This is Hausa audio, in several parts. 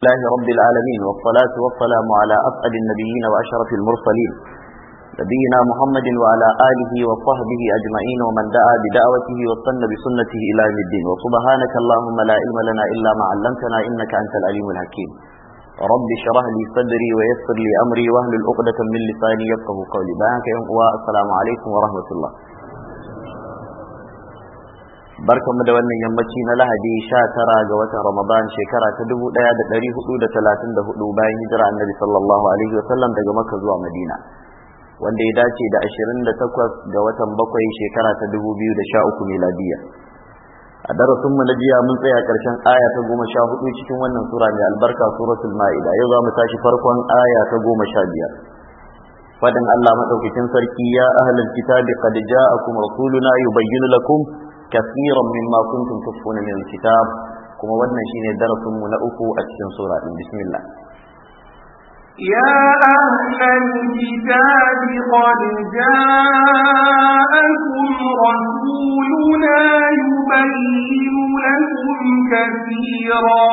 الله رب العالمين والصلاة والسلام على أسعد النبيين وأشرف المرسلين نبينا محمد وعلى آله وصحبه أجمعين ومن دعا بدعوته واستنى بسنته إلى يوم الدين وسبحانك اللهم لا علم لنا إلا ما علمتنا إنك أنت العليم الحكيم رب شرح لي صدري ويسر لي أمري واهل العقدة من لساني يفقه قولي بانك يوم السلام عليكم ورحمة الله mu da wannan yammaci na lahadi sha tara ga watan ramadan shekara ta 1434 bayan hijira annabi sallallahu alaihi wasallam daga makka zuwa madina wanda ya dace da ashirin takwas ga watan bakwai shekara ta 2013 miladiya a darasin mu na jiya mun tsaya karshen aya ta hudu cikin wannan sura mai albarka suratul maida yau za mu tashi farkon aya ta biyar. fadin Allah madaukakin sarki ya ahlul kitabi qad ja'akum rasuluna yubayyinu lakum كثيرا مما كنتم تخفون من الكتاب كما ودنا شين درس من أكو أكشن سورة بسم الله يا أهل الكتاب قد جاءكم رسولنا يبين لكم كثيرا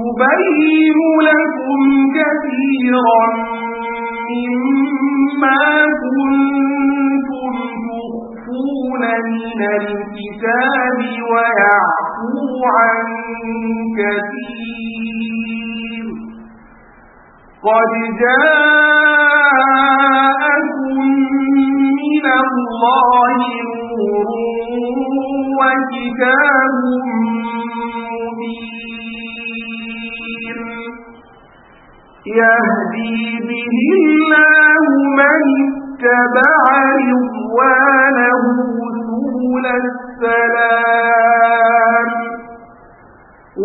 يبين لكم كثيرا مما كنتم يكون من الكتاب ويعفو عن كثير قد جاءكم من الله نور وكتاب مبين يهدي به الله من اتبع رضوانه سبل السلام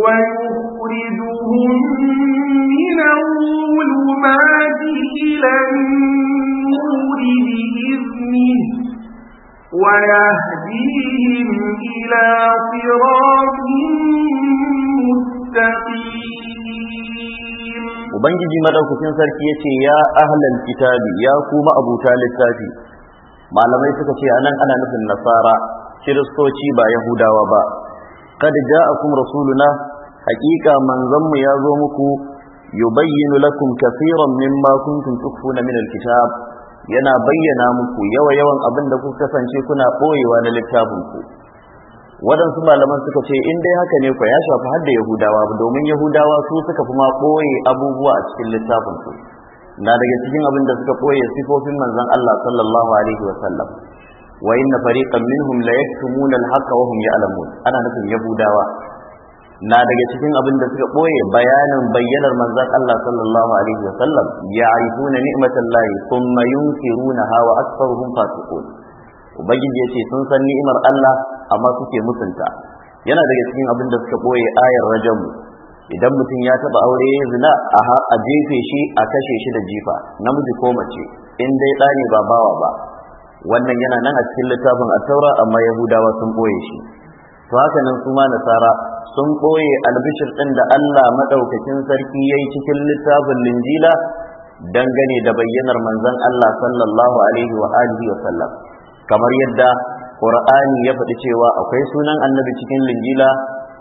ويخرجهم من الظلمات إلى النور بإذنه ويهديهم إلى صراط مستقيم ubangiji madaukakin sarki ya ce ya ahlal kitabi ya kuma abuta littafi malamai suka ce anan ana nufin nasara kiristoci ba yahudawa ba kad ja'akum rasuluna haqiqa manzon mu ya zo muku yubayyinu lakum kaseeran mimma kuntum tukhfuna min alkitab yana bayyana muku yawa yawan abin da kuka kasance kuna boyewa na littafin ku waɗansu malaman suka ce in dai haka ne kwa ya shafi har da yahudawa domin yahudawa su suka fi ma ɓoye abubuwa a cikin littafin su na daga cikin abin da suka ɓoye sifofin manzon Allah sallallahu alaihi wa sallam wa inna fariqan minhum la yaktumuna al-haqqa wa hum ya'lamun ana nufin yahudawa na daga cikin abin da suka ɓoye bayanin bayyanar manzon Allah sallallahu alaihi wa sallam ya'rifuna ni'matallahi thumma yunkirunaha wa aktharuhum fasiqun ubangiji ya ce sun san ni'imar Allah amma suke mutunta yana daga cikin abin da suka boye ayar rajamu idan mutum ya taba aure ya zina a a jefe shi a kashe shi da jifa namiji ko mace in dai ɗa ne ba bawa ba wannan yana nan a cikin littafin attaura amma yahudawa sun boye shi to haka nan su nasara sun boye albishir ɗin da Allah madaukakin sarki yayi cikin littafin linjila dangane da bayyanar manzon Allah sallallahu alaihi wa alihi wa sallam kamar yadda qur'ani ya faɗi cewa akwai sunan annabi cikin linjila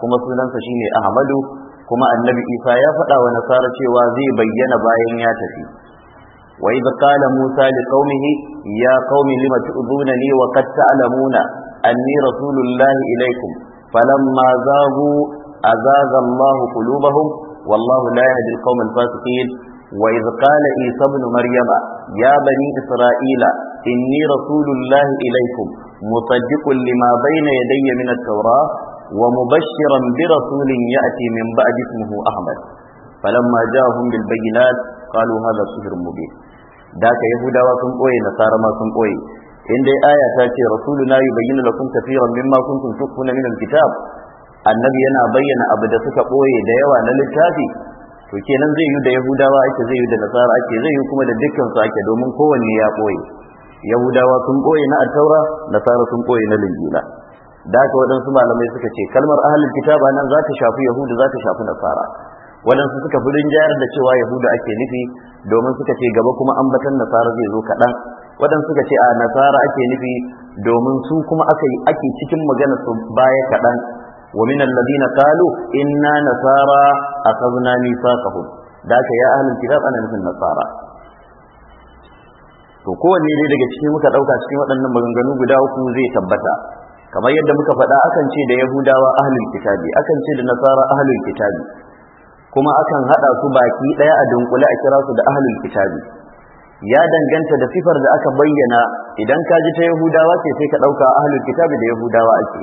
kuma sunansa shine ahmadu kuma annabi isa ya faɗa wa nasara cewa zai bayyana bayan ya tafi wa idh qala musa liqaumihi ya qaumi lima tu'dunani wa qad ta'lamuna anni rasulullahi ilaykum falamma zagu azaga allah qulubahum wallahu la yahdi alqawma alfasiqin وإذ قال عيسى ابن Maryama, ya bani Isra'ila. inni rasulullahi ilaikum Musaddikun lima na ya min at-taurah wa mubashiran bi rasulin ya'ti min ba'di ismihi ahmad falamma ja'ahum bil bayyinat qalu hadha sihrun mubin da ka yahudawa sun boye nasara ma sun boye in dai aya ta ce rasuluna yubayyinu lakum kathiran annabi yana bayyana abu da suka boye da yawa na littafi to kenan zai yi da yahudawa ake zai yi da nasara ake zai yi kuma da dukkan su ake domin kowanne ya boye yahudawa sun ɓoye na attaura nasara sun ɓoye na linjila da haka waɗansu malamai suka ce kalmar ahalin kitaba nan za ta shafi yahudu za ta shafi nasara waɗansu suka fi rinjayar da cewa yahudu ake nufi domin suka ce gaba kuma ambatan nasara zai zo kaɗan waɗansu suka ce a nasara ake nufi domin su kuma aka yi ake cikin magana su baya kaɗan wa min alladhina qalu inna nasara akhadna mithaqahum da haka ya ahalin kitab ana nufin nasara to kowanne dai daga cikin muka ɗauka cikin waɗannan maganganu guda uku zai tabbata kamar yadda muka faɗa akan ce da yahudawa ahlul kitabi akan ce da nasara ahlul kitabi kuma akan haɗa su baki ɗaya a dunkule a kira su da ahlul kitabi ya danganta da sifar da aka bayyana idan ka ji ta yahudawa ce sai ka ɗauka ahlul kitabi da yahudawa ake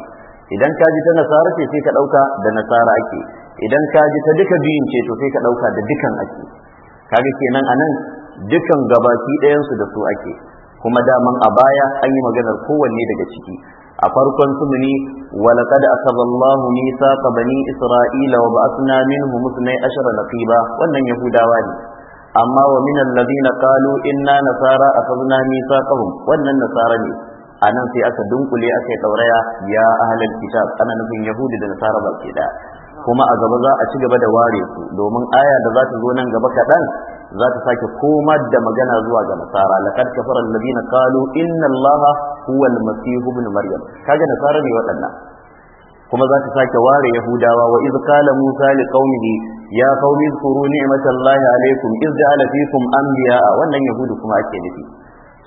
idan ka ji ta nasara ce sai ka ɗauka da nasara ake idan ka ji ta duka biyun ce to sai ka ɗauka da dukan ake kaga kenan anan dukan gabaki ɗayansu da su ake kuma daman a baya an yi maganar kowanne daga ciki a farkon sumuni walaqad akhadallahu mithaqa bani isra'ila wa ba'athna minhum ithnay ashara naqiba wannan yahudawa ne amma wa min alladhina qalu inna nasara akhadna mithaqahum wannan nasara ne A nan sai aka dunkule aka tauraya ya ahlal kitab ana nufin yahudi da nasara baki daya kuma a gaba za a ci gaba da ware su domin aya da za ta zo nan gaba kaɗan za ta sake komar da magana zuwa ga nasara laqad kafara alladhina qalu inna allaha huwa almasih ibn maryam kaga nasara ne waɗannan kuma za ta sake ware yahudawa wa iz qala musa liqaumihi ya qaumi zkuru ni'matallahi alaykum iz ja'ala fikum anbiya wannan yahudu kuma ake nufi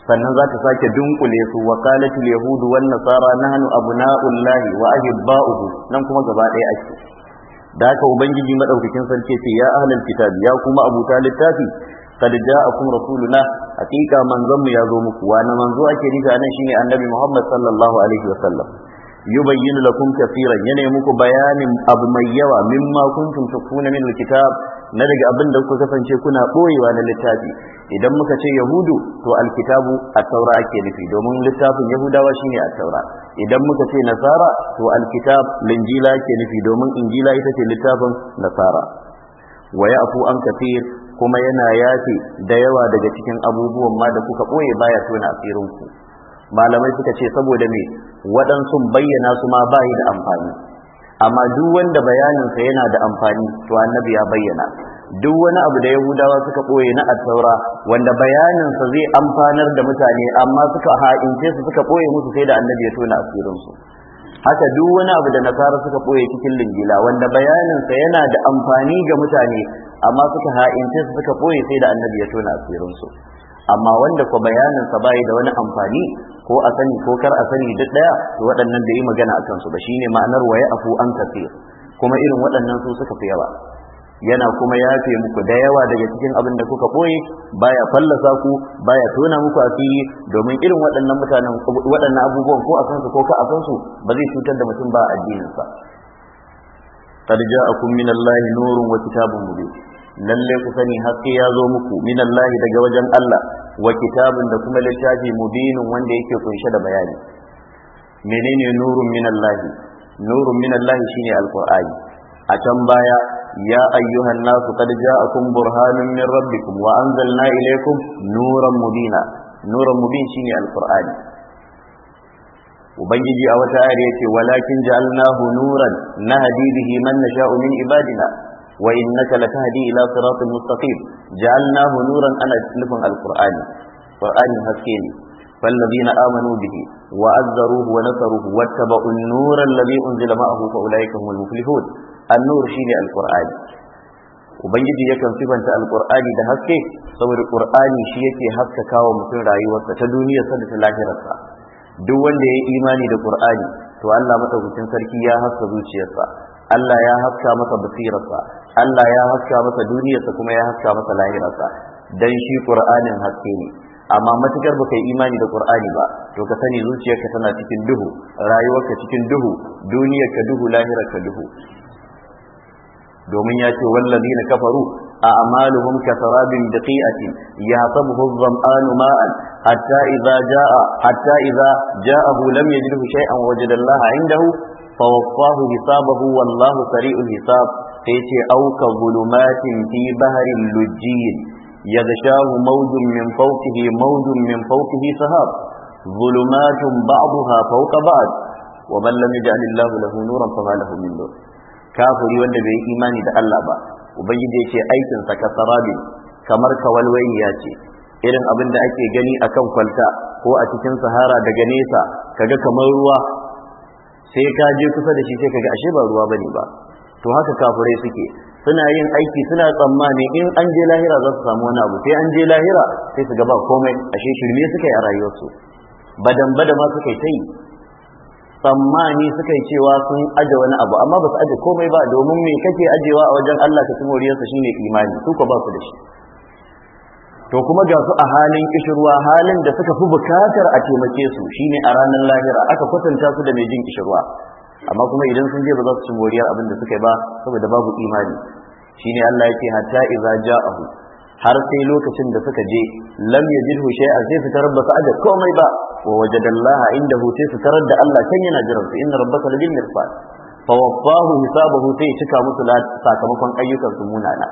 sannan za ta sake dunkule su wa qalat alyahudu wan nasara nahnu abna'ullahi wa ahibba'uhu nan kuma gaba ɗaya ake da haka ubangiji madaukakin sarki ce ya ahlal kitabi ya kuma abuta littafi qad ja'akum rasuluna haqiqa manzon mu ya zo muku wa na manzo ake nufi anan shine annabi Muhammad sallallahu alaihi wasallam yubayyinu lakum kaseeran yana muku bayanin abu mai yawa mimma kuntum tukuna min alkitab na daga abin da kuka kasance kuna boyewa na littafi idan muka ce yahudu to alkitabu at-taura ake nufi domin littafin yahudawa shine at-taura idan muka ce nasara to alkitab linjila ke nufi domin injila ita ce littafin nasara wa afu an kafir kuma yana yafe da yawa daga cikin abubuwan ma da kuka ɓoye baya tona asirinku malamai suka ce saboda me waɗansu bayyana su ma bayi da amfani amma duk wanda bayaninsa yana da amfani to annabi ya bayyana duk wani abu da yahudawa suka ɓoye na attaura wanda bayaninsa zai amfanar da mutane amma suka ha'ince su suka ɓoye musu sai da annabi ya tona asirinsu haka duk wani abu da nasara suka ɓoye cikin lingila wanda bayaninsa yana da amfani ga mutane amma suka ha'ince su suka ɓoye sai da annabi ya tona asirinsu amma wanda ko bayanin sa da wani amfani ko a sani ko kar a sani duk daya to waɗannan da yi magana a kansu ba ne ma'anar waya afu an kafir kuma irin waɗannan su suka fi yawa yana kuma yafe muku da yawa daga cikin abin da kuka boye baya fallasa ku baya tona muku asiri domin irin waɗannan mutanen waɗannan abubuwan ko a kansu ko ka a kansu ba zai cutar da mutum ba a addininsa qad ja'akum min allahi nurun wa kitabun lalle ku sani haske ya zo muku minallahi daga wajen Allah wa kitabun da kuma littafi mubinin wanda yake kunshe da bayani menene nurun minallahi nurun minallahi shine alqur'ani a can baya ya ayyuhan nasu qad ja'akum burhanun min rabbikum wa anzalna ilaykum nuran mubina nuran mubin shine alqur'ani ubangiji a wata ayar ce walakin ja'alnahu nuran nahdi bihi man nasha'u min ibadina وإنك لتهدي إلى صراط مستقيم جعلناه نورا أنا نفن القرآن قرآن حكيم فالذين آمنوا به وأذروه ونصروه واتبعوا النور الذي أنزل معه فأولئك هم المفلحون النور شيء القرآن ubangiji yakan sifanta alqur'ani da haske saboda qur'ani shi yake haska kawo mutum rayuwarsa ta duniyarsa da ta lahirarsa duk wanda ya yi imani da qur'ani to Allah madaukakin sarki ya haska zuciyarsa Allah ya haska masa basirarsa Allah ya haska masa duniyarsa kuma ya haska masa lahirarsa dan shi Qur'anin haske ne amma matukar baka yi imani da Qur'ani ba to ka sani zuciyarka tana cikin duhu rayuwarka cikin duhu duniyarka duhu lahirarka duhu domin ya ce wallazina kafaru أعمالهم كسراب بقيئة يهطبه الظمآن ماء حتى إذا جاء حتى إذا جاءه لم يجده شيئا وجد الله عنده fawaffahu hisabahu wallahu sari'ul hisab sai ce auka zulumatin Yaga baharin lujjiyin yaghshahu mawjun min fawqihi mawjun min fawqihi sahab zulumatun ba'daha fawqa ba'd wa man lam yaj'al Allahu lahu nuran fama lahu min nur kafiri wanda bai yi imani da Allah ba ubangiji yace aikin sa kasarabi kamar kawalwayya ce irin abin da ake gani kan kwalta ko a cikin sahara daga nesa kaga kamar ruwa sai ka je kusa da shi sai ga ashe ba ruwa bane ba to haka kafirai suke suna yin aiki suna tsammani in an je lahira za su samu wani abu sai an je lahira sai su gaba komai ashe shirme suka yi a rayuwarsu badan bada ma suka yi ta yi tsammani suka yi cewa sun aje wani abu amma ba su aje komai ba domin me kake ajewa a wajen Allah ka ci shi shine imani su ko ba su da shi to kuma ga su a halin kishirwa halin da suka fi bukatar a taimake su shine a ranar lahira aka kwatanta su da mai jin kishirwa amma kuma idan sun je ba za su ci moriyar abin da suka yi ba saboda babu imani shine Allah yake hatta idza ja'ahu har sai lokacin da suka je lam yajidhu shay'a sai fitar tarar ba su aje komai ba wa wajadallaha indahu sai su tarar da Allah kan yana jiran su inna rabbaka labil mirsad fa waffahu hisabahu sai cika musu sakamakon ayyukan su munana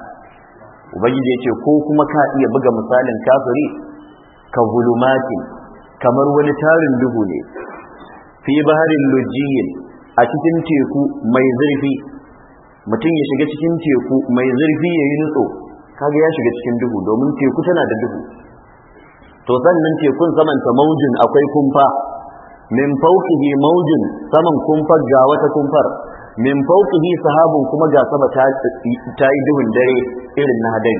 ubangiji yace ko kuma ka iya buga misalin kafiri ka hulumati kamar wani tarin duhu ne fi baharin lujiyin a cikin teku mai zurfi mutum ya shiga cikin teku mai zurfi ya yi nutso kaga ya shiga cikin duhu domin teku tana da duhu to sannan tekun samanta maujin akwai kumfa min fauqihi maujin saman kumfar ga wata kumfar min fawqihi sahabun kuma ga sama ta yi duhun dare irin na dare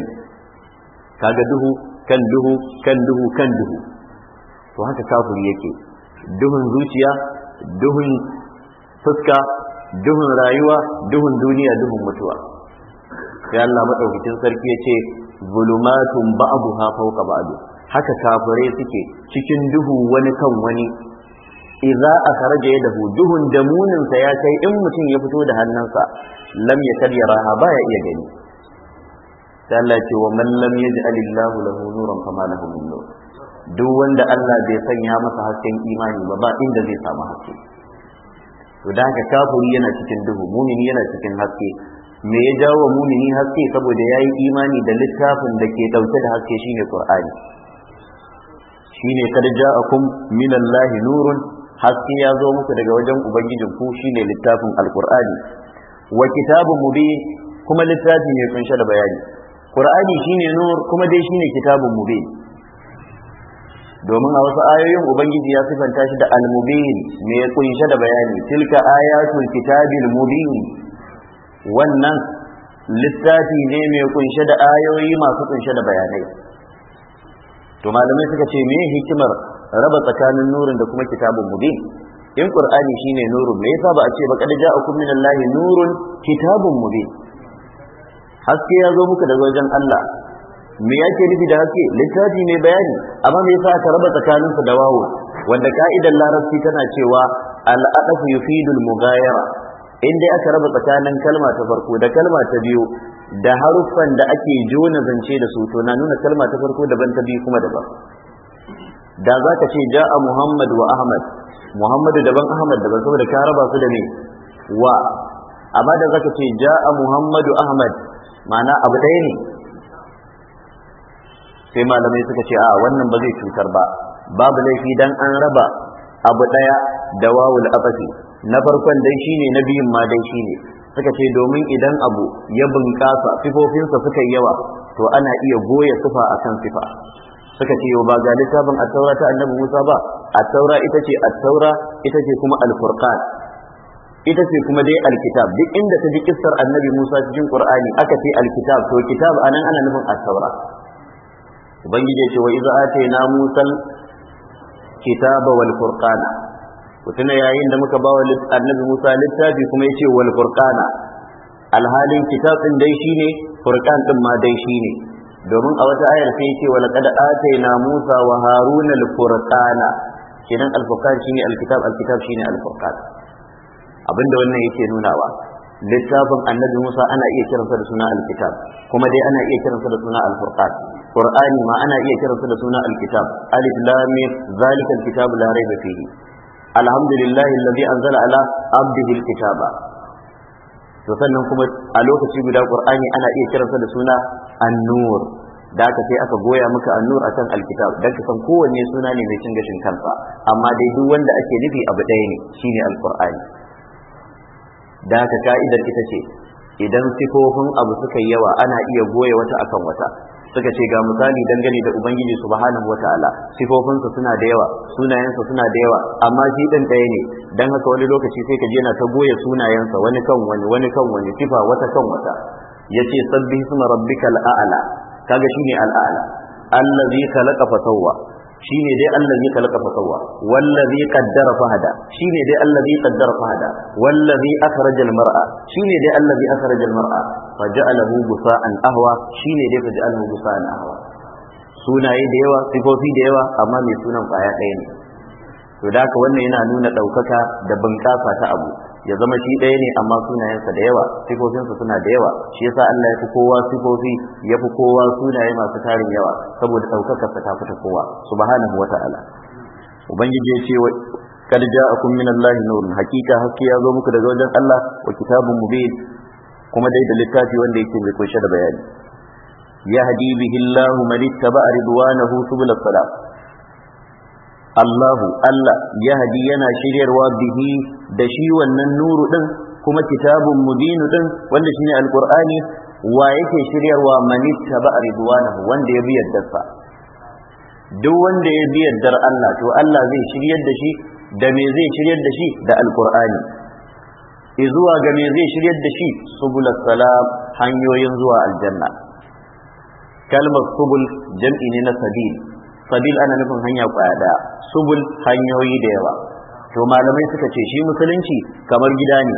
kaga duhu kan duhu kan duhu kan duhu to haka kafiri yake duhun zuciya duhun fuska duhun rayuwa duhun duniya duhun mutuwa sai Allah madaukakin sarki yace zulumatun ba'daha fawqa ba'd haka kafirai suke cikin duhu wani kan wani idza akhraja yadahu duhun da muninsa sa ya kai in mutum ya fito da hannunsa lam raha ba baya iya gani sai Allah ce wa man lam yaj'al lahu nuran fama lahu min nur duk wanda Allah bai sanya masa hasken imani ba ba inda zai samu haske to dan ka kafiri yana cikin duhu mumini yana cikin haske me ya jawo mumini haske saboda yayi imani da littafin da ke dauke da haske shine Qur'ani shine kad ja'akum minallahi nurun haske ya zo muku daga wajen ubangijin ku shine littafin alqur'ani wa kitabun mubi kuma littafin mai kunshe da bayani qur'ani shine nur kuma dai shine kitabun mubi domin a wasu ayoyin ubangiji ya sifanta shi da almubin mai kunshe da bayani tilka ayatul kitabil mubin wannan littafi ne mai kunshe da ayoyi masu kunshe da bayanai to malamai suka ce me hikimar raba tsakanin nurin da kuma kitabun mubin in qur'ani shine nurun me yasa ba a ce ba kad ja'akum minallahi nurun kitabun mubin haske ya zo muka daga wajen Allah me yake nufi da haske littafi ne bayani amma me yasa aka raba tsakanin su da wawo wanda ka'idar larabci tana cewa al-adafu yufidul mughayara in dai aka raba tsakanin kalma ta farko da kalma ta biyu da haruffan da ake jona zance da su to na nuna kalma ta farko daban ta biyu kuma daban da za ka ce ja'a muhammad wa ahmad muhammadu daban ahmad daban saboda ka raba su da me wa amma da za ka ce ja'a muhammadu ahmad ma'ana abu ɗaya ne sai malamai suka ce a wannan ba zai cutar ba babu laifi dan an raba abu ɗaya da wawul afasi na farkon dai shine na biyun ma dai shine suka ce domin idan abu ya bunƙasa sifofinsa suka yawa to ana iya goya sufa akan sifa suka ce ba ga littafin at-taura ta annabi Musa ba at-taura ita ce at-taura ita ce kuma al ita ce kuma dai alkitab duk inda ta ji kissar annabi Musa cikin Qur'ani aka ce alkitab to kitab anan ana nufin at-taura ubangiji ce wa iza atayna Musa kitaba wal furqana kutuna yayin da muka wa annabi Musa littafi kuma yace wal furqana alhalin kitab din dai shine furqan din ma dai shine domin a wata ayar sai ce wala kada ataina Musa wa Haruna al-Furqana kenan al-Furqan shine al-kitab al-kitab shine al-Furqan abinda wannan yake nunawa littafin annabi Musa ana iya kiransa da suna al-kitab kuma dai ana iya kiransa da suna al-Furqan Qur'ani ma ana iya kiransa da suna al-kitab alif lam mim zalika al-kitab la rayba fihi alhamdulillahi alladhi anzala ala abdihi al-kitaba to sannan kuma a lokaci guda Qur'ani ana iya kiransa da suna Annur, da aka sai aka goya maka annur akan alkitab dan ka san kowanne suna ne mai cin gashin kansa amma dai duk wanda ake nufi abu ɗaya ne shine alqur'ani da aka ka'idar ita ce idan sifofin abu suka yi yawa ana iya goya wata akan wata suka ce ga misali dangane da ubangiji subhanahu wataala sifofinsa suna da yawa sunayensa suna da yawa amma shi ɗin ɗaya ne dan haka wani lokaci sai ka je na ta goya sunayensa wani kan wani wani kan wani sifa wata kan wata yace sabbi isma rabbikal a'la kaga shine al a'la allazi khalaqa fasawwa shine dai allazi khalaqa fasawwa wallazi kaddara fahada shine dai allazi kaddara fahada wallazi akhraja al mar'a shine dai allazi akhraja al mar'a faja'alahu an ahwa shine dai faja'alahu an ahwa sunaye da yawa sifofi da yawa amma mai sunan kwaya ɗaya ne to da haka wannan yana nuna ɗaukaka da bunƙasa ta abu ya zama shi ɗaya ne amma sunayensa da yawa sifofinsa suna da yawa shi yasa Allah ya fi kowa sifofi ya fi kowa sunaye masu tarin yawa saboda saukakar ta fita kowa subhanahu wa ta'ala ubangiji ya ce kad ja'akum min Allahi nurun hakika haske ya zo muku daga wajen Allah wa kitabun mubin kuma dai da littafi wanda yake mai kunshe da bayani ya bihi Allahu man ittaba ridwanahu subul salam Allahu Allah yahdi yana shiryarwa bihi da shi wannan nuru din kuma kitabun mubinu din wanda shine alqur'ani wa yake shiryarwa mani taba ridwanahu wanda ya bi yaddarsa duk wanda ya bi yaddar Allah to Allah zai shiryar da shi da me zai shiryar da shi da alqur'ani izuwa ga me zai shiryar da shi subulus salam hanyoyin zuwa aljanna kalmar subul jam'i ne na sabil sabil ana nufin hanya kwaya daya subul hanyoyi da yawa to malamai suka ce shi musulunci kamar gida ne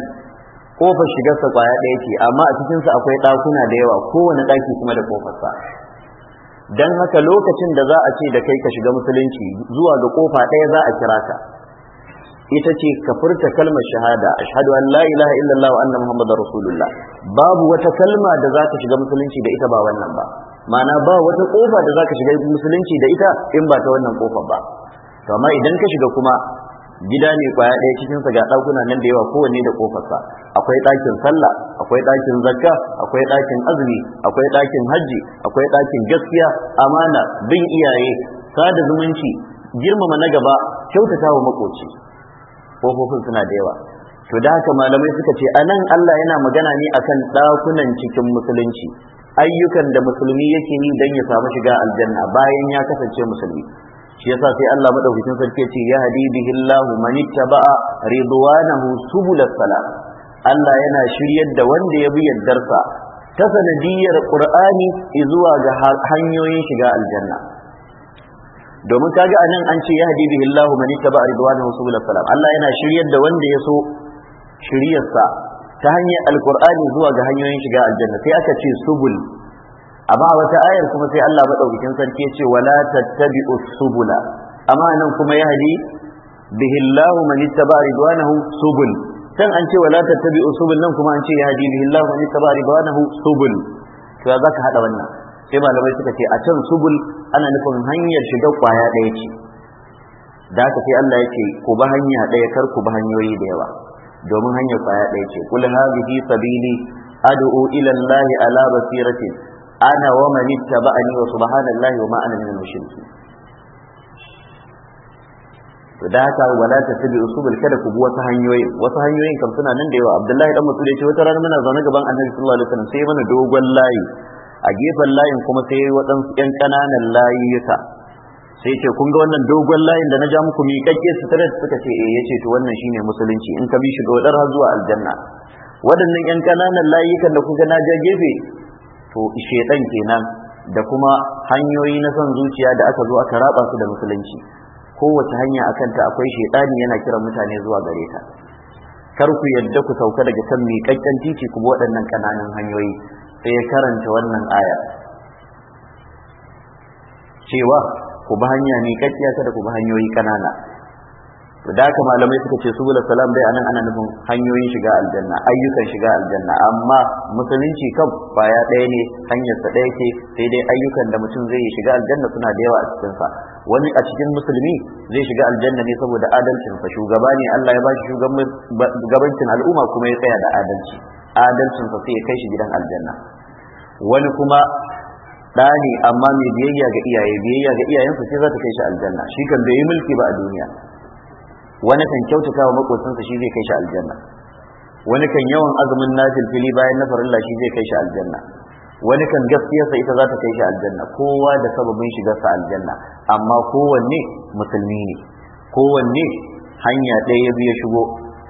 kofar shigarsa kwaya ɗaya ce amma a cikinsa akwai ɗakuna da yawa kowane ɗaki kuma da kofarsa don haka lokacin da za a ce da kai ka shiga musulunci zuwa ga kofa ɗaya za a kira ka ita ce ka furta kalmar shahada ashhadu an la ilaha illallah wa anna muhammadar rasulullah babu wata kalma da za ka shiga musulunci da ita ba wannan ba ma'ana ba wata kofa da zaka shiga musulunci da ita in ba ta wannan kofar ba to amma idan ka shiga kuma gida ne kwaya ɗaya cikin sa ga ɗakuna nan da yawa kowanne da kofarsa akwai ɗakin sallah akwai ɗakin zakka akwai ɗakin azumi akwai ɗakin hajji akwai ɗakin gaskiya amana bin iyaye sada zumunci girmama na gaba kyautata wa makoci kofofin suna da yawa to da haka malamai suka ce anan Allah yana magana ne akan ɗakunan cikin musulunci ayyukan da musulmi yake yi don ya samu shiga aljanna bayan ya kasance musulmi shi yasa sai Allah madaukakin sarki ya ce ya hadi bihillahu man ittaba'a ridwanahu subulus salam Allah yana shiryar da wanda ya bi yardarsa ta sanadiyar Qur'ani zuwa ga hanyoyin shiga aljanna domin kaga anan an ce ya hadi bihillahu man ittaba'a ridwanahu subulus salam Allah yana shiryar da wanda ya so shiryarsa ta hanyar alkur'ani zuwa ga hanyoyin shiga aljanna sai aka ce subul amma a wata ayar kuma sai Allah madaukakin sarki ce wala tattabi'u subula amma nan kuma ya hadi bihi Allah man ittaba ridwanahu subul kan an ce wala tattabi'u subul nan kuma an ce ya hadi bihi Allah man ittaba ridwanahu subul to ya zaka hada wannan sai malamai suka ce a can subul ana nufin hanyar shiga kwaya daya ce da haka sai Allah yake ku ba hanya daya kar ku ba hanyoyi da yawa domin hanyar kwaya ɗaya ce kula hadhihi sabili ad'u ila Allah ala basiratin ana wa man ittaba'ani wa subhanallahi wa ma ana minal mushrikin to da haka wala ta tabi usul kada ku bi wasu hanyoyin wasu hanyoyin kam suna nan da yawa Abdullahi dan Mas'ud ya ce wata rana muna zaune gaban Annabi sallallahu alaihi wasallam sai mana dogon layi a gefen layin kuma sai waɗansu ƴan ƙananan layuka sai ce kun ga wannan dogon layin da na ja muku miƙaƙƙe da suka ce eh yace to wannan shine musulunci in ka bi shi ga wadar har zuwa aljanna waɗannan yan kananan layukan da kuka na ja gefe to shedan kenan da kuma hanyoyi na son zuciya da aka zo aka raba su da musulunci kowace hanya akan ta akwai shedani yana kiran mutane zuwa gare ta kar ku yadda ku sauka daga kan miƙaƙƙen titi kuma waɗannan kananan hanyoyi sai ya karanta wannan aya cewa ku bi hanya mai kakkiya da ku bi hanyoyi kanana to da ka malamai suka ce subul salam dai anan ana nufin hanyoyin shiga aljanna ayyukan shiga aljanna amma musulunci kan baya ɗaya ne hanyar sa ɗaya ce sai dai ayyukan da mutum zai shiga aljanna suna da yawa a cikin sa wani a cikin musulmi zai shiga aljanna ne saboda adalcin sa shugaba ne Allah ya ba shi shugabancin al'umma kuma ya tsaya da adalci adalcin sa sai ya kai shi gidan aljanna wani kuma ɗa amma mai biyayya ga iyaye biyayya ga iyayensa sai za ta kai shi aljanna shi kan bai yi mulki ba a duniya wani kan kyautata wa makocinsa shi zai kai shi aljanna wani kan yawan azumin nafil fili bayan na farilla shi zai kai shi aljanna wani kan gaskiyarsa ita za ta kai shi aljanna kowa da sababin sa aljanna amma kowanne musulmi ne kowanne hanya ɗaya ya bi ya shigo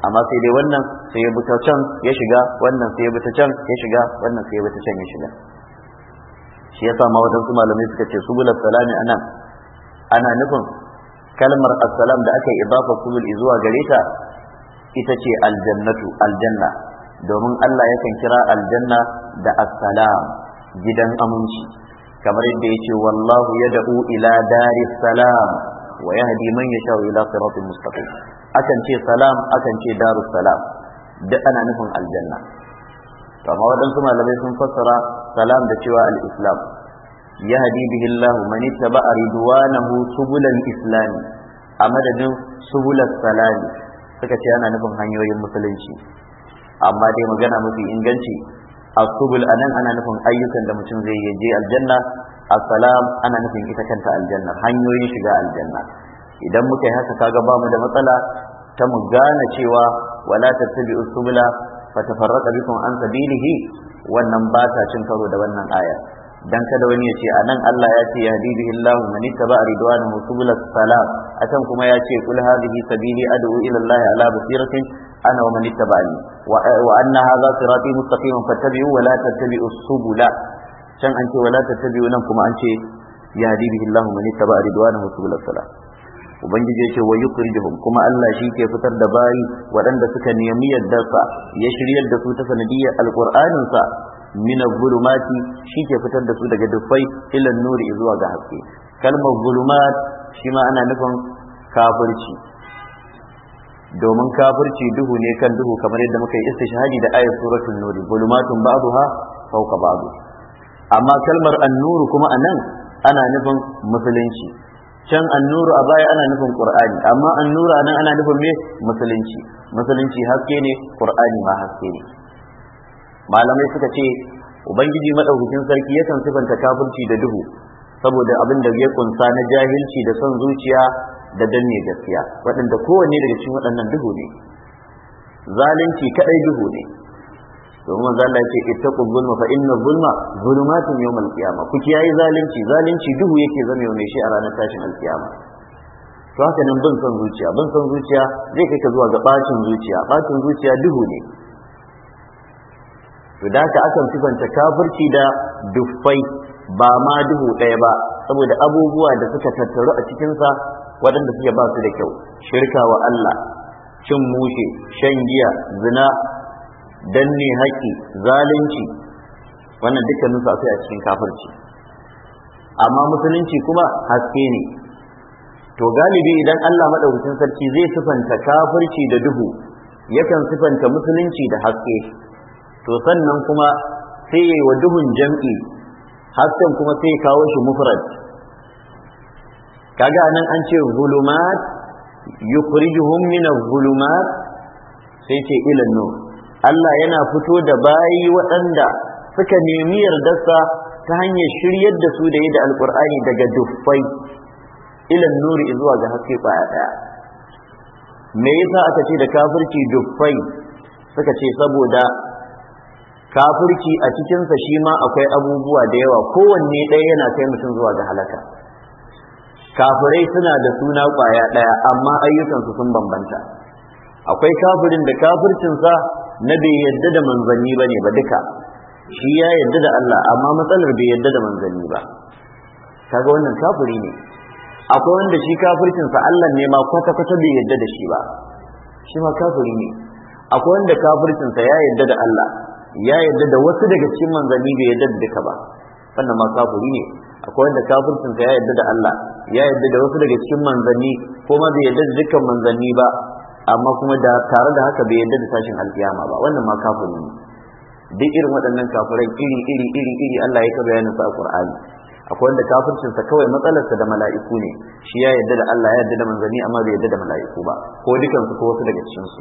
amma sai dai wannan sai ya bi ta can ya shiga wannan sai ya bi ta can ya shiga wannan sai ya bi ta can ya shiga shi yasa ma wajen su malamai suka ce su subulus salami anan ana nufin kalmar assalam da aka yi idafa subul zuwa gare ta ita ce aljannatu aljanna domin Allah yakan kira aljanna da assalam gidan aminci kamar yadda ya ce wallahu yad'u ila dari salam wa ya yahdi man sha ila siratin mustaqim akan ce salam akan ce darus salam duk ana nufin aljanna to amma waɗansu malamai sun fassara salam da cewa al-islam ya hadi bihi Allah man ittaba ridwanahu subulal islam a madadin subulas salami. suka ce ana nufin hanyoyin musulunci amma dai magana mafi inganci asubul anan ana nufin ayyukan da mutum zai je aljanna assalam ana nufin ita kanta aljanna hanyoyin shiga aljanna idan muka yi haka kaga bamu da matsala ta mu gane cewa wala tattabi'us subula fatafarraqa bikum an sabilihi wannan ba ta cin karo da wannan aya dan kada wani ya ce anan Allah ya ce yahdi bihi Allah man ittaba ridwanahu subulas salam akan kuma ya ce kul hadhihi sabili ad'u ila Allah ala basiratin ana wa man ittaba'ani wa anna hadha sirati mustaqiman fattabi'u wa la tattabi'u subula can an ce wa la tattabi'u nan kuma an ce yahdi bihi Allah man ittaba ridwanahu subulas salam ubangiji yake wa yukhrijuhum kuma Allah shi ke fitar da bayi waɗanda suka nemi yaddarsa ya shiryar da su ta sanadiyyar alqur'anin sa min az-zulumati shi ke fitar da su daga dufai ila nuri zuwa ga haske kalmar zulumat shi ma ana nufin kafirci domin kafirci duhu ne kan duhu kamar yadda muka yi istishhadi da ayat suratul nur zulumatun ba'daha fawqa ba'd amma kalmar an kuma anan ana nufin musulunci can annuru a baya ana nufin qur'ani amma annura nan ana nufin me musulunci musulunci haske ne qur'ani ma haske ne malamai suka ce ubangiji madaukakin sarki yakan sifanta kafirci da duhu saboda abin da ya kunsa na jahilci da son zuciya da danne gaskiya waɗanda kowanne daga cikin waɗannan duhu ne zalunci kadai duhu ne domin manzo Allah yake ittaqu zulma fa inna zulma zulumatun yawm al-qiyamah ku kiyaye zalunci zalunci duhu yake zama yau ne shi a ranar tashin al-qiyamah to haka nan bin son zuciya bin son zuciya zai kai ka zuwa ga bacin zuciya bacin zuciya duhu ne to da haka akan sifanta kafirci da duffai ba ma duhu ɗaya ba saboda abubuwa da suka tattaru a cikinsa waɗanda suke ba su da kyau shirka wa Allah cin mushe shan giya zina danne haƙƙi zalunci wannan dukkanin su a cikin kafirci amma musulunci kuma haske ne to galibi idan Allah madaukakin sarki zai sifanta kafirci da duhu yakan sifanta musulunci da haske to sannan kuma sai yayi wa duhun jam'i hasken kuma sai kawo shi mufrad kaga nan an ce zulumat yukhrijuhum min az-zulumat sai ce ila nur Allah yana fito da bayi waɗanda suka nemi yardarsa ta hanyar shiryar da su da yi da alkur'ani daga duffai ilan nuri zuwa ga haske kwaya ɗaya me yasa aka ce da kafirci duffai suka ce saboda kafirci a cikinsa shi ma akwai abubuwa da yawa kowanne ɗaya yana kai mutum zuwa ga halaka kafirai suna da suna ƙwaya ɗaya amma ayyukansu sun bambanta akwai kafirin da kafircinsa na bai yadda da manzanni ba ne ba duka shi ya yadda da Allah amma matsalar bai yadda da manzanni ba kaga wannan kafiri ne akwai wanda shi sa Allah ne ma kwata-kwata bai yadda da shi ba shi ma kafiri ne akwai wanda sa ya yadda da Allah ya yadda da wasu daga cikin manzanni bai yadda da duka ba wannan ma kafiri ne akwai wanda sa ya yadda da Allah ya yadda da wasu daga cikin manzanni ko ma bai yadda da dukkan manzanni ba amma kuma da tare da haka bai yarda da sashen alkiyama ba wannan ma kafin ne duk irin waɗannan kafirai iri iri iri iri Allah ya ka bayanin sa a Qur'ani akwai wanda sa kawai matsalarsa da mala'iku ne shi ya yarda da Allah ya yarda da manzanni amma bai yarda da mala'iku ba ko dukansu ko wasu daga cikin su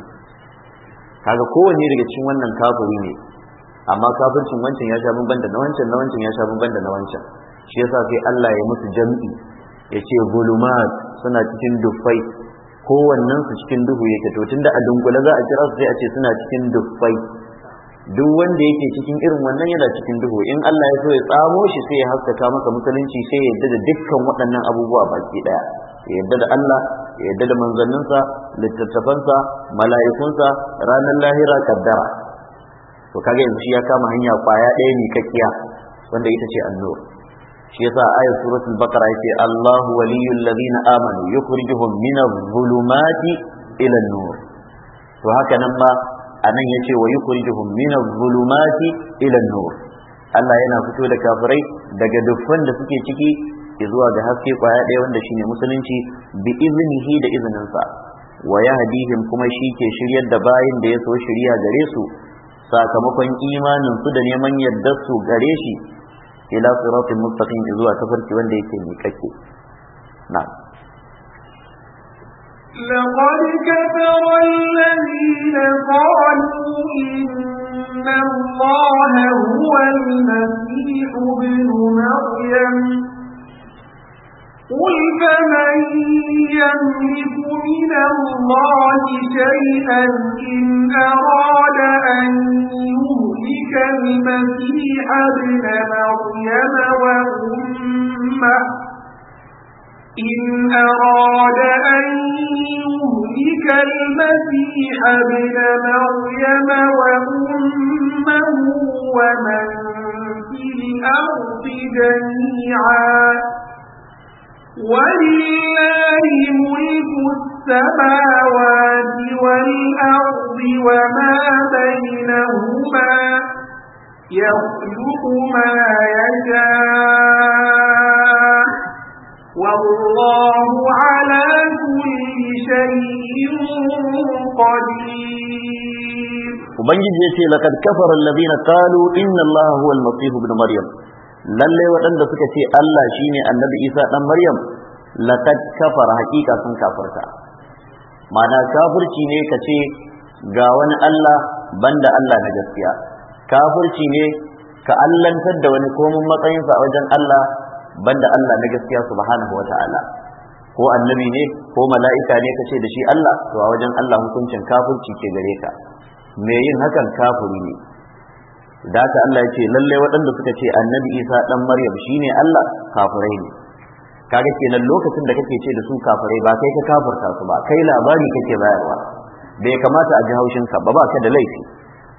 kaga kowanne daga cikin wannan kafiri ne amma kafircin wancan ya sha banda da na wancan na wancan ya sha banda da na wancan shi yasa sai Allah ya musu jam'i ya ce gulumat suna cikin dufai kowannen su cikin duhu yake to tunda a dunkule za a kira su sai a ce suna cikin dufai duk wanda yake cikin irin wannan yana cikin duhu in Allah ya so ya tsamo shi sai ya haskaka masa musulunci sai ya yarda da dukkan waɗannan abubuwa baki ɗaya. ya yarda da Allah ya yarda da manzanninsa littattafansa mala'ikunsa ranar lahira kaddara to kaga yanzu shi ya kama hanya kwaya ɗaya ne kakkiya wanda ita ce annur shi yasa ayat suratul baqara yake Allahu waliyul ladina amanu yukhrijuhum minadh dhulumati ila nur to haka nan ma anan yace wa yukhrijuhum minadh dhulumati ila nur Allah yana fito da kafirai daga dukkan da suke ciki zuwa ga haske kwaya ɗaya wanda shine musulunci bi iznihi da izininsa wa yahdihim kuma shi ke shiryar da bayin da ya so shiriya gare su sakamakon imanin su da neman yardar su gare shi ila siratin mustaqim zuwa tafarki wanda yake miƙaƙe na'am لقد كفر الذين قالوا إن الله هو المسيح ابن مريم قل فمن يملك من الله شيئا إن أراد أن يهلك المسيح ابن مريم وأمه إن أراد أن يهلك المسيح ابن مريم وأمه ومن في الأرض جميعا ولله ملك السماوات والأرض وما بينهما يخلق ما يشاء والله على كل شيء قدير وبنجي جيسي لقد كفر الذين قالوا إن الله هو المسيح بن مريم lallai waɗanda suka ce Allah shine annabi Isa dan Maryam laqad kafara haqiqa sun kafirta Mana kafirci ne ka ce ga wani Allah banda Allah na gaskiya kafirci ne ka allantar da wani komin matsayinsa a wajen Allah banda Allah na gaskiya subhanahu ta'ala. ko annabi ne ko mala'ika ne ka ce da shi Allah to a wajen Allah hukuncin kafirci ke gare ka me yin hakan kafiri ne da haka Allah ya ce lalle waɗanda suka ce annabi isa ɗan maryam shine Allah kafirai ne kaga kenan lokacin da kake ce da su kafirai ba kai ka kafirta su ba kai labari kake bayarwa bai kamata a ji haushin ka ba ba da laifi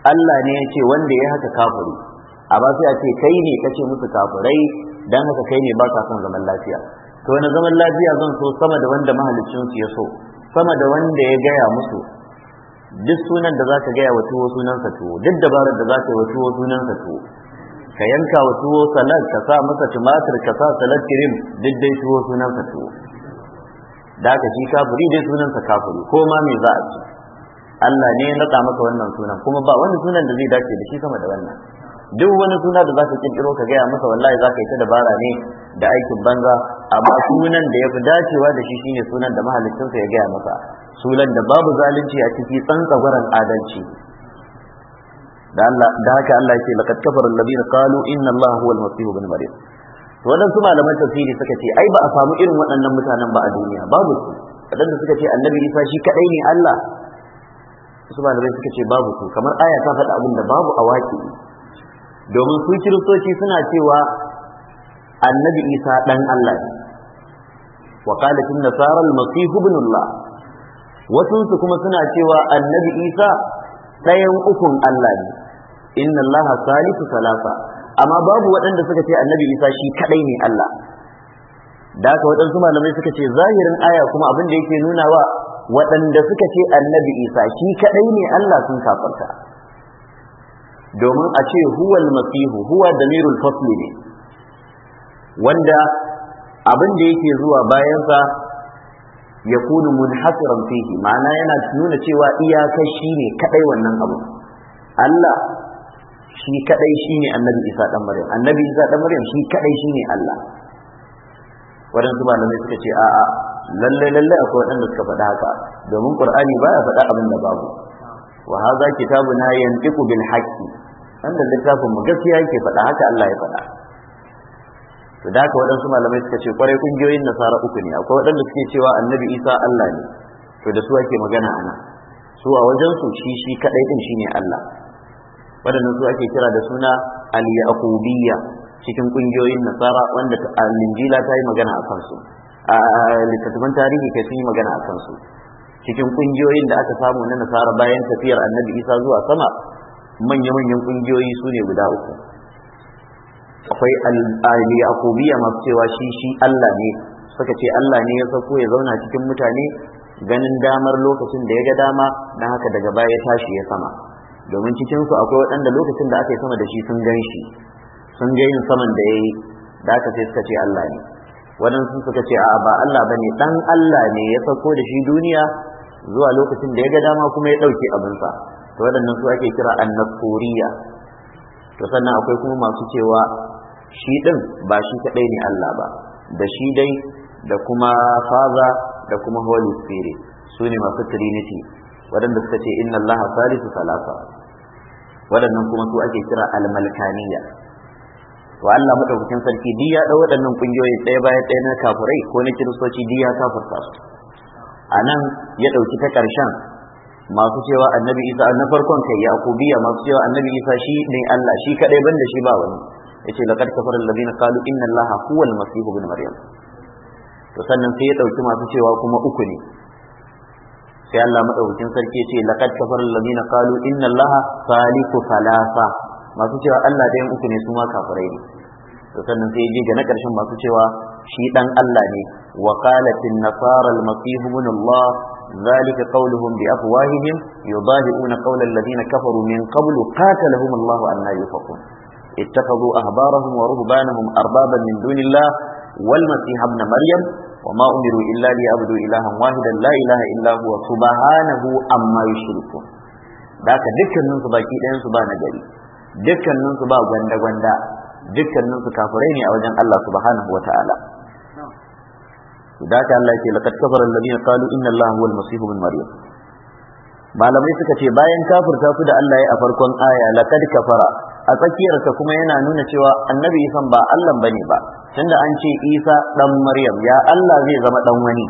Allah ne ya ce wanda ya haka kafiri a ba sai a ce kai ne kace musu kafirai dan haka kai ne ba ka son zaman lafiya to wani zaman lafiya zan so sama da wanda mahalicin su ya so sama da wanda ya gaya musu duk sunan da za ka gaya wa tuwo sunansa tuwo duk dabarar da za yi wa tuwo sunansa tuwo ka yanka wa tuwo salad ka sa masa tumatir ka sa salad cream duk dai tuwo sunansa tuwo da ka shi kafiri dai sunansa kafiri ko ma me za a ci Allah ne ya nada maka wannan sunan kuma ba wani sunan da zai dace da shi sama da wannan duk wani suna da za ka kirkiro ka gaya masa wallahi za ka yi ta dabara ne da aikin banza amma sunan da ya fi dacewa da shi shine sunan da mahaliccinsa ya gaya masa sunan da babu zalunci a ciki tsantsagwaran adalci da haka Allah ce laqad kafara alladhina qalu inna Allah huwa al-masih ibn maryam to wadansu malaman tafsiri suka ce ai ba a samu irin waɗannan mutanen ba a duniya babu su wadanda suka ce annabi Isa shi kadai ne Allah su malamai suka ce babu su kamar aya ta faɗa abin da babu a waƙi domin su kiristoci suna cewa annabi Isa dan Allah ne wa qalat an-nasara al Allah wasunsu kuma suna cewa annabi isa ɗayan ukun allah ne inna allah salisu salasa amma babu waɗanda suka ce annabi isa shi kaɗai ne allah da haka waɗansu malamai suka ce zahirin aya kuma abin da yake nuna wa waɗanda suka ce annabi isa shi kaɗai ne allah sun kafarta domin a ce huwal masihu huwa damirul fasli ne wanda abin da yake zuwa bayansa ya kunu munhasiran fihi ma'ana yana nuna cewa iyakar shi ne kadai wannan abu Allah shi kadai shi ne annabi Isa dan Maryam annabi Isa dan Maryam shi kadai shi ne Allah waɗansu malamai suka ce a'a lallai lallai akwai waɗanda suka faɗa haka domin qur'ani baya faɗa abin da babu wa hadha kitabuna yantiqu bil haqqi wanda littafin mu gaskiya yake faɗa haka Allah ya faɗa da haka waɗansu malamai suka ce kwarai kungiyoyin nasara uku ne akwai waɗanda suke cewa annabi isa allah ne to da su ake magana ana su a wajensu shi shi kaɗai ɗin shine allah waɗannan su ake kira da suna al-yaqubiyya cikin kungiyoyin nasara wanda al-injila ta yi magana a kansu a littattafan tarihi kai sun yi magana a kansu cikin kungiyoyin da aka samu na nasara bayan tafiyar annabi isa zuwa sama manya-manyan kungiyoyi su ne guda uku akwai a yaqubiya masu cewa shi shi Allah ne suka ce Allah ne ya sauko ya zauna cikin mutane ganin damar lokacin da ya ga dama na haka daga baya ya tashi ya sama domin cikinsu akwai waɗanda lokacin da aka yi sama da shi sun gan shi sun ga yin saman da ya yi da aka sai suka ce Allah ne waɗansu suka ce a ba Allah bane ɗan Allah ne ya sauko da shi duniya zuwa lokacin da ya ga dama kuma ya ɗauke abinsa to waɗannan su ake kira annasuriya to sannan akwai kuma masu cewa shi ɗin ba shi kadai ne Allah ba da shi dai da kuma faza da kuma holy spirit su ne masu trinity waɗanda suka ce inna Allah salisu salasa waɗannan kuma su ake kira almalkaniya wa Allah madaukakin sarki duk ya ɗau waɗannan ƙungiyoyi ɗaya bayan ɗaya na kafurai ko na kiristoci duk ya kafurta su a nan ya ɗauki ta ƙarshen masu cewa annabi isa na farkon kai ya kubiya masu cewa annabi isa shi ne Allah shi kaɗai ban da shi ba wani yace laqad kafara alladhina qalu inna allaha huwa almasih ibn maryam to sannan sai ya dauki masu cewa kuma uku ne sai Allah madaukakin sarki yace laqad kafara alladhina qalu inna allaha saliku salasa masu cewa Allah da yan uku ne su ma kafirai ne to sannan sai ya ga na karshen masu cewa shi dan Allah ne wa qalat an-nasara al-masih ibn Allah ذلك قولهم بأفواههم يضاهئون قول الذين كفروا من قبل قاتلهم الله أن يفقون اتخذوا أهبارهم ورهبانهم أربابا من دون الله والمسيح ابن مريم وما أمروا إلا ليعبدوا إلها واحدا لا إله إلا هو سبحانه أما يشركون ذاك دكنن su baki ɗayan ba nagari dukkanin su ba gwanda gwanda dukkanin su kafirai ne a wajen Allah ذاك Allah yake laqad kafara alladhina qalu inna Allaha huwal masih ibn maryam malamai suka ce bayan kafirta su da Allah ya a farkon aya laqad kafara a tsakiyarsa kuma yana nuna cewa annabi isa ba allah bane ba tunda an ce isa dan maryam ya allah zai zama dan wani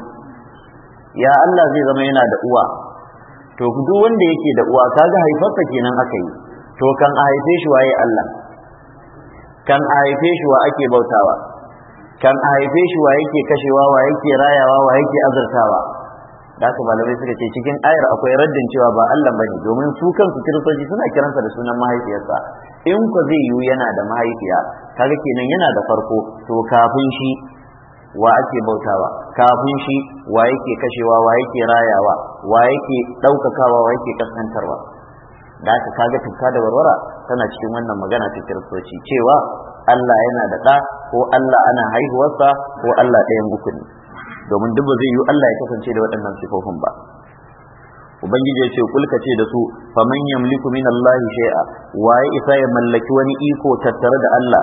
ya allah zai zama yana da uwa to duk wanda yake da uwa kaga haifarsa kenan aka yi to kan a haife shi waye allah kan a haife shi wa ake bautawa kan a haife shi wa yake kashewa wa yake rayawa wa yake azurtawa da haka malamai suka ce cikin ayar akwai raddin cewa ba Allah bane domin su kansu kiristoci suna kiransa da sunan mahaifiyarsa in ku zai yiwu yana da mahaifiya kaga kenan yana da farko to kafin shi wa ake bautawa kafin shi wa yake kashewa wa yake rayawa wa yake ɗaukakawa wa yake kaskantarwa da haka kaga tukka da warwara tana cikin wannan magana ta kiristoci cewa Allah yana da ɗa ko Allah ana haihuwarsa ko Allah ɗayan uku domin duk ba zai yi Allah ya kasance da waɗannan sifofin ba ubangiji ya ce kulka ce da su faman yamliku min Allah shay'a waye isa ya mallaki wani iko tattare da Allah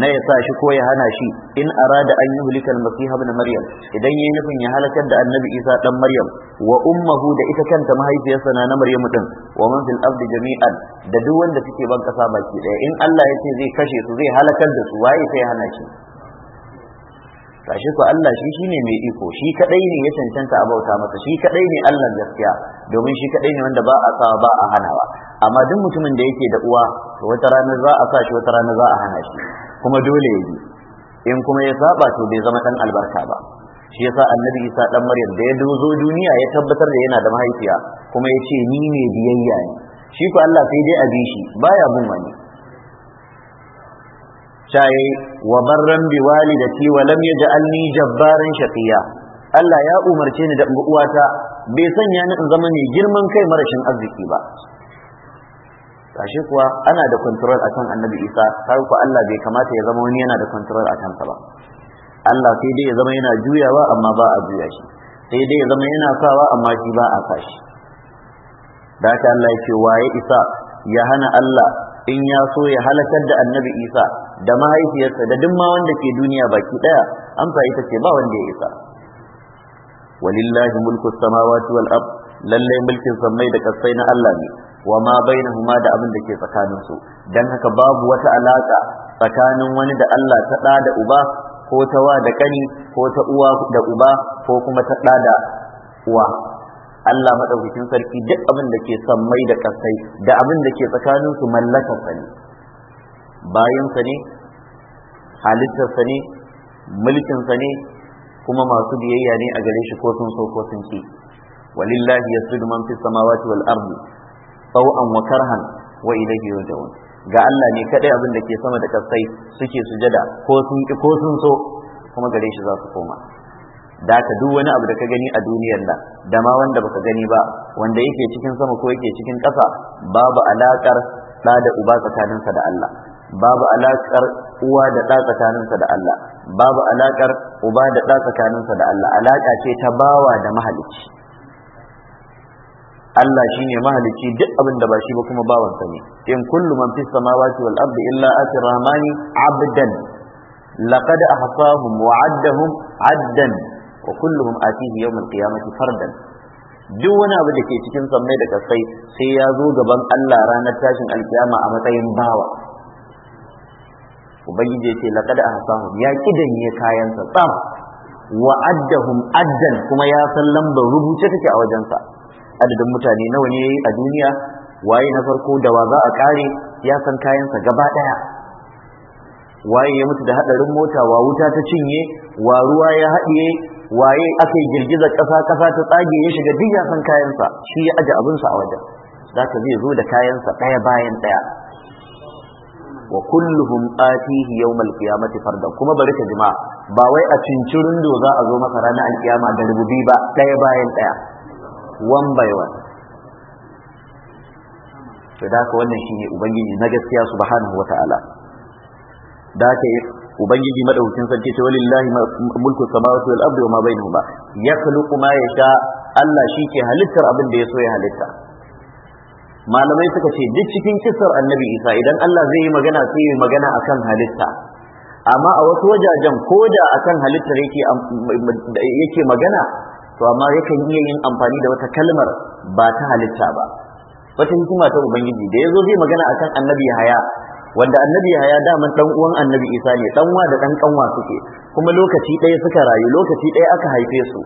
na ya sa shi ko ya hana shi in arada an yuhlika al-masih ibn maryam idan yayi nufin ya halakar da annabi isa dan maryam wa ummuhu da ita kanta mahaifiyarsa na na maryamu din wa man fil ardi jami'an da duk wanda suke ban kasa baki daya in Allah ya ce zai kashe su zai halakar da su waye sai ya hana shi gashi ko Allah shi shine mai iko shi kadai ne ya cancanta a bauta masa shi kadai ne Allah gaskiya domin shi kadai ne wanda ba a sa ba a hanawa amma duk mutumin da yake da uwa to wata rana za a sa shi wata ranar za a hana shi kuma dole ya bi in kuma ya saba to bai zama dan albarka ba shi yasa annabi Isa dan Maryam da ya dozo duniya ya tabbatar da yana da mahaifiya kuma ya ce ni ne biyayya ne shi ko Allah sai dai a bi shi baya bin wani cayi wa barran bi walidati wa lam yaj'alni jabbaran shaqiya Allah ya umarce ni da uwata bai sanya ni in zama mai girman kai marashin arziki ba kashi kuwa ana da control akan annabi Isa har ku Allah bai kamata ya zama wani yana da control akan sa ba Allah sai dai ya zama yana juyawa amma ba a juya shi sai dai ya zama yana sawa amma shi ba a sa shi da haka Allah ya ce waye Isa ya hana Allah in ya so ya halakar da annabi isa da mahaifiyarsa da duk ma wanda ke duniya baki daya amsa ita ce ba wanda ya isa walillahi mulku samawati wal ab lallai mulkin sammai da kasai na Allah ne wa ma bainahuma da abin da ke tsakanin su dan haka babu wata alaka tsakanin wani da Allah ta da da uba ko ta wa da kani ko ta uwa da uba ko kuma ta da uwa Allah madaukakin sarki duk abin da ke mai da kasai da abin da ke tsakanin su mallakar sa ne bayan sa ne halittar ne mulkin sa kuma masu biyayya ne a gare shi ko sun so ko sun ki walillahi yasudu man fi samawati wal ardi taw'an wa karhan wa ilayhi yurja'un ga Allah ne kadai abin da ke sama da kasai suke sujada ko sun ko sun so kuma gare shi za su koma da ka duk wani abu da ka gani a duniyar nan da ma wanda baka gani ba wanda yake cikin sama ko yake cikin ƙasa babu alaƙar ɗa da uba tsakaninsa da Allah babu alaƙar uwa da ɗa tsakaninsa da Allah babu alaƙar uba da ɗa tsakaninsa da Allah alaƙa ce ta bawa da mahalicci Allah shine mahalicci duk abin da ba shi ba kuma bawansa ne in kullu man fis samawati wal ardi illa ati rahmani abdan laqad ahsahum wa addahum addan wa kulluhum atihi yawmal qiyamati fardan duk wani abu da ke cikin sammai da kasai sai ya zo gaban Allah ranar tashin alkiyama a matsayin bawa ubangiji ya ce laqad ahsahum ya kidanye kayansa tsam wa addahum addan kuma ya san lambar rubuce take a wajensa adadin mutane nawa ne yayi a duniya waye na farko da wa za a kare ya san kayansa gaba daya waye ya mutu da hadarin mota wa wuta ta cinye wa ruwa ya haɗiye waye aka yi girgizar ƙasa ƙasa ta tsage ya shiga duk yasan kayansa shi ya aje abinsa a wajen zaka zai zo da kayansa ɗaya bayan ɗaya wa kulluhum atihi yawmal qiyamati fardan kuma bari ka jima ba wai a cincirin do za a zo masa ranar alƙiyama da rububi ba ɗaya bayan ɗaya one by one to da wannan shine ubangiji na gaskiya subhanahu wataala da yi. ubangiji madaukakin sarki ce walillahi mulku samawati wal ardi wa ma bainahuma kuma ma sha Allah shi ke halittar abin da ya so ya halitta malamai suka ce duk cikin kisar annabi isa idan Allah zai yi magana sai yi magana akan halitta amma a wasu wajajen ko da akan halittar yake yake magana to amma yakan iya yin amfani da wata kalmar ba ta halitta ba wata hikima ta ubangiji da ya zo zai magana akan annabi haya wanda annabi ya daman dan uwan annabi isa ne dan wa da dan kanwa suke kuma lokaci ɗaya suka rayu lokaci ɗaya aka haife su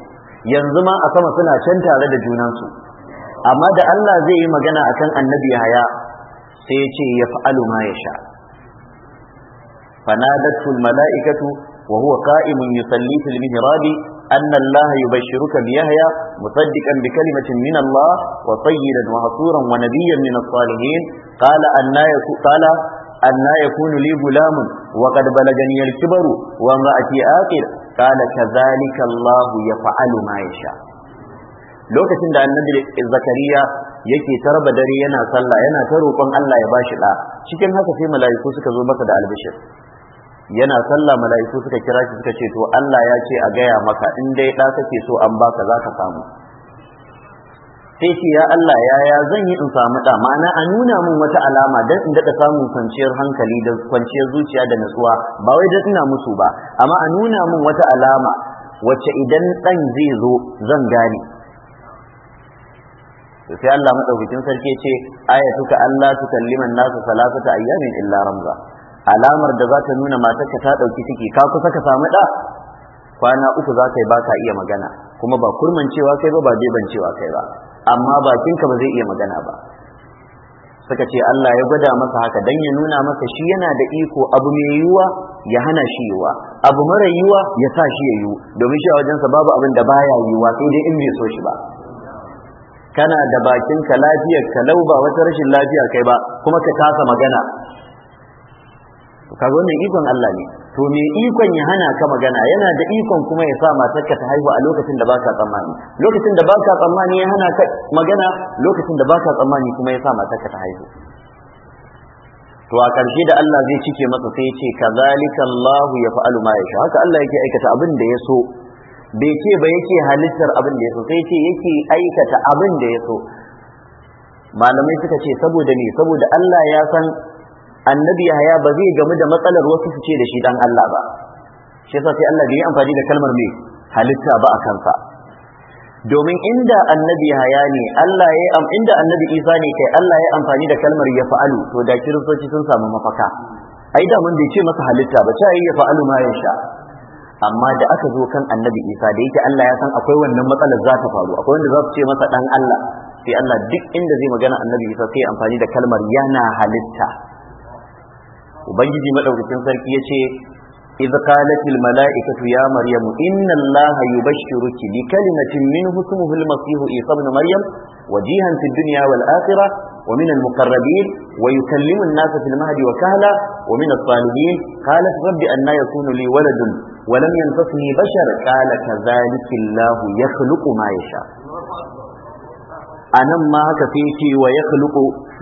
yanzu ma a sama suna can tare da junansu amma da Allah zai yi magana akan annabi haya sai ya ce ya fa'alu ma ya sha fanadatu mala'ikatu wa huwa qa'imun yusalli fil bashiru أن الله يبشرك بيحيى مصدقا بكلمة من الله وسيدا وحصورا ونبيا من الصالحين قال أن قال anna yakunu li wakar balaganyar qad balagani al-kibaru wa imra'ati aqir qala kadhalika Allah yaf'alu ma lokacin da annabi zakariya yake tarba dare yana sallah yana ta roƙon Allah ya bashi da cikin haka sai mala'iku suka zo masa da albishir yana sallah mala'iku suka kira shi suka ce to Allah ya ce a gaya maka in dai da kake so an baka zaka samu sai ce ya Allah yaya zan yi in samu ɗa ma'ana a nuna min wata alama dan in daɗa samun kwanciyar hankali da kwanciyar zuciya da natsuwa ba wai dan ina musu ba amma a nuna min wata alama wacce idan ɗan zai zo zan gane sai Allah madaukakin sarki ce ka Allah tukalliman nasu salasata ayyamin illa ramza alamar da zata nuna matarka ta dauki ciki ka kusa ka samu da? kwana uku zaka yi ba ka iya magana kuma ba kurmancewa kai ba ba jebancewa kai ba amma bakinka ba zai iya magana ba suka ce Allah ya gwada masa haka dan ya nuna masa shi yana da iko abu mai yiwuwa ya hana shi yiwuwa abu mara yiwuwa ya sa shi ya yiwu domin shi a wajensa babu abin da baya yiwuwa sai dai in bai so shi ba kana da bakinka lafiyar ka lau ba wata rashin lafiya kai ba kuma ka kasa magana kaga wannan ikon Allah ne to me ikon ya hana ka magana yana da ikon kuma ya sa matarka ta haihu a lokacin da baka tsammani lokacin da baka tsammani ya hana ka magana lokacin da baka tsammani kuma ya sa matarka ta haihu to a karshe da Allah zai cike masa sai ya ce kazalika Allah ya fa'alu ma yasha haka Allah yake aikata abin da ya so bai ce ba yake halittar abin da ya so sai ce yake aikata abin da ya so malamai suka ce saboda ne saboda Allah ya san annabi Yahaya ba zai gamu da matsalar wasu su ce da shi dan Allah ba shi yasa sai Allah bai amfani da kalmar me halitta ba a kansa domin inda annabi Yahaya ne Allah ya am inda annabi Isa ne kai Allah ya amfani da kalmar ya fa'alu to da kiristoci sun samu mafaka ai da mun bai ce masa halitta ba sai ya fa'alu ma ya sha amma da aka zo kan annabi Isa da yake Allah ya san akwai wannan matsalar za ta faru akwai wanda za su ce masa dan Allah sai Allah duk inda zai magana annabi Isa sai amfani da kalmar yana halitta ubangiji madaukakin sarki yace إذ قالت الملائكة يا مريم إن الله يبشرك بكلمة منه اسمه المسيح عيسى ابن مريم وجيها في الدنيا والآخرة ومن المقربين ويكلم الناس في المهد وكهلا ومن الصالحين قالت رب أنا يكون لي ولد ولم ينفصني بشر قال كذلك الله يخلق ما يشاء أنا ما كفيك ويخلق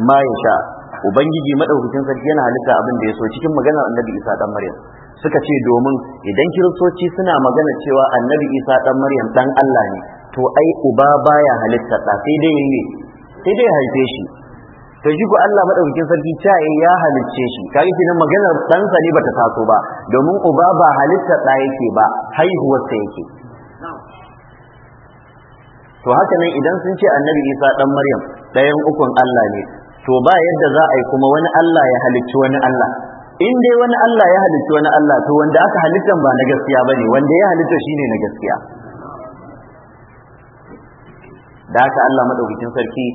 ما يشاء ubangiji madaukakin sarki yana halitta abin da ya so cikin maganar annabi isa dan maryam suka ce domin idan kiristoci suna magana cewa annabi isa dan maryam dan allah ne to ai uba baya halitta da sai dai ne sai dai haife shi to shi ko Allah madaukakin sarki ta ya halicce shi shi nan maganar ɗansa ne bata taso ba domin uba ba halitta da yake ba haihuwar sa yake to haka nan idan sun ce annabi isa dan maryam ɗayan ukun Allah ne to ba yadda za a yi kuma wani Allah ya halicci wani Allah in dai wani Allah ya halicci wani Allah to wanda aka halitta ba na gaskiya bane wanda ya halitta shine na gaskiya da haka Allah madaukakin sarki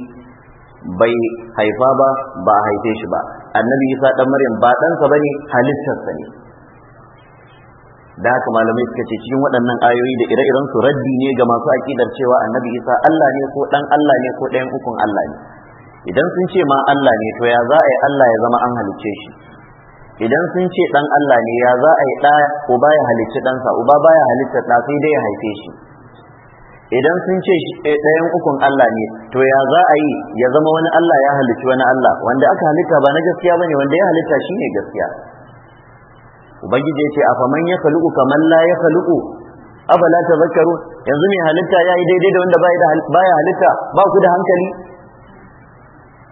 bai haifa ba ba a haife shi ba annabi Isa dan Maryam ba ɗansa bane halittarsa ne da haka malamai suka ce cikin waɗannan ayoyi da ire-iren su raddi ne ga masu aƙidar cewa annabi Isa Allah ne ko ɗan Allah ne ko ɗayan ukun Allah ne idan sun ce ma Allah ne to ya za a yi Allah ya zama an halicce shi idan sun ce dan Allah ne ya za a yi da uba ya halicci ɗansa uba baya halitta da sai dai ya haife shi idan sun ce eh, ɗayan ukun Allah ne to ya za a yi ya zama wani Allah ya halicci wani Allah wanda aka halitta ba na gaskiya bane wanda ya halitta shine gaskiya ubangiji ce a faman ya kaluku kaman la ya kaluku abala tazakkaru yanzu mai halitta ya yi daidai da wanda baya halitta ba ku da hankali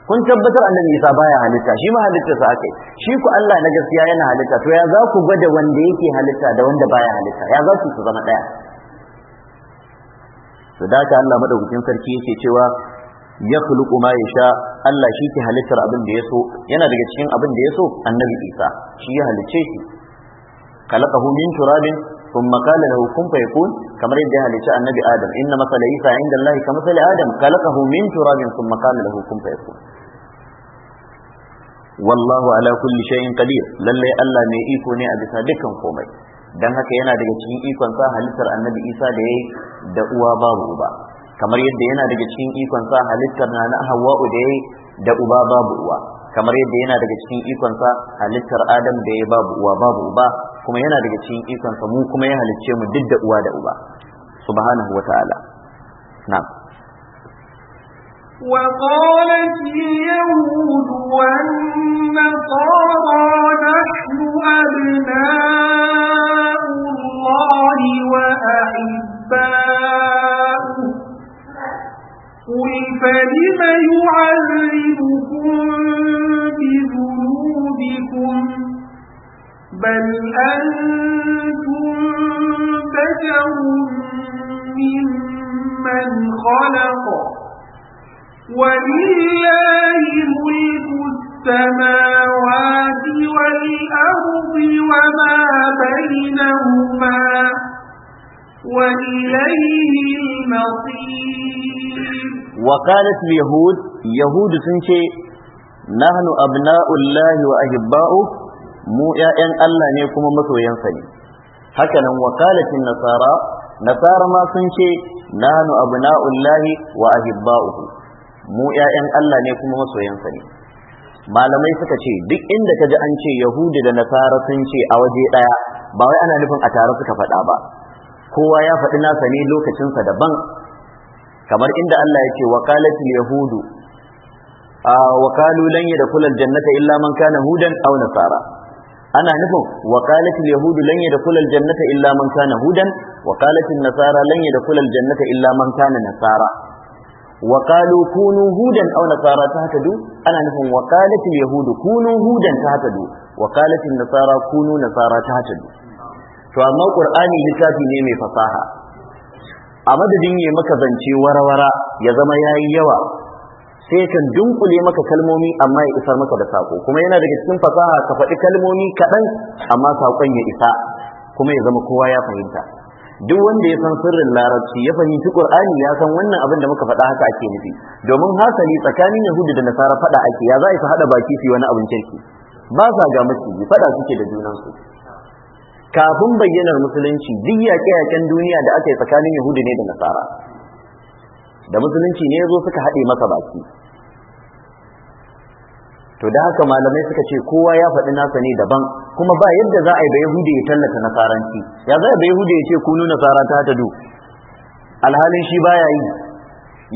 kun tabbatar annabi Isa baya halitta shi ma halitta sa akai shi ku Allah na gaskiya yana halitta to ya za ku gwada wanda yake halitta da wanda baya halitta ya za ku su zama daya to da ka Allah madaukakin sarki yake cewa ya khuluqu ma yasha Allah shi ke halittar abin da ya so yana daga cikin abin da ya so annabi Isa shi ya halicce shi khalaqahu min turabin ثم قال له كن فيكون كما رد هذا النبي ادم ان مثل عيسى عند الله كمثل ادم خلقه من تراب ثم قال له كن فيكون wallahu ala kulli shay'in qadir lallai Allah mai iko ne a bisa dukkan komai dan haka yana daga cikin ikon sa halittar annabi Isa da yayi da uwa babu uba kamar yadda yana daga cikin ikon sa halittar na Hawwa'u da yayi da uba babu uwa kamar yadda yana daga cikin ikon sa halittar Adam da yayi babu uwa babu uba kuma yana daga cikin ikon sa mu kuma ya halicce mu duk da uwa da uba subhanahu wata'ala na'am وقالت اليهود والنصارى نحن أبناء الله وأحباؤه قل فلم يعذبكم بذنوبكم بل أنتم بشر ممن خلق ولله ملك السماوات والأرض وما بينهما وإليه المصير وقالت اليهود يهود سنشي نحن أبناء الله وأحباؤه mu ‘ya'yan Allah ne kuma masoyansa ne, hakanan wakalatin nasara, nasara ma sun ce, nanu abu na'ullahi wa ahibba'uhu mu 'ya'yan Allah ne kuma masoyansa ne malamai suka ce duk inda ka ji an ce yahudi da nasara sun ce a waje ɗaya ba wai ana nufin a tare suka faɗa ba kowa ya faɗi nasa ne lokacinsa daban kamar inda Allah ya ce wakalatul yahudu wakalu lan kulal aljannata illa man kana hudan aw nasara ana nufin wakalatul yahudu lan kulal aljannata illa man kana hudan wakalatul nasara lan kulal aljannata illa man kana nasara wa qalu kunu hudan aw nasara tahtadu ana nufin wa qalat al yahud kunu hudan tahtadu wa qalat an nasara kunu nasara tahtadu to amma qur'ani littafi ne mai fasaha a madadin ya maka zance warawara ya zama yayi yawa sai kan dunkule maka kalmomi amma ya isar maka da sako kuma yana daga cikin fasaha ka faɗi kalmomi kaɗan amma sakon ya isa kuma ya zama kowa ya fahimta duk wanda ya san sirrin larabci ya fahimci qur'ani ya san wannan abin da muka faɗa haka ake nufi domin hasali tsakanin yahudu da nasara faɗa ake ya za su haɗa baki fi wani abin kirki ba sa ga yi faɗa suke da junansu kafin bayyanar musulunci duk yaƙe-yaƙen duniya da aka yi tsakanin yahudu ne da nasara da musulunci ne zo suka haɗe masa baki to da haka malamai suka ce kowa ya faɗi nasa ne daban kuma ba yadda za a yi da yahudi ya tallata nasaranci ya za a da yahudi ya ce kunu nasara ta tadu alhalin shi baya yi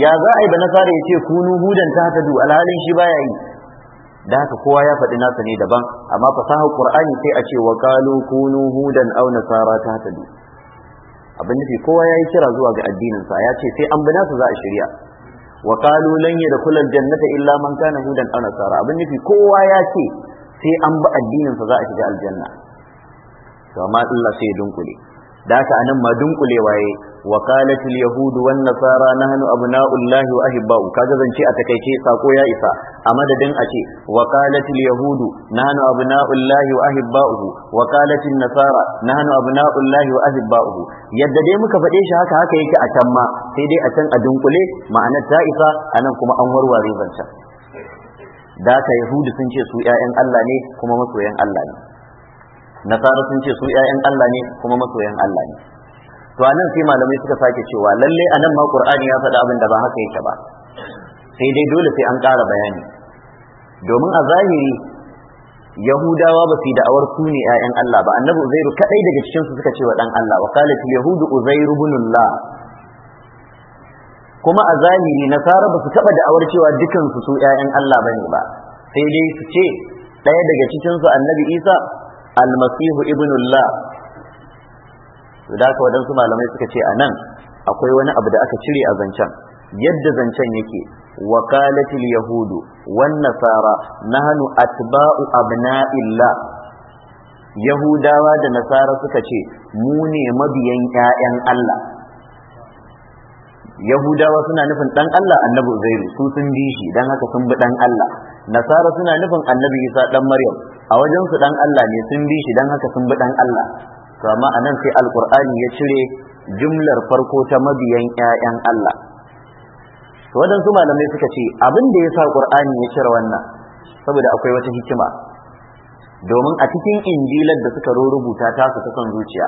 ya za a yi da nasara ya ce kunu hudan ta tadu alhalin shi baya yi da haka kowa ya faɗi nasa ne daban amma fasahar qur'ani sai a ce wa qalu kunu hudan aw nasara ta tadu abin nufi kowa ya yi kira zuwa ga addinin sa ya ce sai an bi nasa za a shirya wa qalu lan yadkhul jannata illa man kana hudan aw nasara abin nufi kowa ya ce sai an bi addinin sa za a shiga aljanna to amma Allah sai ya dunkule da haka anan ma dunkule waye wa qalat al yahud wan nasara nahnu abna'ullahi wa ahibba'u kaga zance a takaice sako ya isa a madadin a ce wa qalat al yahud nahnu abna'ullahi wa ahibba'uhu wa qalat an nasara nahnu abna'ullahi wa ahibba'uhu yadda dai muka faɗe shi haka haka yake a can ma sai dai a can a dunkule ma'anar ta isa anan kuma an warware zancen da haka yahudu sun ce su 'ya'yan Allah ne kuma masoyan Allah ne nasara sun ce su ƴaƴan Allah ne kuma masoyan Allah ne to anan sai malamai suka sake cewa lalle anan ma Qur'ani ya faɗa abin da ba haka yake ba sai dai dole sai an ƙara bayani domin a zahiri Yahudawa ba su yi da'awar su ne ƴaƴan Allah ba annabi Uzairu kadai daga cikin su suka ce wa dan Allah wa qalat yahudu Uzairu ibnullah kuma a zahiri nasara ba su taba da'awar cewa dukansu su su ƴaƴan Allah bane ba sai dai su ce ɗaya daga cikin su annabi Isa almasihu ibnullah da haka waɗansu malamai suka ce a nan akwai wani abu da aka cire a zancen yadda zancen yake wakalatul yahudu wan nasara nahnu atba'u abna'illah yahudawa da nasara suka ce mu ne mabiyan ƴaƴan Allah yahudawa suna nufin dan Allah annabi uzairu su sun bi shi dan haka sun bi dan Allah nasara suna nufin annabi isa dan maryam a wajen su dan Allah ne sun bi shi dan haka sun bi dan Allah to amma anan sai alqur'ani ya cire jumlar farko ta mabiyan ƴaƴan Allah to wadansu malamai suka ce abin da yasa qur'ani ya cire wannan saboda akwai wata hikima domin a cikin injilar da suka rubuta ta su son zuciya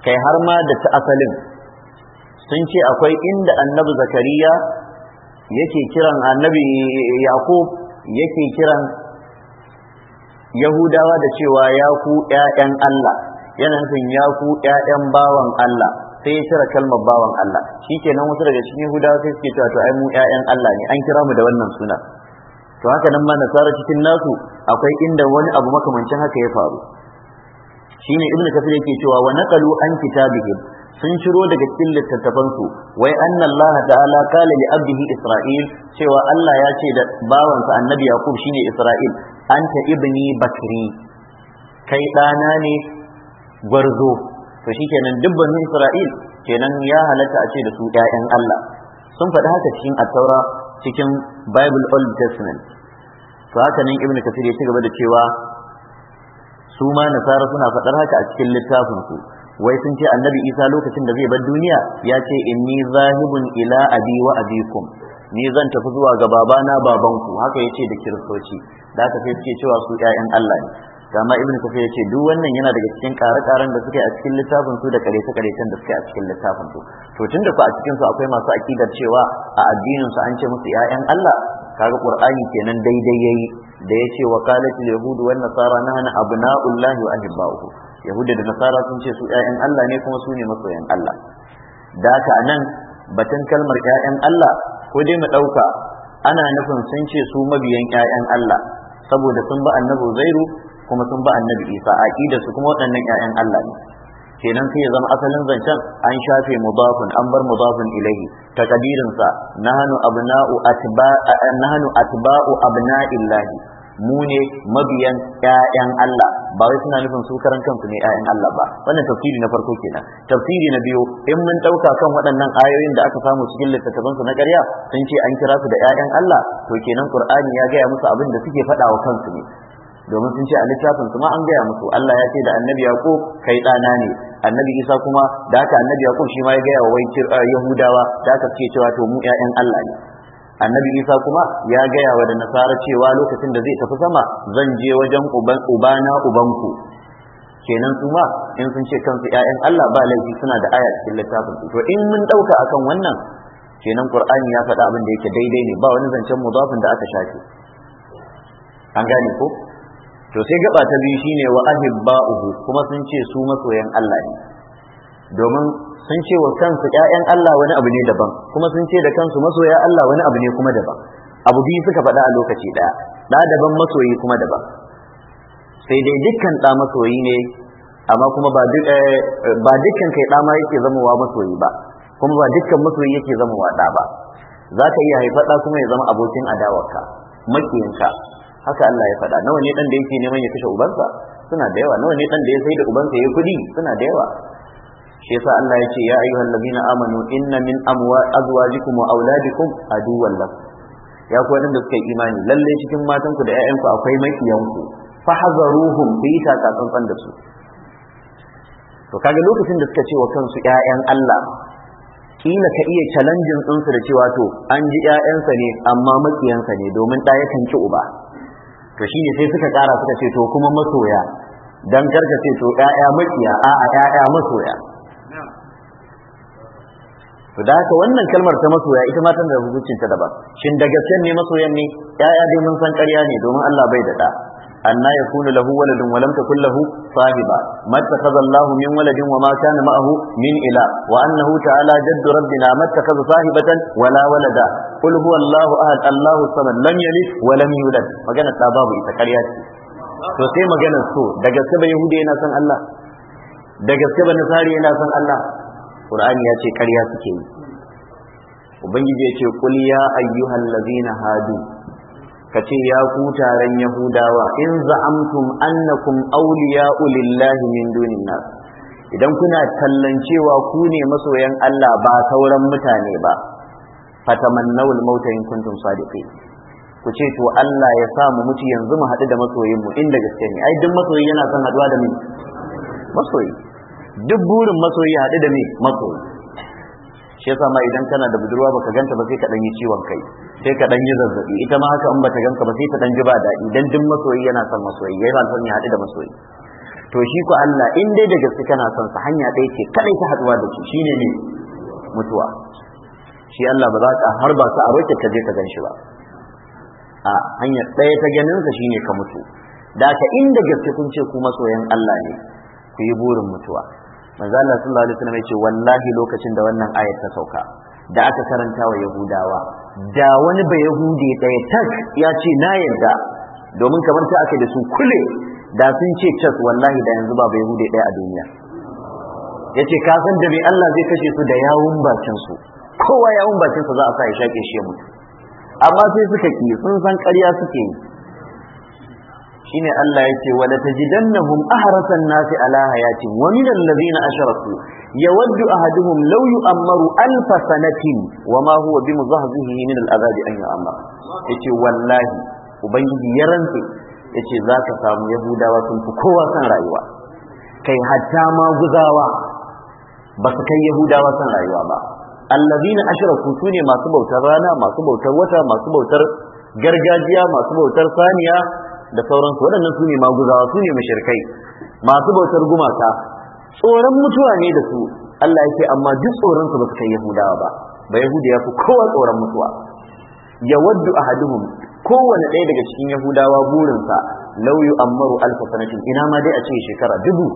kai har ma da ta asalin sun ce akwai inda annabi zakariya yake kiran annabi yaqub yake kiran yahudawa da cewa ya ku ƴaƴan Allah yana nufin ya ku ƴaƴan bawan Allah sai ya cire kalmar bawan Allah Shi ke nan wasu daga cikin yahudawa sai suke cewa to ai mu ƴaƴan Allah ne an kira mu da wannan suna to haka nan ma nasara cikin nasu akwai inda wani abu makamancin haka ya faru shine ibnu kafir yake cewa wa naqalu an kitabihim sun ciro daga cikin littattafansu wai anna Allah ta'ala kala li abdihi Isra'il cewa Allah ya ce da bawansa Annabi Yaqub shine Isra'il anta ibni bakri kai ɗana ne gwarzo to shikenan dubban Isra'il kenan ya halatta a ce da su ƴaƴan Allah sun faɗi haka cikin attaura cikin Bible Old Testament to haka nan Ibn Kathir ya ci gaba da cewa su ma nasara suna faɗar haka a cikin littafinsu wai sun ce annabi isa lokacin da zai bar duniya ya ce inni zahibun ila abi wa abikum ni zan tafi zuwa ga babana babanku haka yace da kiristoci da aka sai suke cewa su ƴaƴan Allah ne kama ibnu kafir yace duk wannan yana daga cikin ƙare-ƙaren da suke a cikin littafin su da karece-karecen da suke a cikin littafin su to tunda ku a cikin su akwai masu akidar cewa a addinin su an ce musu ƴaƴan Allah kaga qur'ani kenan daidai yayi da yace wa qalat al-yahud wan nasara nahnu abna'ullahi wa ahibba'uhu yahuda da nasara sun ce su ƴaƴan Allah ne kuma su ne masoyan Allah da haka nan batun kalmar ƴaƴan Allah ko dai mu ɗauka ana nufin sun ce su mabiyan ƴaƴan Allah saboda sun ba annabi Zairu kuma sun ba annabi Isa aqida su kuma waɗannan ƴaƴan Allah ne kenan sai ya zama asalin zancen an shafe mudafun an bar mudafun Ta takadirin sa nahanu abna'u atba'u abna'illahi mu ne mabiyan ƴaƴan Allah ba wai suna nufin su karan kansu ne ƴaƴan Allah ba wannan tafsiri na farko kenan tafsiri na biyu in mun dauka kan waɗannan ayoyin da aka samu cikin littattafan su na ƙarya sun ce an kira su da ƴaƴan Allah to kenan Qur'ani ya gaya musu abin da suke faɗa wa kansu ne domin sun ce a littafin su ma an gaya musu Allah ya ce da annabi Yaqub kai ɗana ne annabi Isa kuma da haka annabi Yaqub shi ma ya gaya wa Yahudawa da aka ce cewa to mu ƴaƴan Allah ne annabi isa kuma ya gaya wa da nasara cewa lokacin da zai tafi sama zan je wajen ubana ubanku kenan su ma in sun ce kansu 'ya'yan Allah ba laifi suna da aya cikin littafin to in mun dauka akan wannan kenan Qur'ani ya faɗa abin da yake daidai ne ba wani zancen mudafin da aka shafe an gane ko to sai gaba ta biyu shine wa ahibba'uhu kuma sun ce su masoyan Allah ne domin sun ce wa kansu ƴaƴan Allah wani abu ne daban kuma sun ce da kansu masoya Allah wani abu ne kuma daban abu biyu suka faɗa a lokaci ɗaya ɗa daban masoyi kuma daban sai dai dukkan ɗa masoyi ne amma kuma eh, ba dukkan kai ɗa ma yake zamowa masoyi ba kuma ba dukkan masoyi yake zamowa ɗa ba za ka iya haifar ɗa kuma ya zama abokin adawarka makiyinka haka Allah ya faɗa nawa ne ɗan da yake neman ya kashe ubansa suna da yawa nawa ne ɗan da ya sai da ubansa ya kuɗi suna da yawa shi yasa Allah ya ce ya ayyuhal ladina amanu inna min amwa azwajikum wa auladikum aduwwan lakum ya ku wadanda suka yi imani lalle cikin matan ku da ƴaƴan ku akwai makiyan ku hazaruhum bi ta tsantsan da su to kaga lokacin da suka ce wa kansu ƴaƴan Allah kila ka iya challenging su da cewa to an ji ƴaƴansa ne amma makiyansa ne domin da yakan ci uba to shine sai suka kara suka ce to kuma masoya dan karka ce to ƴaƴa makiya a'a ƴaƴa masoya to da haka wannan kalmar ta masoya ita ma tana da hukuncin ta daban shin da gaske ne masoyan ne yaya dai mun san ƙarya ne domin Allah bai da da anna yakunu lahu waladun wa lam takul lahu sahiba mattakhadha Allahu min waladin wa ma kana ma'ahu min ila wa annahu ta'ala jaddu rabbina mattakhadha sahibatan wala walada qul huwa Allahu ahad Allahu samad lam yalid wa lam yulad magana ta babu ita ƙarya ce to sai maganar so da gaske ba yahudi yana san Allah da gaske ba nasari yana san Allah qur'ani ya ce karya suke yi ubangiji ya ce qul ya ayyuhal ladina hadu kace ya ku taron yahudawa in za'amtum annakum awliya'u lillahi min dunin nas idan kuna kallon cewa ku ne masoyan Allah ba sauran mutane ba fatamannau al-mauta in kuntum sadiqin ku ce to Allah ya sa mu mutu yanzu mu haɗu da masoyin inda gaske ne ai duk masoyi yana son haɗuwa da mu masoyi duk burin masoyi haɗu da me masoyi shi yasa ma idan kana da budurwa baka ganta ba sai ka dan yi ciwon kai sai ka dan yi zazzabi ita ma haka in bata ganka ba sai ta dan ji ba daɗi dan duk masoyi yana son masoyi yana son ya haɗu da masoyi to shi ko Allah in dai da gaske kana son sa hanya ɗaya ce kaɗai ta haɗuwa da shi shine ne mutuwa shi Allah ba za ka har ba ka a ka je ka gan shi ba a hanya ɗaya ta ganin sa shine ka mutu da ka inda gaske kun ce ku masoyan Allah ne ku yi burin mutuwa manzo Allah sallallahu alaihi wasallam ya ce wallahi lokacin da wannan ayat ta sauka da aka karanta wa yahudawa da wani bai yahudi ɗaya tak ya ce na yarda domin kamar ta aka da su kule da sun ce cas wallahi da yanzu ba bai yahudi ɗaya a duniya ya ce ka san da mai Allah zai kashe su da yawun bakin su kowa yawun bakin su za a sa ya shaƙe shi mu mutu amma sai suka ki sun san ƙarya suke yi shine Allah yake wala tajidannahum ahrasan nasi ala hayatin wa min allazina ashraku yawaddu ahaduhum law yu'ammaru alf sanatin wa ma huwa bimuzahzihi min al'adabi an yu'ammar yace wallahi ubangiji ya rantse yace zaka samu yahudawa sun fi kowa san rayuwa kai hatta ma guzawa ba su kai yahudawa san rayuwa ba allazina ashraku sune masu bautar rana masu bautar wata masu bautar gargajiya masu bautar saniya da sauransu waɗannan su ne maguzawa su ne mashirkai masu bautar gumaka tsoron mutuwa ne da su Allah ya amma duk tsoron su ba su kai Yahudawa ba ba Yahuda ya fi kowa tsoron mutuwa ya waddu ahaduhum kowane ɗaya daga cikin Yahudawa burinsa Lauyu, Ammaru, alfa sanatin ina ma dai a ce shekara dubu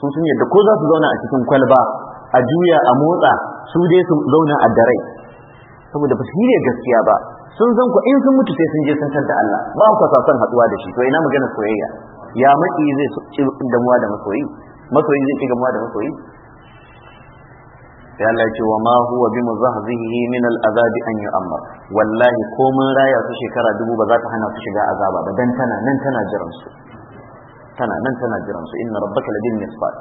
sun sun yadda ko za su zauna a cikin kwalba a juya a motsa su dai su zauna a darai saboda ba su gaskiya ba sun zan ku in sun mutu sai sun je sun tanta Allah ba ku sa son haduwa da shi to ina magana soyayya ya maki zai ci damuwa da masoyi masoyi zai ci damuwa da masoyi sai Allah ce wa ma huwa bi muzahzihi min al azab an yu'ammar wallahi ko mun raya su shekara dubu ba za ta hana su shiga azaba ba dan tana nan tana jiran su tana nan tana jiran su inna rabbaka ladin misfar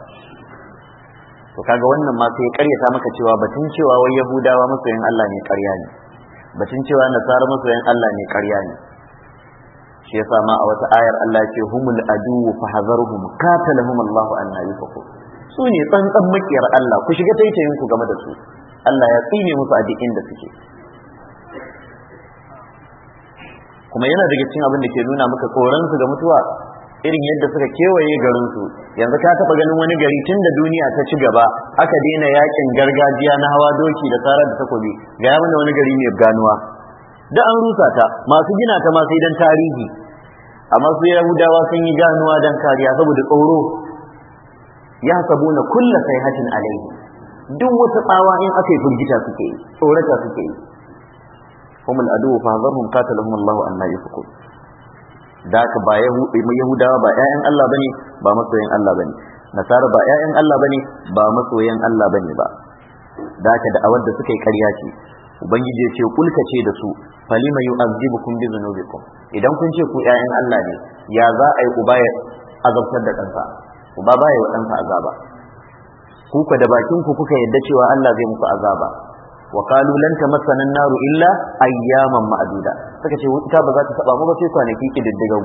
to kaga wannan ma sai ya karyata maka cewa batun cewa wai yahudawa masoyin Allah ne karya ne batun cewa nasara masoyan Allah ne ƙarya ne shi yasa ma a wata ayar Allah ce humul aduwu hazaruhum qatalahum Allahu an yafaku su ne tsantsan makiyar Allah ku shiga taitayin ku game da su Allah ya tsine musu a duk inda suke kuma yana daga cikin abin da ke nuna maka tsoron su ga mutuwa irin yadda suka kewaye garinsu yanzu ka taɓa ganin wani gari tun da duniya ta ci gaba aka daina yakin gargajiya na hawa doki da tsara da takobi ga ya wani gari mai ganuwa da an rusa ta masu gina ta masu idan tarihi amma su yahudawa sun yi ganuwa don kariya saboda tsoro ya sabo na kulla sai hatin alaihi duk wata tsawa in aka yi firgita suke yi tsorata suke yi humul adu fa hazarhum qatalahum Allahu anna yufakun da haka ba yahudawa ba 'ya'yan Allah bane ba masoyan Allah bane nasara ba 'ya'yan Allah bane ba masoyan Allah bane ba da haka da awar da suka yi ƙarya ce ubangiji ya ce kulka ce da su falima yu'azzibukum bi dhunubikum idan kun ce ku 'ya'yan Allah ne ya za a yi uba ya azabtar da kansa uba ba ya wa kansa azaba ku da bakin ku kuka yadda cewa Allah zai muku azaba wa masanin lan tamassana an-naru illa ayyaman ma'duda Saka ce wuta ba za ta taba mu ba sai kwanaki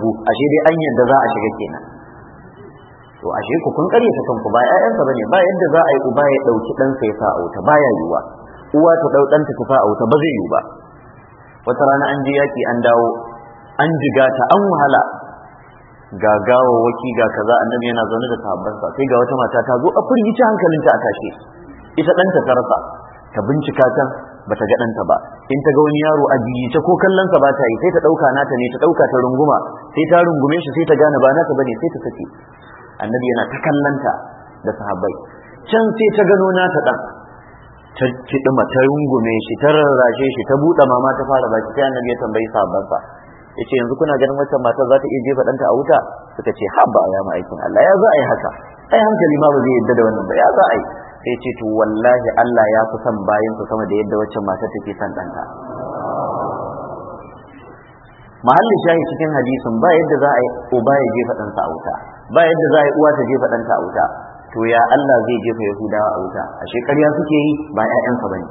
gu ashe dai an yanda za a shiga kenan to ashe ku kun kare ta kanku ba ƴaƴansa bane ba yadda za a yi uba ya dauki ɗansa ya sa auta baya yiwa uwa ta dau ɗanta ta sa auta ba zai yiwu ba wata rana an je yaki an dawo an jiga ta an wahala ga gawawaki ga kaza annabi yana zaune da sahabbansa sai ga wata mata ta zo a firgice hankalinta a tashe ita ɗanta ta rasa Ka bincika ta bata ga ɗanta ba in ta ga wani yaro a ta, ko kallonsa ba ta yi sai ta ɗauka nata ne ta ɗauka ta runguma sai ta rungume shi sai ta gane ba nata bane sai ta sake annabi yana ta kallonta da sahabbai can sai ta gano nata ɗan ta kiɗima ta rungume shi ta rarrashe shi ta buɗe mama ta fara baki sai annabi ya tambayi sahabbansa ya ce yanzu kuna ganin wata matar za ta iya jefa ɗanta a wuta suka ce ha ba ya ma'aikin Allah ya za a yi haka ai hankali ma ba zai yadda da wannan ba ya za a yi sai ce to wallahi Allah ya fi son bayan su sama da yadda waccan mata take son ɗanta mahallin shahi cikin hadisin ba yadda za a yi uba ya jefa ɗansa a wuta ba yadda za a yi uwa ta jefa ɗanta a wuta to ya Allah zai jefa yahudawa a wuta a shekarya suke yi ba ba ne.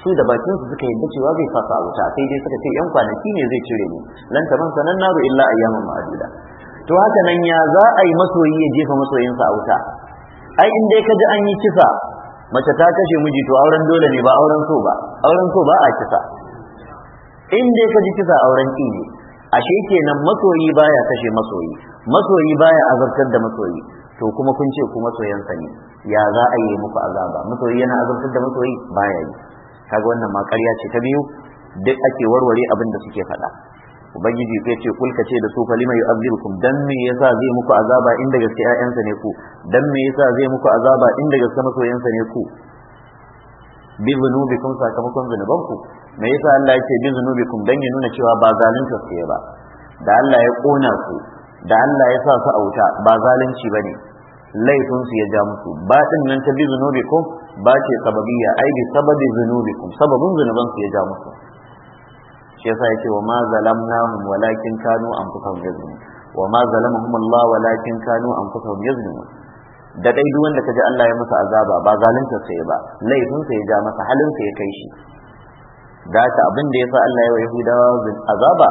su da bakin su suka yadda cewa zai fasa a wuta sai dai suka ce yan kwanaki ne zai cire ni. lan taman sanan naru illa ayyaman ma'aduda to haka nan ya za a yi masoyi ya jefa masoyinsa a wuta ai in dai kaji an yi kisa mace ta kashe miji to auren dole ne ba auren so ba auren so ba a kisa in dai kaji kisa auren ki ne ashe kenan masoyi baya kashe masoyi masoyi baya azartar da masoyi to kuma kun ce ku masoyansa ne ya za a yi muku azaba masoyi yana azartar da masoyi baya yi kaga wannan ma ƙarya ce ta biyu duk ake warware abin da suke faɗa ubangiji sai ce kulka ce da su falima yu'azibukum dan me yasa zai muku azaba inda gaske ayyansa ne ku dan me yasa zai muku azaba inda gaske masoyansa ne ku bi zunubikum sakamakon zunuban ku me yasa Allah yake bi zunubikum dan ya nuna cewa ba zalunta su ba da Allah ya kona ku da Allah ya sa su auta ba zalunci bane laifin su ya ja musu ba din nan ta bi zunubikum ba ce sababiyya ai bi sababi zunubikum sababin zunuban su ya ja musu shi yasa yake wa ma zalamnahum walakin kanu anfusahum yazlimun wa ma zalamahum Allah walakin kanu anfusahum yazlimun da dai duk wanda kaji Allah ya masa azaba ba zalunta sai ba laifin sa ya ja masa halin sa ya kai shi da ta abin da yasa Allah ya wa Yahudawa azaba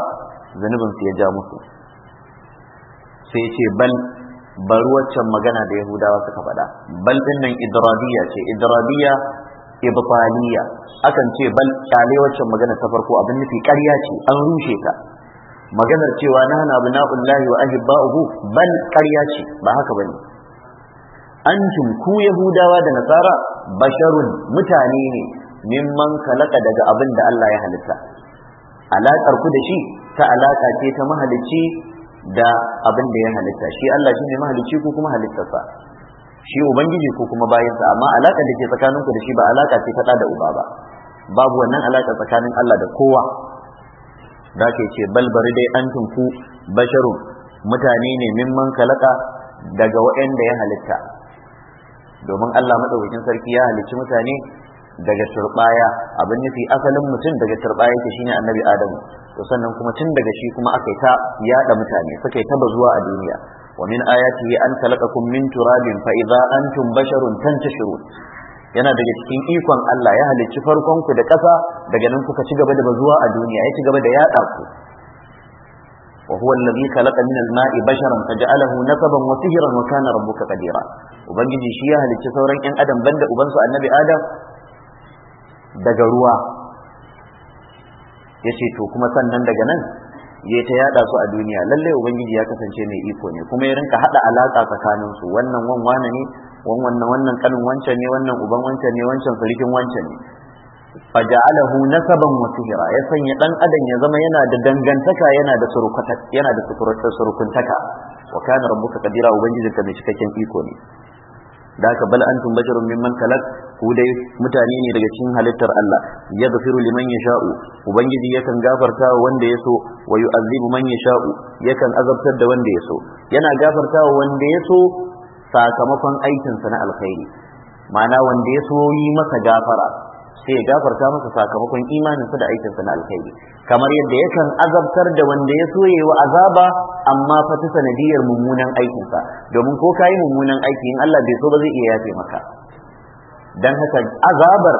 zanubin su ya ja musu sai ce bal bari waccan magana da Yahudawa suka faɗa bal din nan idradiyya ce idradiyya ibtaliya akan ce bal kyale wacce magana ta farko abin nufi ƙarya ce an rushe ta maganar cewa na hana abu na'ullahi wa ahibba'uhu bal ƙarya ce ba haka bane antum ku yahudawa da nasara basharun mutane ne mimman kalaka daga abin da Allah ya halitta alaƙar ku da shi ta alaƙa ce ta mahalicci da abin da ya halitta shi Allah shi ne mahalicci ko kuma halittarsa shi ubangiji ko kuma bayansa amma alaka da ke tsakaninku da shi ba alaka ce ta da uba ba babu wannan alaka tsakanin Allah da kowa da ke ce balbari dai an ku basharu mutane ne mimman kalaka daga waɗanda ya halitta domin Allah madaukakin sarki ya halicci mutane daga turbaya abin nufi asalin mutum daga turbaya yake shine annabi adamu to sannan kuma tun daga shi kuma aka yi ta yada mutane suka yi ta bazuwa a duniya ومن آياته أن خلقكم من تراب فإذا أنتم بشر تنتشرون yana daga cikin ikon Allah ya halicci farkon ku da ƙasa daga nan kuka ci gaba da bazuwa a duniya ya ci gaba da yada ku wa huwa allazi khalaqa min al-ma'i basharan faj'alahu nasaban wa sihran wa kana rabbuka qadira ubangiji shi ya halicci sauran ƴan adam banda ubansu annabi adam daga ruwa yace to kuma sannan daga nan ya ta yada su a duniya lallai ubangiji ya kasance mai iko ne kuma ya rinka hada alaka tsakanin su wannan wanwana ne wannan wannan kanin wancan ne wannan uban wancan ne wancan sarkin wancan ne ja'alahu nasaban wa sihra ya sanya dan adam ya zama yana da dangantaka yana da surukata yana da surukuntaka wa kana rabbuka qadira ubangijinka mai cikakken iko ne da haka bal antum basharun mimman kalak ku dai mutane ne daga cikin halittar Allah ya gafiru liman ya sha'u ubangiji yakan gafarta wanda ya so wa yu'azzibu man ya sha'u yakan azabtar da wanda ya so yana gafarta wanda ya so sakamakon aikinsa na alkhairi ma'ana wanda ya so yi masa gafara sai ya gafarta masa sakamakon imaninsa da aikinsa na alkhairi kamar yadda yakan azabtar da wanda ya so wa azaba amma fa ta sanadiyar mummunan aikinsa domin ko kayi mummunan aiki in Allah bai so ba zai iya yafe maka dan haka azabar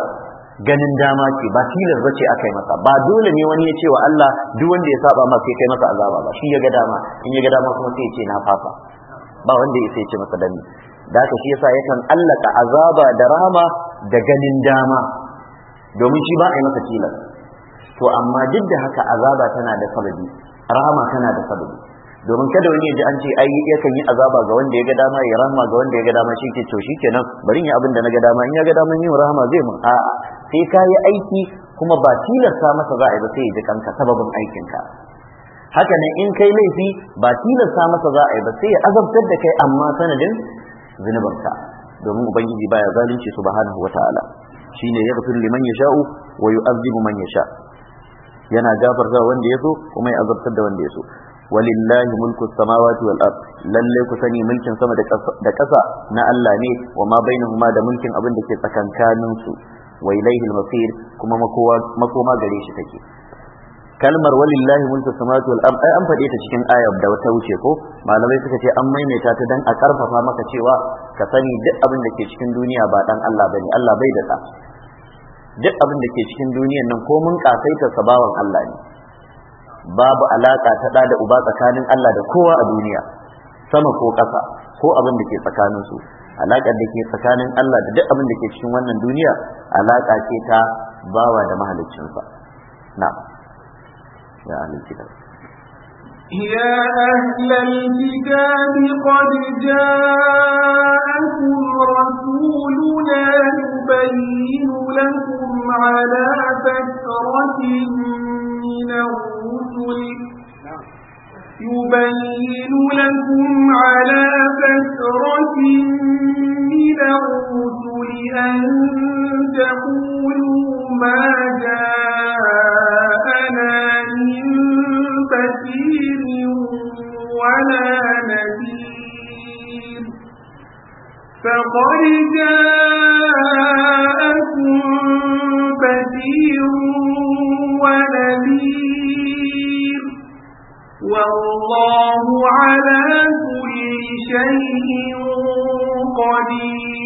ganin dama ce ba tilas bace aka yi masa ba dole ne wani ya ce wa Allah duk wanda ya saba masa sai kai masa azaba ba shi ya ga dama in ya ga dama kuma sai ya ce na fasa ba wanda ya sai ce masa dani da haka shi yasa yakan allaka azaba da rahama da ganin dama domin shi ba a yi masa tilar. to amma duk da haka azaba tana da sababi rahama tana da sababi domin kada wani ya ji an ce ai yakan yi azaba ga wanda ya ga dama ya rahama ga wanda ya ga dama shike to shikenan bari ya abin da na ga dama in ya ga dama yin rahama zai mun a sai ka yi aiki kuma ba tilasta masa za a ba sai ya ji kanka sababin aikin ka haka nan in kai laifi ba tilasta masa za a ba sai ya azabtar da kai amma sanadin ka domin ubangiji baya zalunci subhanahu wataala shine yaghfir liman yasha'u wa yu'adhibu man yasha' yana gafarta wanda ya so kuma ya azabtar da wanda ya so walillahi mulku samawati wal ard lalle ku sani mulkin sama da ƙasa na Allah ne wa ma bainahuma da mulkin abin da ke tsakankanin su wa ilaihi al-masir kuma makoma gare shi take kalmar walillahi mulku samawati wal ard ai an faɗe ta cikin ayar da wata wuce ko malamai suka ce an maimaita ta dan a karfafa maka cewa ka sani duk abin da ke cikin duniya ba dan Allah bane Allah bai da duk abin da ke cikin duniyan nan ko mun kasaita sabawan Allah ne babu alaka ta da uba tsakanin Allah da kowa a duniya sama ko ƙasa ko abin da ke tsakanin su alakar da ke tsakanin Allah da duk abin da ke cikin wannan duniya alaƙa ce ta bawa da mahaliccinsa Na. ya alim يا أهل الكتاب قد جاءكم رسولنا يبين لكم على فترة من الرسل يبين لكم على فترة من الرسل أن تقولوا ما جاءنا من بشير ولا نذير فقد جاءكم بشير ونذير والله على كل شيء قدير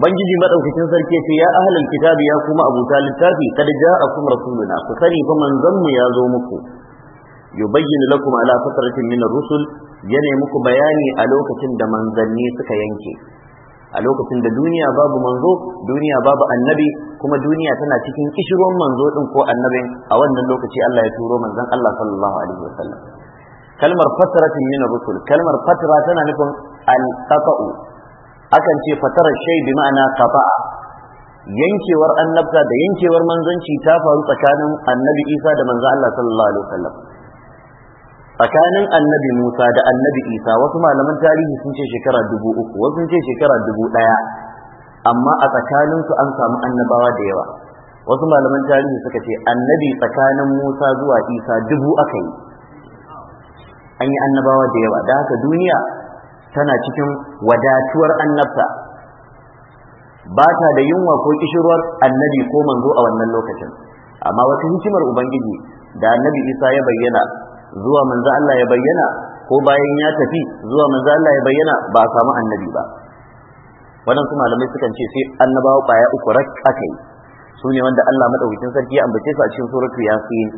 ubangiji madaukakin sarki ce ya ahlul kitabi ya kuma abuta littafi kad ja'akum rasuluna ku sani fa manzon mu ya zo muku yubayyinu lakum ala fatratin min ar-rusul yana muku bayani a lokacin da manzanni suka yanke a lokacin da duniya babu manzo duniya babu annabi kuma duniya tana cikin kishirwan manzo din ko annabin a wannan lokaci Allah ya turo manzon Allah sallallahu alaihi wasallam kalmar fatratin min ar-rusul kalmar fatra tana nufin al-qata'u akan ce fatarar shay bi ma'ana qata'a yankewar annabta da yankewar manzanci ta faru tsakanin annabi Isa da manzo Allah sallallahu alaihi wasallam tsakanin annabi Musa da annabi Isa wasu malaman tarihi sun ce shekara dubu uku wasu sun ce shekara dubu ɗaya amma a tsakaninsu an samu annabawa da yawa wasu malaman tarihi suka ce annabi tsakanin Musa zuwa Isa dubu aka yi an yi annabawa da yawa da haka duniya tana cikin wadatuwar annabta ba ta da yunwa ko kishirwar annabi ko manzo a wannan lokacin amma wata hikimar ubangiji da annabi isa ya bayyana zuwa manzo Allah ya bayyana ko bayan ya tafi zuwa manzo Allah ya bayyana ba a samu annabi ba waɗansu malamai sukan ce sai annabawa ƙwaya uku rak su ne wanda Allah madaukakin sarki ya ambace su a cikin suratul yasin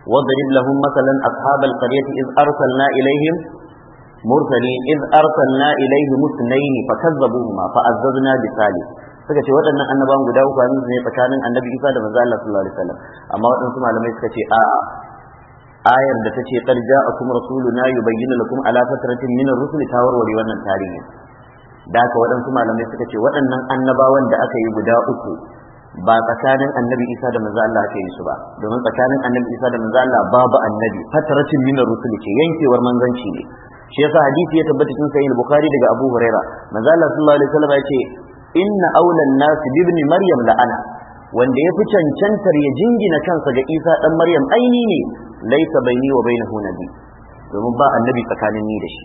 واضرب لهم مثلا أصحاب القرية إذ أرسلنا إليهم مرسلين إذ أرسلنا إليهم اثنين فكذبوهما فعززنا بثالث suka ce waɗannan annabawan guda uku an ne tsakanin annabi Isa da manzo Allah sallallahu alaihi wasallam amma waɗansu malamai suka ce a'a ayar da ta ce qad ja'akum rasuluna yubayyinu lakum ala fatratin min ar-rusuli ta warware wannan tarihi da haka waɗansu malamai suka ce waɗannan annabawan da aka yi guda uku ba tsakanin annabi isa da manzo Allah ake yi su ba domin tsakanin annabi isa da manzo Allah babu annabi fatratin min rusuli ce yankewar manzanci ne shi yasa hadisi ya tabbata cikin sahih bukhari daga abu huraira manzo Allah sallallahu alaihi wasallam ya ce inna aulan nas bi ibn maryam la ana wanda ya fi cancantar ya jingina kansa ga isa ɗan maryam aini ne laisa baini wa bainahu nabi domin ba annabi tsakanin ni da shi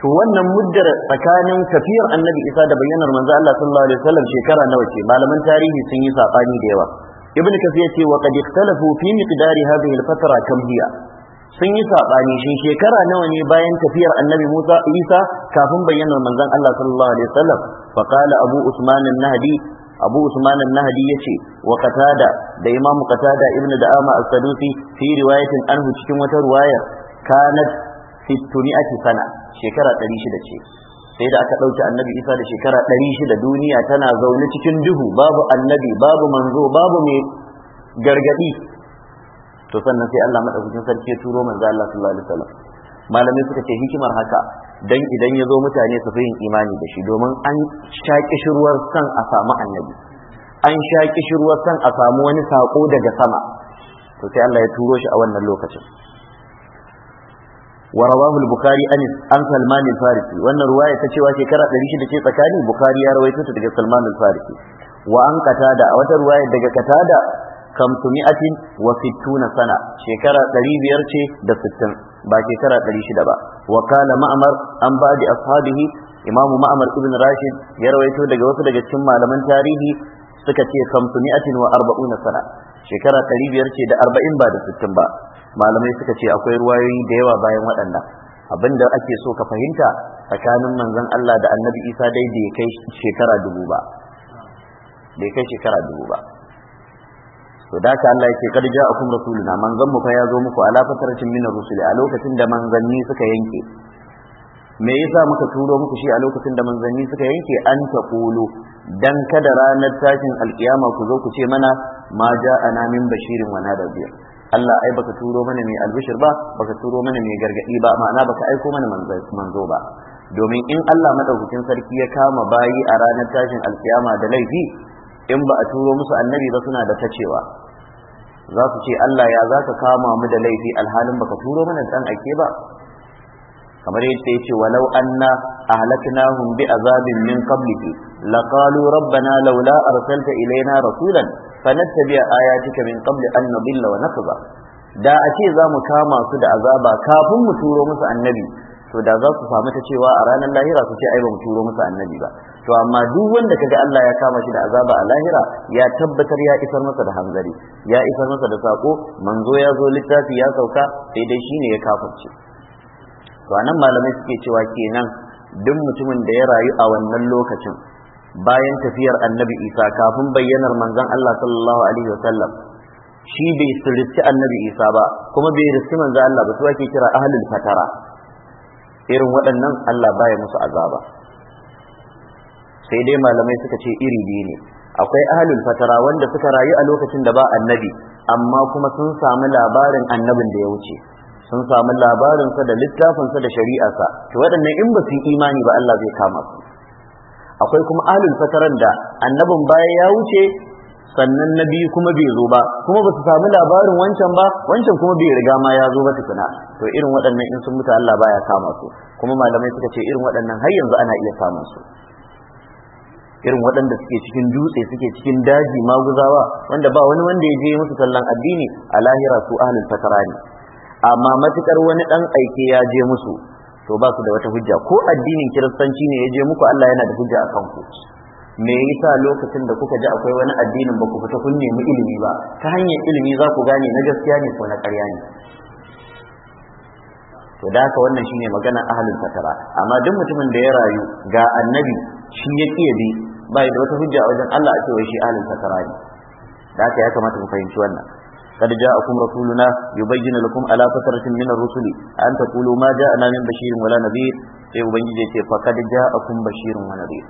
to wannan muddar tsakanin tafiyar annabi isa da bayyanar manzo Allah sallallahu alaihi wasallam shekara nawa ce malaman tarihi sun yi sabani da yawa ibnu kasir yace wa qad ikhtalafu fi miqdari hadhihi al-fatra kam hiya sun yi sabani shin shekara nawa ne bayan tafiyar annabi Musa Isa kafin bayyanar manzon Allah sallallahu alaihi wasallam fa Abu Usman an-Nahdi abu usman an-nahdi yace wa qatada da imam qatada ibnu da'ama as-sadusi fi riwayatin anhu cikin wata riwaya kanat sittuni'ati sana shekara 600 ce sai da aka ɗauki annabi isa da shekara 600 duniya tana zaune cikin duhu babu annabi babu manzo babu mai gargadi to sannan sai Allah madaukakin sarki ya turo manzo Allah sallallahu alaihi wasallam malamai suka ce hikimar haka dan idan ya zo mutane su fi yin imani da shi domin an sha kishirwar san a samu annabi an sha kishirwar san a samu wani sako daga sama to sai Allah ya turo shi a wannan lokacin wa rawahu al-bukhari an an salman al-farisi wannan ruwaya ta cewa shekara 600 ce tsakani bukhari ya rawaito ta daga salman al-farisi wa an qatada a wata ruwaya daga qatada kamtumi'atin wa sittuna sana shekara 500 ce da 60 ba shekara ɗari shida ba wa kana ma'amar an da ashabihi imamu ma'amar ibn rashid ya rawaito daga wasu daga cikin malaman tarihi suka ce na sana shekara ɗari biyar ce da arba'in ba da sittin ba malamai suka ce akwai ruwayoyi da yawa bayan waɗannan abin da ake so ka fahimta tsakanin manzon Allah da annabi Isa dai bai kai bai kai shekara dubu ba to da ka Allah yake kad ja'akum rasuluna manzon mu fa ya zo muku ala fatratin min rusul a lokacin da manzanni suka yanke me yasa muka turo muku shi a lokacin da manzanni suka yanke an Kulu. dan kada ranar tashin alkiyama ku zo ku ce mana ma ja'ana min bashirin wa nadir Allah ai baka turo mana mai albishir ba baka turo mana mai gargadi ba ma'ana baka aiko mana manzo ba domin in Allah madaukakin sarki ya kama bayi a ranar tashin alkiyama da laifi in ba a turo musu annabi ba suna da tacewa za su ce Allah ya za ka kama mu da laifi alhalin baka turo mana dan ake ba kamar yadda ya ce walau anna ahlaknahum bi azabin min qablihi laqalu rabbana laula arsalta ilaina rasulan fanattabi'a ayatika min qabli an nudilla wa nakza da a ce za mu kama su da azaba kafin mu turo musu annabi to da za su samu ta cewa a ranar lahira su ce ai ba mu turo musu annabi ba to amma duk wanda kaga Allah ya kama shi da azaba a lahira ya tabbatar ya isar masa da hanzari ya isar masa da sako manzo ya zo littafi ya sauka sai dai shine ya kafirce to anan malamai suke cewa kenan duk mutumin da ya rayu a wannan lokacin bayan tafiyar annabi isa kafin bayyanar manzon Allah sallallahu alaihi wasallam shi bai surutu annabi isa ba kuma bai riski manzon Allah ba su ake kira ahlul fatara irin waɗannan Allah baya musu azaba sai dai malamai suka ce iri biyu ne akwai ahlul fatara wanda suka rayu a lokacin da ba annabi amma kuma sun samu labarin annabin da ya wuce sun samu sa da littafin sa da shari'arsa to waɗannan in ba su imani ba Allah zai kama su akwai kuma ahlul fataran da annabin baya ya wuce sannan na biyu kuma bai zo ba kuma ba su samu labarin wancan ba wancan kuma bai riga ma ya zo ba su kana to irin waɗannan in sun mutu Allah baya kama su kuma malamai suka ce irin waɗannan har yanzu ana iya samun su irin waɗanda suke cikin dutse suke cikin daji maguzawa wanda ba wani wanda ya je musu sallan addini a lahira su ahlul fatara ne amma matukar wani dan aike ya je musu to ba su da wata hujja ko addinin kiristanci ne ya je muku Allah yana da hujja a ku me yasa lokacin da kuka ji akwai wani addinin ba ku fita kun nemi ilimi ba ta hanyar ilimi za ku gane na gaskiya ne ko na ƙarya ne to da haka wannan shine magana ahlul fatara amma duk mutumin da ya rayu ga annabi shi ya kiyaye bai da wata hujja a wajen Allah a ce wai shi ahlul sakara ne da haka ya kamata mu fahimci wannan قد جاءكم رسولنا يبين لكم على فترة anta الرسل أن تقولوا ما جاءنا من بشير ولا نذير sai ubangiji ya ce fa kad ja'akum bashirun wa nadhir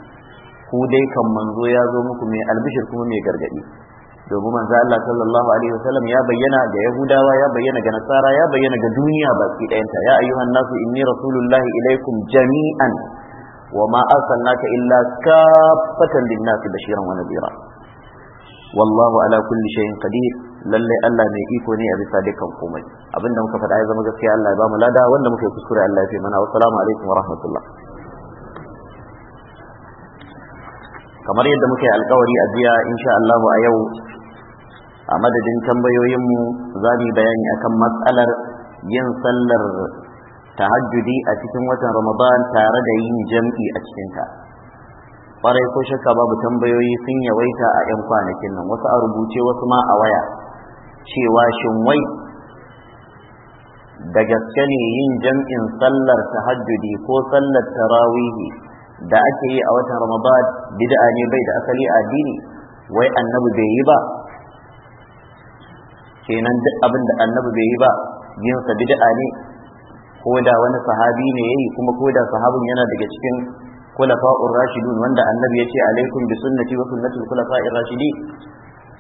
ku dai kan manzo ya zo muku mai albishir kuma mai gargadi domin manzo Allah sallallahu alaihi wasallam ya bayyana ga yahudawa ya bayyana ga nasara ya bayyana ga duniya baki ɗayanta ya ayyuhan nasu inni rasulullahi ilaikum jami'an wa ma arsalnaka illa kaffatan lin da bashiran wani nadhira wallahu ala kulli shay'in Allah mai iko ne a bisa dukkan komai abinda muka faɗa ya zama gaskiya Allah ya ba mu lada wanda muka yi kuskure Allah ya fi mana wassalamu alaikum wa rahmatullah kamar yadda muka yi alkawari a jiya insha Allah a yau a madadin tambayoyinmu za mu yi bayani akan matsalar yin sallar tahajjudi a cikin watan ramadan tare da yin jam'i a cikinta ƙwarai ko shakka babu tambayoyi sun yawaita a 'yan kwanakin nan wasu a rubuce wasu ma a waya cewa shin wai da gaske ne yin jam'in sallar tahajjudi ko sallar tarawihi da ake yi a watan ramadan bid'a ne bai da asali addini wai annabi bai yi ba kenan duk abin da annabi bai yi ba yin sa bid'a ne ko da wani sahabi ne yayi kuma ko da sahabin yana daga cikin khulafa'ur rashidun wanda annabi ya ce alaikum bi sunnati wa sunnati khulafa'ir rashidi?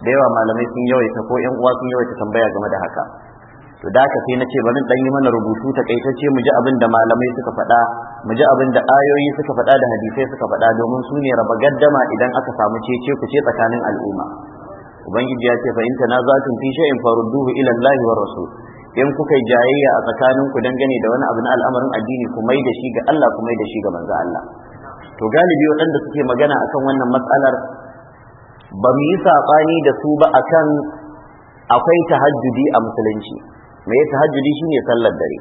da yawa malamai sun yawaita ko yan uwa sun yawaita tambaya game da haka to da haka sai na ce bari dan yi mana rubutu ta takaitacce mu ji abin malamai suka faɗa mu ji abin ayoyi suka faɗa da hadisai suka faɗa domin su ne raba gaddama idan aka samu cece ku ce tsakanin al'umma ubangiji ya ce fa in tanazatun fi shay'in farudduhu ila Allahi wa rasul in kuka yi jayayya a tsakaninku dangane da wani abu na al'amarin addini ku mai da shi ga Allah ku mai da shi ga manzo Allah to galibi waɗanda suke magana akan wannan matsalar ba mu yi saɓani da su ba akan akwai tahajjudi a musulunci me ya tahajjudi shine sallar dare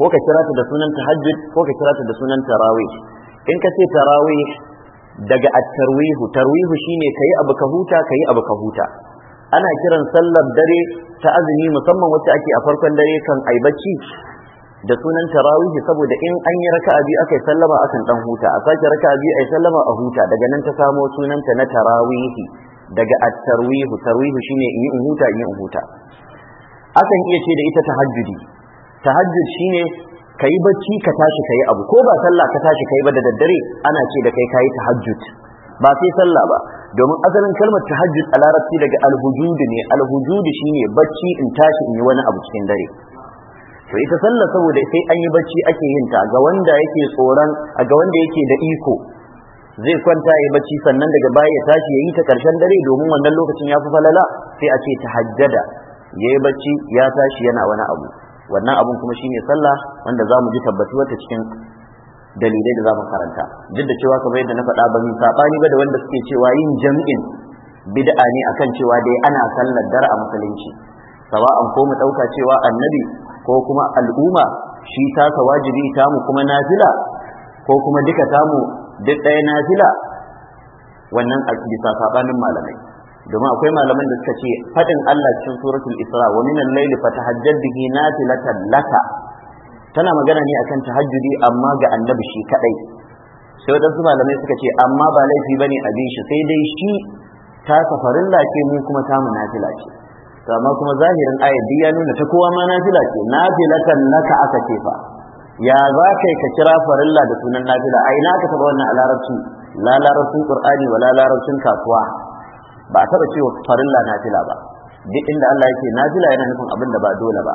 ko ka kira ta da sunan tahajjud ko ka kira ta da sunan tarawih in ka ce tarawih daga at-tarwihu tarwihu shine kai abu ka huta kai abu ka huta ana kiran sallar dare ta azumi musamman wacce ake a farkon dare kan ai bacci da sunan tarawihi saboda in an yi raka'a biyu akai sallama akan dan huta a sake raka'a biyu ai sallama a huta daga nan ta samo sunanta na tarawihi daga at-tarwihu tarwihu shine in yi in huta in yi in huta akan iya ce da ita tahajjudi tahajjud shine kai bacci ka tashi kai abu ko ba sallah ka tashi kai ba da daddare ana ce da kai kai tahajjud ba sai sallah ba domin asalin kalmar tahajjud a larabci daga alhujud ne alhujud shine bacci in tashi in yi wani abu cikin dare to ita sallah saboda sai an yi bacci ake yin ta ga wanda yake tsoron ga wanda yake da iko zai kwanta ya bacci sannan daga baya ya tashi ya yi ta karshen dare domin wannan lokacin ya fi falala sai a ce tahajjada ya yi bacci ya tashi yana wani abu wannan abun kuma shine sallah wanda za mu ji tabbatuwa ta cikin dalilai da za mu karanta duk da cewa kamar yadda na faɗa ba mu sabani ba da wanda suke cewa yin jam'in bid'a ne akan cewa dai ana sallar dar a musulunci an ko mu ɗauka cewa annabi ko kuma al'umma shi ka wajibi tamu kuma nafila ko kuma duka tamu duk ɗaya nafila wannan a bisa sabanin malamai domin akwai malaman da suka ce faɗin Allah cikin suratul Isra wa minan layli fatahajjad bihi nafilatan laka tana magana ne akan tahajjudi amma ga annabi shi kadai sai wadansu malamai suka ce amma ba laifi bane a shi sai dai shi ta safarin lace mu kuma ta mu nafila ce to amma kuma zahirin ayat ya nuna ta kowa ma nafila ce nafilatan naka aka ce fa ya za kai ka kira farilla da sunan nafila a ina aka taba wannan a larabci la larabcin qur'ani wa la larabcin kasuwa ba a taba cewa farilla nafila ba duk inda Allah yake nafila yana nufin abin da ba dole ba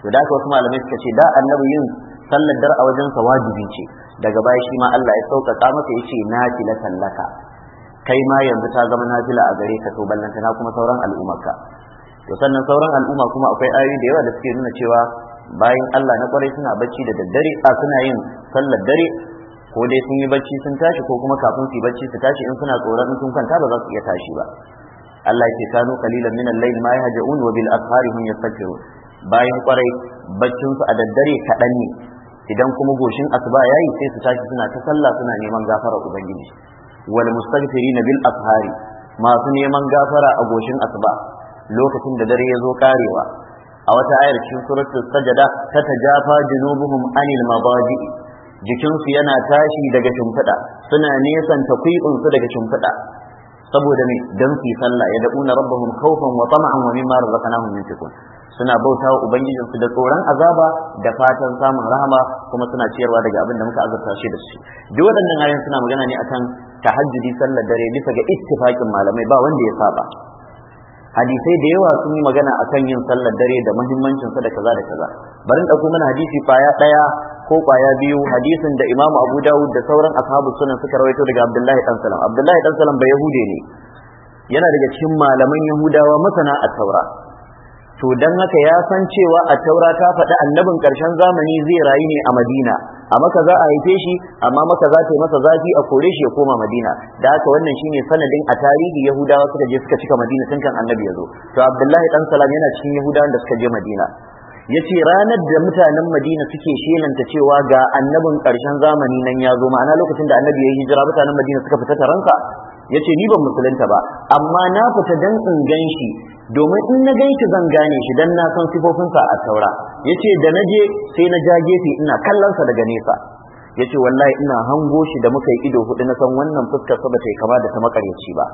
to da haka wasu malamai suka ce da annabi yin sallar dar a wajensa wajibi ce daga baya shi ma Allah ya sauƙaƙa maka ya ce nafila tallaka. kai ma yanzu ta zama nafila a gare ka to na kuma sauran al'ummarka to sannan sauran al'umma kuma akwai ayoyi da yawa da suke nuna cewa bayan Allah na kwarai suna bacci da daddare a suna yin sallar dare ko dai sun yi bacci sun tashi ko kuma kafin su yi bacci su tashi in suna tsoron in sun kwanta ba za su iya tashi ba Allah ya ce kanu kalilan min al-layl ma yahja'un wa bil ashari hum yastaghfirun bayan kwarai baccinsu a daddare kaɗan ne idan kuma goshin asuba yayi sai su tashi suna ta sallah suna neman gafara ubangiji wal na bil ashari masu neman gafara a goshin asuba lokacin da dare ya zo karewa a wata ayar cikin suratul sajada ta tajafa junubuhum anil mabadi jikinsu yana tashi daga shimfiɗa suna nesanta su daga shimfiɗa saboda mai dan su sallah ya da'una rabbahum khawfan wa tama'an wa mimma razaqnahum yunfiqun suna bauta wa ubangijin su da tsoron azaba da fatan samun rahama kuma suna ciyarwa daga abin da muka azurta shi da shi duk waɗannan ayoyin suna magana ne akan tahajjudi sallar dare bisa ga ittifaqin malamai ba wanda ya saba hadisai da yawa sun yi magana akan yin sallar dare da muhimmancin sa da kaza da kaza bari dauko mana hadisi kwaya daya ko kwaya biyu hadisin da imamu Abu Dawud da sauran ashabu sunan suka rawaito daga Abdullahi dan Salam Abdullahi dan Salam bai Yahude ne yana daga cikin malaman Yahudawa masana a Taura to dan haka ya san cewa a Taura ta faɗi annabin ƙarshen zamani zai rayu ne a Madina a maka za a haife shi amma maka za ta yi masa zafi a kore shi ya koma madina da haka wannan shine sanadin a tarihi yahudawa suka je suka cika madina tun kan annabi ya zo to abdullahi dan salam yana cikin yahudawan da suka je madina ce ranar da mutanen madina suke shelanta cewa ga annabin karshen zamani nan ya zo ma'ana lokacin da annabi ya yi hijira mutanen madina suka fita taransa yace ni ban musulunta ba amma na fita dan in gan shi domin in na gan zan gane shi dan na san sifofin sa a taura yace da na je sai na ja gefe ina kallon sa daga nesa yace wallahi ina hango shi da muka yi ido hudu na san wannan fuskar sa bata kama da ta makaryaci ba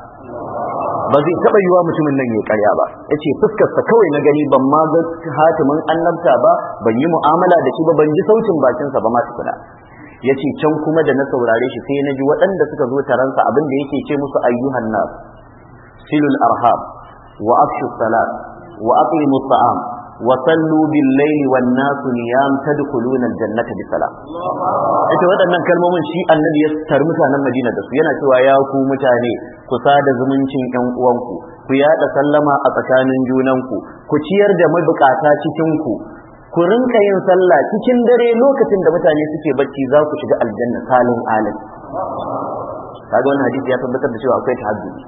ba zai taba yiwa mutumin nan ya karya ba yace fuskar sa kawai na gani ban ma ga hatimin annabta ba ban yi mu'amala da shi ba ban ji sautin bakinsa ba ma tukuna ya ce can kuma da na saurare shi sai na ji waɗanda suka zo taransa abin da yake ce musu ayyuhan nas silul arham wa afshu salat wa aqimu ta'am wa sallu bil layli wan nas niyam tadkhuluna al jannata bi salam ita waɗannan kalmomin shi annabi ya tar mutanen Madina da su yana cewa ya ku mutane ku sada zumuncin ƴan uwanku ku yada sallama a tsakanin junanku ku ciyar da mabukata cikin ku ku rinka yin sallah cikin dare lokacin da mutane suke bacci za ku shiga aljanna salin alim kaga wannan hadisi ya tabbatar da cewa akwai tahajjudi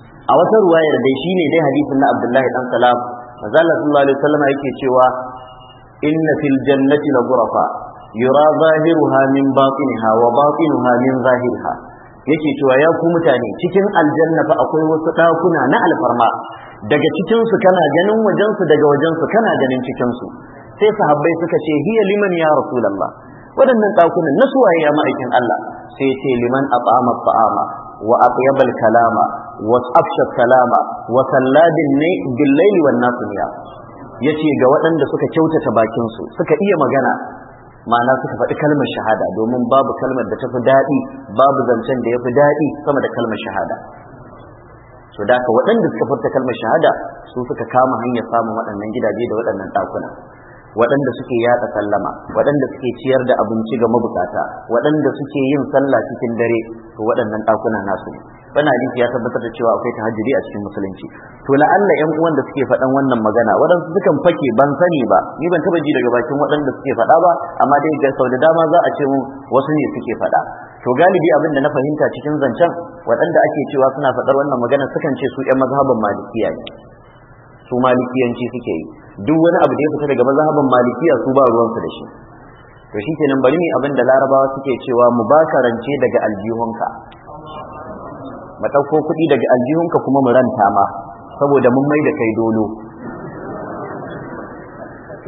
a wata ruwayar dai shine dai hadisin na Abdullahi dan Salam manzo sallallahu alaihi wasallam yake cewa inna fil jannati la ghurafa yura zahiruha min batiniha wa batinuha min zahiriha yake cewa ya ku mutane cikin aljanna fa akwai wasu dakuna na alfarma daga cikinsu kana ganin wajensu daga wajensu kana ganin cikinsu sai sahabbai suka ce hiya liman ya rasulullah waɗannan ɗakunan na suwaye ya ma'aikin Allah sai ce liman at'ama ta'ama wa atyabal kalama wa afsha kalama wa salladin ne bil laili wan nasiya yace ga waɗanda suka kyautata bakin su suka iya magana ma'ana suka faɗi kalmar shahada domin babu kalmar da ta fi daɗi babu zancen da ya fi daɗi sama da kalmar shahada so da waɗanda suka furta kalmar shahada su suka kama hanyar samun waɗannan gidaje da waɗannan ɗakuna waɗanda suke yaɗa sallama waɗanda suke ciyar da abinci ga mabukata waɗanda suke yin sallah cikin dare to waɗannan ɗakuna nasu bana hadisi ya tabbatar da cewa akwai tahajjudi a cikin musulunci to la'alla ƴan uwan da suke faɗan wannan magana waɗansu sukan fake ban sani ba ni ban taɓa ji daga bakin waɗanda suke faɗa ba amma dai ga sau da dama za a ce mu wasu ne suke faɗa to galibi abin da na fahimta cikin zancen waɗanda ake cewa suna faɗar wannan magana sukan ce su ƴan mazhaban malikiya ne su malikiyanci suke yi duk wani abu da ya fita daga mazhaban malikiya su ba ruwansu da shi to shi kenan bari ne abin da larabawa suke cewa mu baka rance daga aljihunka mu ɗauko kuɗi daga aljihunka kuma mu ranta ma saboda mun mai da kai dolo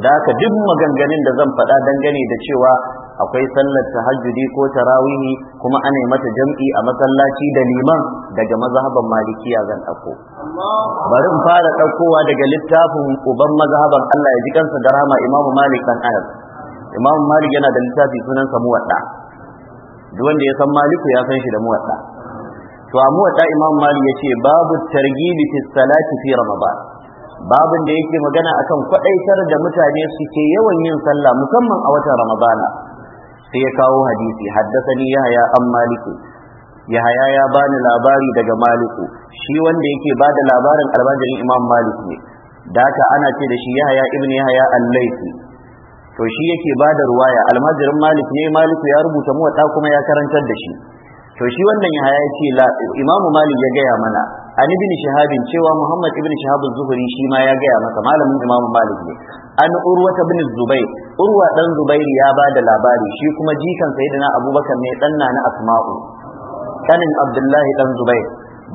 da haka duk maganganun da zan faɗa dangane da cewa akwai sallar tahajjudi ko tarawihi kuma ana yi mata jam'i a masallaci da liman daga mazhaban malikiya zan ɗauko bari in fara ɗaukowa daga littafin uban mazhaban Allah ya ji kansa da rama imamu malik dan anas imamu malik yana da littafi sunan sa muwadda duk wanda ya san maliku ya san shi da muwadda to a muwadda imamu malik yace babu targibi fi salati fi ramadan babin da yake magana akan kwadaitar da mutane suke yawan yin sallah musamman a watan ramadana sai ya kawo hadisi haddasani yahaya an maliku yahaya ya bani labari daga maliku shi wanda yake ba da labarin albajirin imam malik ne da haka ana ce da shi yahaya ibn yahaya al-laifi to shi yake ba da ruwaya almajirin malik ne maliku ya rubuta wata kuma ya karantar da shi to shi wannan yahaya ya ce imamu malik ya gaya mana an ibn shahabin cewa muhammad ibn shahab zuhuri shi ma ya gaya masa malamin imamu malik ne an urwa ibn zubair urwa dan zubair ya ba da labari shi kuma jikan sayyidina abubakar ne dan na asma'u kanin abdullahi dan zubair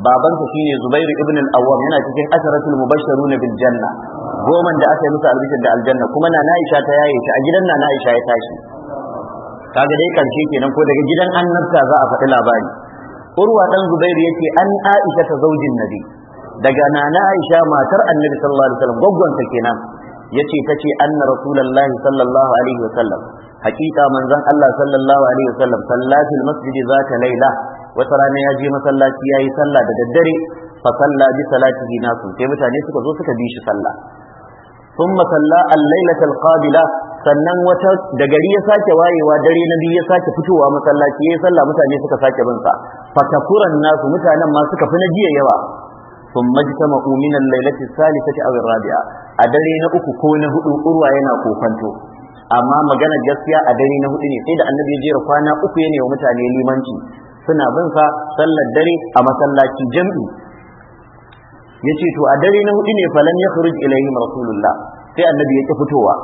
babansa shine zubairu ibn al-awwam yana cikin asharatul mubashsharuna bil janna goman da aka yi musu albishir da aljanna kuma na Na'isha ta yaye shi a gidan na Na'isha ya tashi kaga dai karshe kenan ko daga gidan annabta za a faɗi labari urwa dan zubairu yace an aisha ta zaujin nabi daga nana aisha matar annabi sallallahu alaihi wasallam gwaggwan ta kenan yace tace anna rasulullahi sallallahu alaihi wasallam hakika manzon Allah sallallahu alaihi wasallam sallati almasjid zata laila wata rana ya je masallaci yayi sallah da daddare fa salla bi salatihi nasu sai mutane suka zo suka bi shi sallah Sun salla al-lailata sannan wata da gari ya sake wayewa dare na biyu ya sake fitowa masallaci ya sallah mutane suka sake bin sa fatakuran nasu mutanen ma suka fi na jiya yawa Sun jitama'u min lailati al-thalithati aw rabia a dare na uku ko na hudu urwa yana kokanto amma magana gaskiya a dare na hudu ne sai da annabi ya jera kwana uku ya wa mutane limanci suna bin sa sallar dare a masallaci jam'i yace to a dare na hudu ne falam yakhruj ilaihim rasulullah sai annabi yake fitowa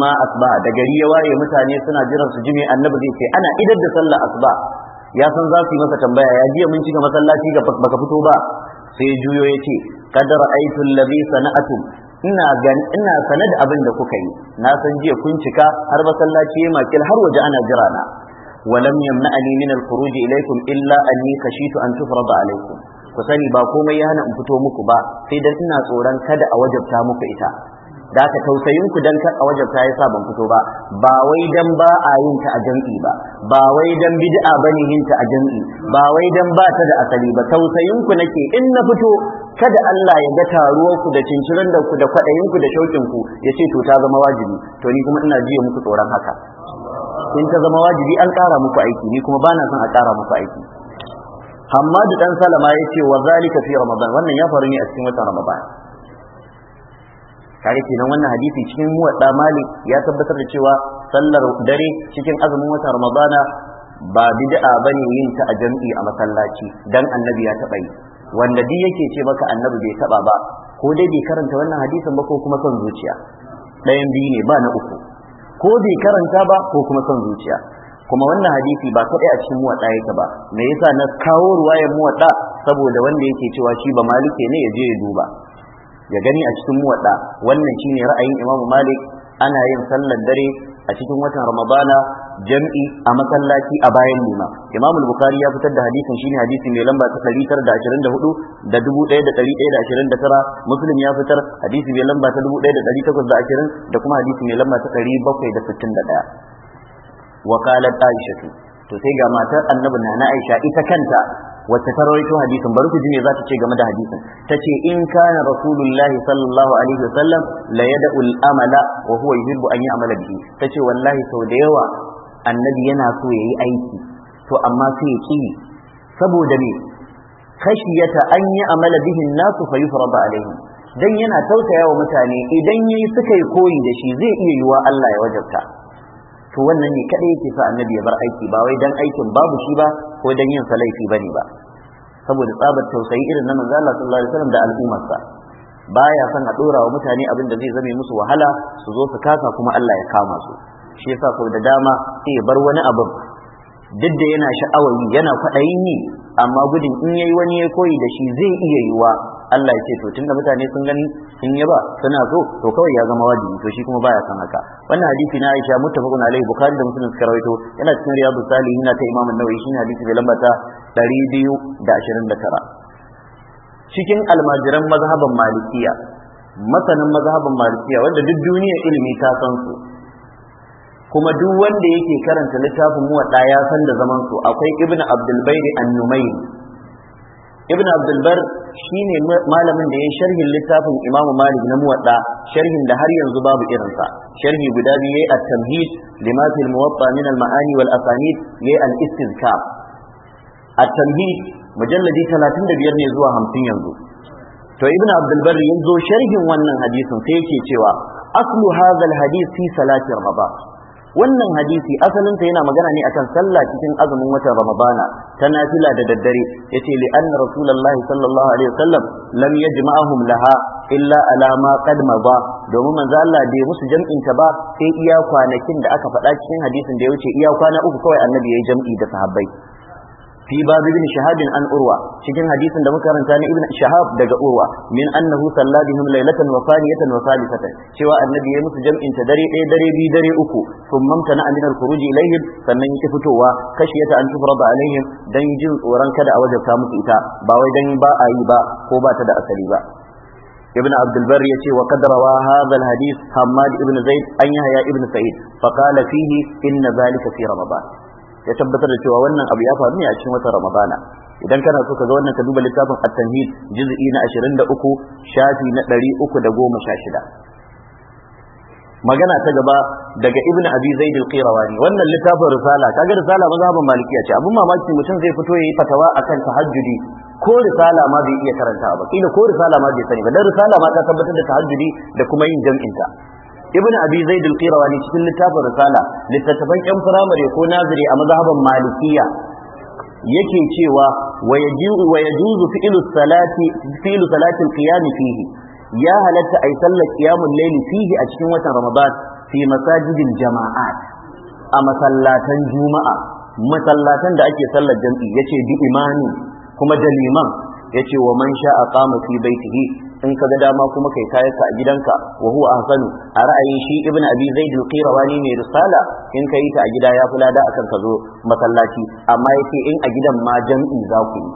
ma asba da gari ya waye mutane suna jiran su jime annabi zai ce ana idar da sallah asba ya san za su yi masa tambaya ya jiya mun cika masallaci ga baka fito ba sai juyo ya ce kadar aitu allazi sana'atum ina gan ina sana da abin da kuka yi na san jiya kun cika har masallaci ya makil har waje ana jira na walam yamna'ani min al-khuruj ilaykum illa anni khashitu an tufrada ku sani ba komai ya hana in fito muku ba sai dan ina tsoron kada a wajabta muku ita da ka tausayin ku dan kar a wajabta yasa ban fito ba ba wai dan ba a yin ta a jam'i ba ba wai dan bid'a bane yin ta a jam'i ba wai dan ba ta da asali ba tausayin ku nake in na fito kada Allah ya ga taruwar ku da cincirin da ku da kwadayin ku da shaukin ku ya ce to ta zama wajibi to ni kuma ina jiya muku tsoron haka in ta zama wajibi an ƙara muku aiki ni kuma bana son a ƙara muku aiki Hammadu ɗan Salama ya ce wa zalika fi Ramadan wannan ya faru ne a cikin watan Ramadan kare kenan wannan hadisi cikin wadda Malik ya tabbatar da cewa sallar dare cikin azumin watan Ramadan ba bid'a bane yin ta a jam'i a masallaci dan annabi ya taba yi wanda duk yake ce maka annabi bai taba ba ko dai bai karanta wannan hadisin ba ko kuma son zuciya ɗayan biyu ne ba na uku ko bai karanta ba ko kuma son zuciya kuma wannan hadisi ba kaɗai a cikin muwaɗa yake ba me yasa na kawo ruwayar muwaɗa saboda wanda yake cewa shi ba malike ne ya je ya duba ya gani a cikin muwaɗa wannan shine ra'ayin imamu malik ana yin sallar dare a cikin watan ramadana jam'i a masallaci a bayan lima imam bukhari ya fitar da hadisin shine hadisi mai lamba ta 924 da 1129 muslim ya fitar hadisi mai lamba ta 1820 da kuma hadisi mai lamba ta 761 Wakalar Aisha aishatu to sai ga matar annabi na aisha ita kanta wacce ta rawaito hadisin bari ku ji ce game da hadisin ta ce in kana rasulullahi sallallahu alaihi wasallam la yad'u amala wa huwa yuhibbu an ya'mala bihi ta ce wallahi sau da yawa annabi yana so yayi aiki to amma sai ya ki saboda me khashiyata an ya'mala bihi an-nasu fa yufrada alaihim dan yana tausaya wa mutane idan yayi suka yi koyi da shi zai iya yiwuwa Allah ya wajabta to wannan ne kadai yake sa annabi ya bar aiki ba wai dan aikin babu shi ba ko dan yin salaifi bane ba saboda tsabar tausayi irin na manzo Allah sallallahu alaihi wasallam da al'ummarsa baya son a dora wa mutane abin da zai zame musu wahala su zo su kasa kuma Allah ya kama su shi yasa sau da dama sai ya bar wani abu. duk da yana sha'awayi yana kwaɗayi ne amma gudun in yayi wani ya koyi da shi zai iya yiwa Allah ya ce to tunda mutane sun gani sun yaba suna so to kawai ya zama wajibi to shi kuma baya san haka wannan hadisi na Aisha muttafaqun alaihi Bukhari da Muslim suka rawaito yana cikin Riyadus Salihin ta Imam An-Nawawi ne hadisi da lamba ta 229 cikin almajiran mazhaban Malikiya masanin mazhaban Malikiya wanda duk duniya ilimi ta san su kuma duk wanda yake karanta littafin muwadda ya san da zaman su akwai Ibn Abdul Bayr An-Numayri ibn abdulbar shine malamin da ya sharhin littafin imamu malik na muwadda sharhin da har yanzu babu irinsa sharhi guda biyu yayi at-tamhid lima fil muwatta min al-ma'ani wal asanid yayi al-istizkar at-tamhid mujalladi 35 ne zuwa 50 yanzu to ibn abdulbar yanzu sharhin wannan hadisin sai yake cewa aslu hadha al-hadith fi salati ramadan wannan hadisi asalinsa yana magana ne akan sallah cikin azumin watan ramadana ta nafila da daddare yace li anna rasulullahi sallallahu alaihi wasallam lam yajma'ahum laha illa ala ma qad madha domin manzo Allah bai musu jam'in ta ba sai iya kwanakin da aka faɗa cikin hadisin da ya wuce iya kwana uku kawai annabi yayi jam'i da sahabbai fi bab ibn shahab an urwa cikin hadisin da muka karanta na ibn shahab daga urwa min annahu salla bihim laylatan wa saniyatan wa salisatan cewa annabi ya musu jam'in ta dare ɗaya dare biyu dare uku thumma mtana min al-khuruj ilayhim sannan ki fitowa kashiyata an tufrada alaihim dan jin tsoron kada a wajabta musu ita ba wai dan ba a yi ba ko ba ta da asali ba ابن عبد البر يتي وقد روى هذا الحديث حماد بن زيد عن يحيى بن سعيد فقال فيه إن ذلك في ba. ya tabbatar da cewa wannan abu ya faru ne a cikin watan ramadana idan kana so ka ga wannan ka duba littafin at-tanhid juz'i na 23 shafi na 316 magana ta gaba daga ibn abi zaid al-qirawani wannan littafin risala kaga risala mazhabin malikiya ce abun mamaki mutum zai fito yayi fatawa akan tahajjudi ko risala ma bai iya karanta ba kila ko risala ma bai sani ba dan risala ma ta tabbatar da tahajjudi da kuma yin jam'in ta ibn abi zaid al-qirawani cikin littafin risala littattafan yan firamare ko naziri a mazhaban malikiya yake cewa wa yajuzu wa yajuzu fi'lu salati fi'lu salati al-qiyam fihi ya halatta ay sallar qiyamul layli fihi a cikin watan ramadan fi masajidil jama'at a masallatan juma'a masallatan da ake sallar jam'i yace bi imani kuma da liman yace wa man sha'a qama fi baitihi in ka ga dama kuma kai kayanka a gidanka wa huwa ahsanu a ra'ayin shi ibn abi zaid al-qirawani mai risala in ka yi ta a gida ya fi lada akan ka zo masallaci amma yake in a gidan ma jam'i za ku yi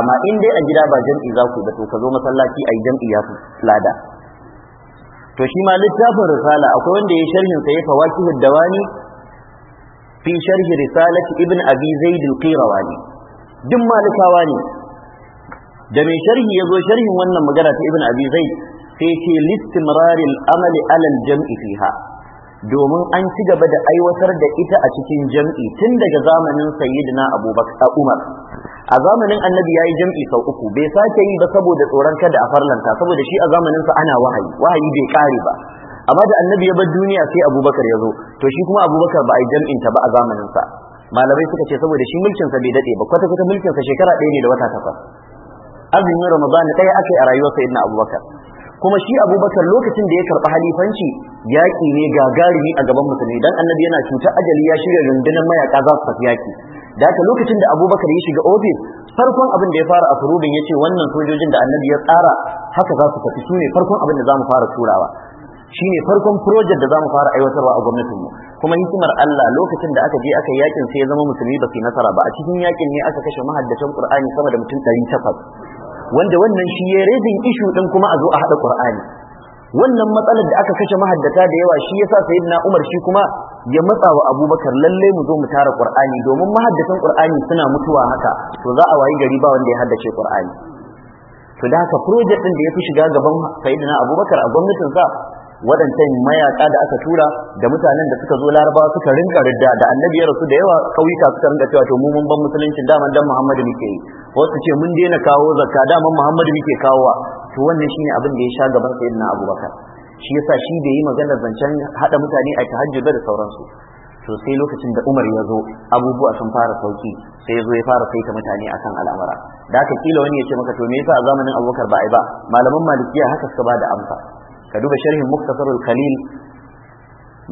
amma in dai a gida ba jam'i za ku ba to ka zo masallaci ayi jam'i ya fi lada to shi ma littafin risala akwai wanda ya sharhin sa ya fawakihud dawani fi sharhi risalati ibn abi zaid al-qirawani duk malikawa ne da mai sharhi ya zo sharhin wannan magana ta ibn abi zai sai ce listimrari amali alal jam'i fiha domin an ci gaba da aiwatar da ita a cikin jam'i tun daga zamanin sayyidina abubakar umar a zamanin annabi ya yi jam'i sau uku bai sake yi ba saboda tsoron kada a farlanta saboda shi a zamanin sa ana wahayi wahayi bai kare ba amma da annabi ya bar duniya sai abubakar ya zo to shi kuma abubakar ba a yi jam'in ta ba a zamanin sa malamai suka ce saboda shi mulkin sa bai dade ba kwata kwata mulkin sa shekara ɗaya ne da wata takwas azumin ramadan ɗaya aka yi a rayuwar sayyidina abubakar kuma shi abubakar lokacin da ya karɓi halifanci yaƙi ne gagarumi a gaban musulmi dan annabi yana cutar ajali ya shirya rundunar mayaka za su tafi yaƙi da haka lokacin da abubakar ya shiga ofis farkon abin da ya fara a furudin ya ce wannan sojojin da annabi ya tsara haka za su tafi su ne farkon abin da za mu fara turawa shi ne farkon project da za mu fara aiwatarwa a gwamnatinmu kuma hikimar Allah lokacin da aka je aka yakin sai ya zama musulmi ba su nasara ba a cikin yakin ne aka kashe mahaddatan Qur'ani sama da mutum 800 wanda wannan shi ya raising ishu din kuma a zo a hada ƙur'ani wannan matsalar da aka kashe mahaddata da yawa shi yasa sayyidina Umar shi kuma ya matsa wa Abubakar lalle mu zo mu tara ƙur'ani domin mahaddatan ƙur'ani suna mutuwa haka to za a wayi gari ba wanda ya haddace Kur'ani. to da haka project din da ya fi shiga gaban sayyidina Abubakar a gwamnatin sa waɗancan mayaƙa da aka tura da mutanen da suka zo laraba suka rinka ridda da annabi ya rasu da yawa kauyuka suka rinka cewa to mu mun ban musulunci daman dan Muhammadu muke yi wasu ce mun daina kawo zakka daman Muhammadu muke kawowa to wannan shine abin da ya sha gaban na Abubakar shi yasa shi bai yi maganar zancen haɗa mutane a tahajjud da sauransu to sai lokacin da Umar ya zo abubuwa sun fara sauki sai ya zo ya fara saita mutane akan al'amura da aka kila wani ya ce maka to me yasa a zamanin Abubakar ba ai ba malaman malikiya haka suka ba da amsa ka duba sharhin muktasarul khalil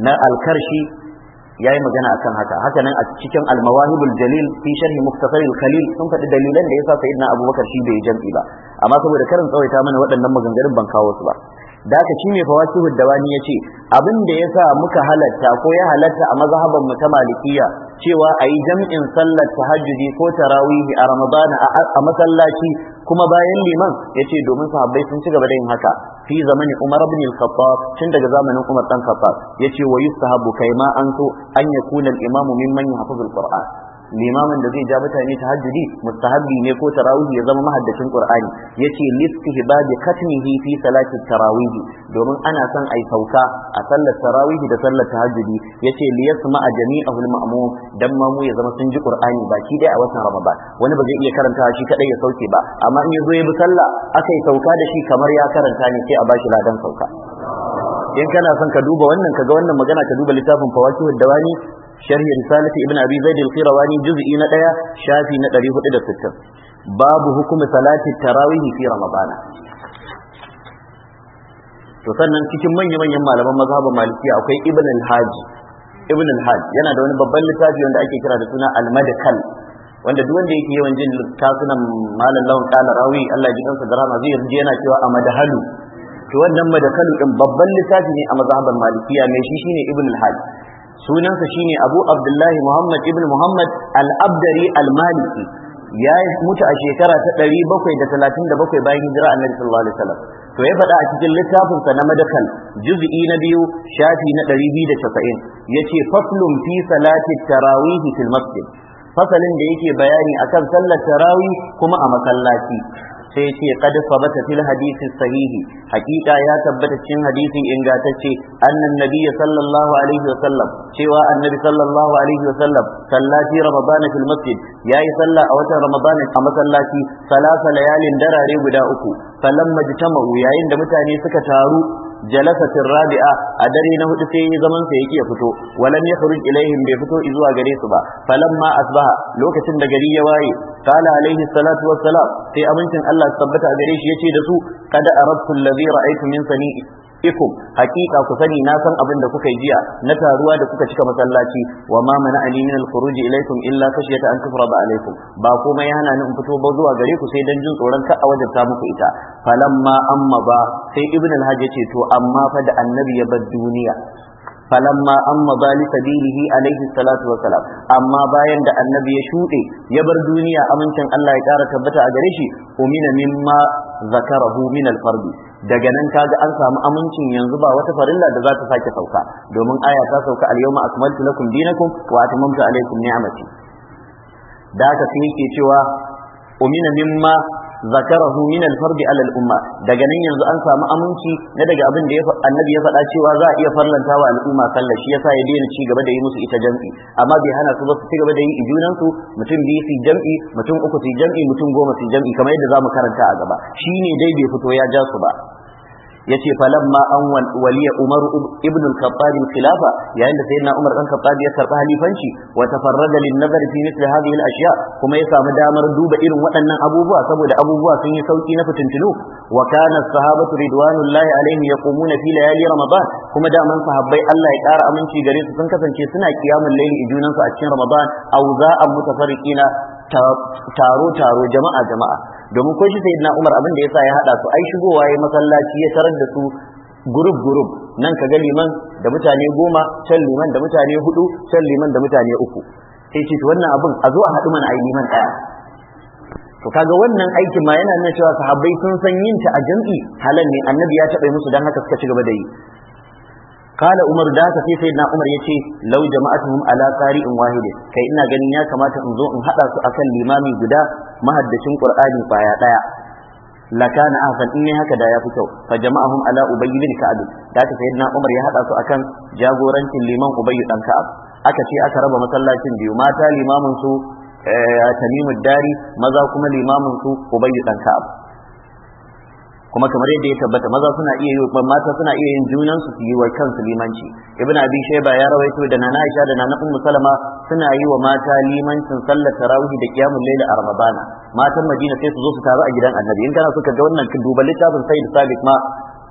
na alkarshi ya yi magana akan haka haka nan a cikin almawahibul jalil fi sharhi muktasarul khalil sun faɗi dalilan da yasa sayyidina abubakar shi bai jam'i ba amma saboda karin tsawaita mana waɗannan maganganun ban kawo su ba da aka shi mai fawakihud dawani ya ce abin da yasa muka halatta ko ya halatta a mazhaban mu ta malikiya cewa a yi jam'in sallar tahajjudi ko tarawihi a ramadana a masallaci kuma bayan liman ya ce domin sahabbai sun ci gaba da yin haka fi zamani umar ibn al-khattab tun daga zamanin umar dan khattab ya ce wa yustahabu kai ma an so an yakuna al-imamu mimman yahfazul qur'an limamin da zai ja mutane ta hajjudi mustahabbi ne ko tarawih ya zama mahaddacin qur'ani yace listihbabi katnihi fi salati tarawih domin ana son ai sauka a sallar tarawih da sallar tahajjudi yace li yasma'a jami'ahul ma'mum dan mamu ya zama sun ji qur'ani baki dai a watan ramadan wani ba zai iya karanta shi kadai ya sauke ba amma in yazo ya bi sallah Akai sauka da shi kamar ya karanta ne sai a bashi ladan sauka in kana son ka duba wannan kaga wannan magana ka duba littafin fawakihud dawani sharhi risalati ibn abi zaid al-qirawani juz'i na daya shafi na 460 babu hukumi salati tarawih fi ramadana to sannan cikin manya-manyan malaman mazhabin malikiya akwai ibn al-hajj ibn al-hajj yana da wani babban littafi wanda ake kira da suna al-madkal wanda duk wanda yake yawan jin tasunan malam lawan kala rawi Allah ji kansa garama zai yarda yana cewa a madahalu to wannan madakalu din babban littafi ne a mazhaban malikiya mai shi shine ibn al-hajj sunansa shine abu abdullahi muhammad ibn muhammad al-abdari al-maliki ya mutu a shekara ta 737 bayan hijira annabi sallallahu alaihi wasallam to ya faɗa a cikin littafin sa na madakal juz'i na biyu shafi na 290 yace faslun fi salati tarawih fil masjid fasalin da yake bayani akan sallar tarawih kuma a masallaci sai ya ce qad sabata fil hadisin sahihi hakika ya tabbata cikin hadisin ingantacce annan nabiy sallallahu alaihi wasallam cewa annabi sallallahu alaihi wasallam sallati ramadan fil masjid yayi sallah a watan ramadan a masallaci salasa layalin darare guda uku falamma jitama'u yayin da mutane suka taru jalasatin rabi'a a dare na hudu sai zaman sa yake ya fito walam yakhruj ilaihim bai fito zuwa gare su ba falamma asbaha lokacin da gari ya waye qala alaihi salatu wassalam sai amincin Allah tabbata a gare shi yace da su kada arabtu allazi ra'aytu min sani'i ikum haqiqa ku sani na san abin da kuka yi jiya na taruwa da kuka cika masallaci wa ma mana ani min al-khuruj illa khashyata an tufrada alaykum ba komai ya hana ni in fito ba zuwa gare ku sai dan jin tsoron ka a ta muku ita falamma amma ba sai ibn alHajj ce to amma fa da annabi ya bar duniya falamma amma bali sabilihi alaihi salatu salam. amma bayan da annabi ya shuɗe ya bar duniya amincin Allah ya ƙara tabbata a gare shi umina mimma zakarahu min al daga nan kaga an samu amincin yanzu ba wata farilla da za ta sake sauka domin aya ta sauka al-yawma akmaltu lakum dinakum wa atamamtu alaykum ni'amati da ka sai yake cewa umina mimma zakarahu min al-fardi ala al-umma daga nan yanzu an samu aminci na daga abin da annabi ya faɗa cewa za a iya farlanta wa al'umma sallah shi yasa ya daina cigaba da yi musu ita jam'i amma bai hana su ba su ci gaba da yi ijunan su mutum biyu su jam'i mutum uku su jam'i mutum goma su jam'i kamar yadda zamu karanta a gaba shi ne dai bai fito ya ja su ba yace falamma an waliya umar ibn al-khattab khilafa yayin da sayyidina umar dan khattab ya karba halifanci wa tafarraga lin nazar fi mithli hadhihi al-ashya kuma ya samu damar duba irin waɗannan abubuwa saboda abubuwa sun yi sauki na fitintinu wa kana as-sahabatu ridwanullahi alaihim yaqumuna fi layali ramadan kuma da man sahabbai Allah ya ƙara aminci gare su sun kasance suna kiyamul layli ijunan su a cikin ramadan awza'an mutafarriqina taro taro jama'a jama'a domin kun shi sayyidina Umar abin da yasa ya hada su ai shigowa ya masallaci ya tarar da su gurub gurub nan ka ga liman da mutane goma can liman da mutane hudu can liman da mutane uku sai ce wannan abin a zo a haɗu mana ai liman ɗaya to kaga wannan aikin ma yana nuna cewa sahabbai sun san yin ta a jam'i halal ne annabi ya taɓa musu dan haka suka ci gaba da yi kala umaru da haka sai sai na umar ya ce lau jama'a jama'atuhum ala qari'in wahidin kai ina ganin ya kamata in zo in haɗa su akan limami guda mahaddacin qur'ani kwaya ɗaya. lakana ahsan in haka da ya fi kyau fa jama'ahum ala ubay bin ka'ab da haka sayyidina umar ya haɗa su akan jagorancin liman ubay dan ka'ab aka ce aka raba masallacin biyu mata limamin su eh, tamimud dari maza kuma limamin su ubay ɗan ka'a. kuma kamar yadda ya tabbata maza suna iya yi mata suna iya yin junan su yi wa kansu limanci ibn abi shayba ya rawaito da nana aisha da nana ummu salama suna yi wa mata limancin sallar tarawih da qiyamul layl a ramadana matan madina sai su zo su taru a gidan annabi in kana ka ga wannan duba littafin sayyid sabit ma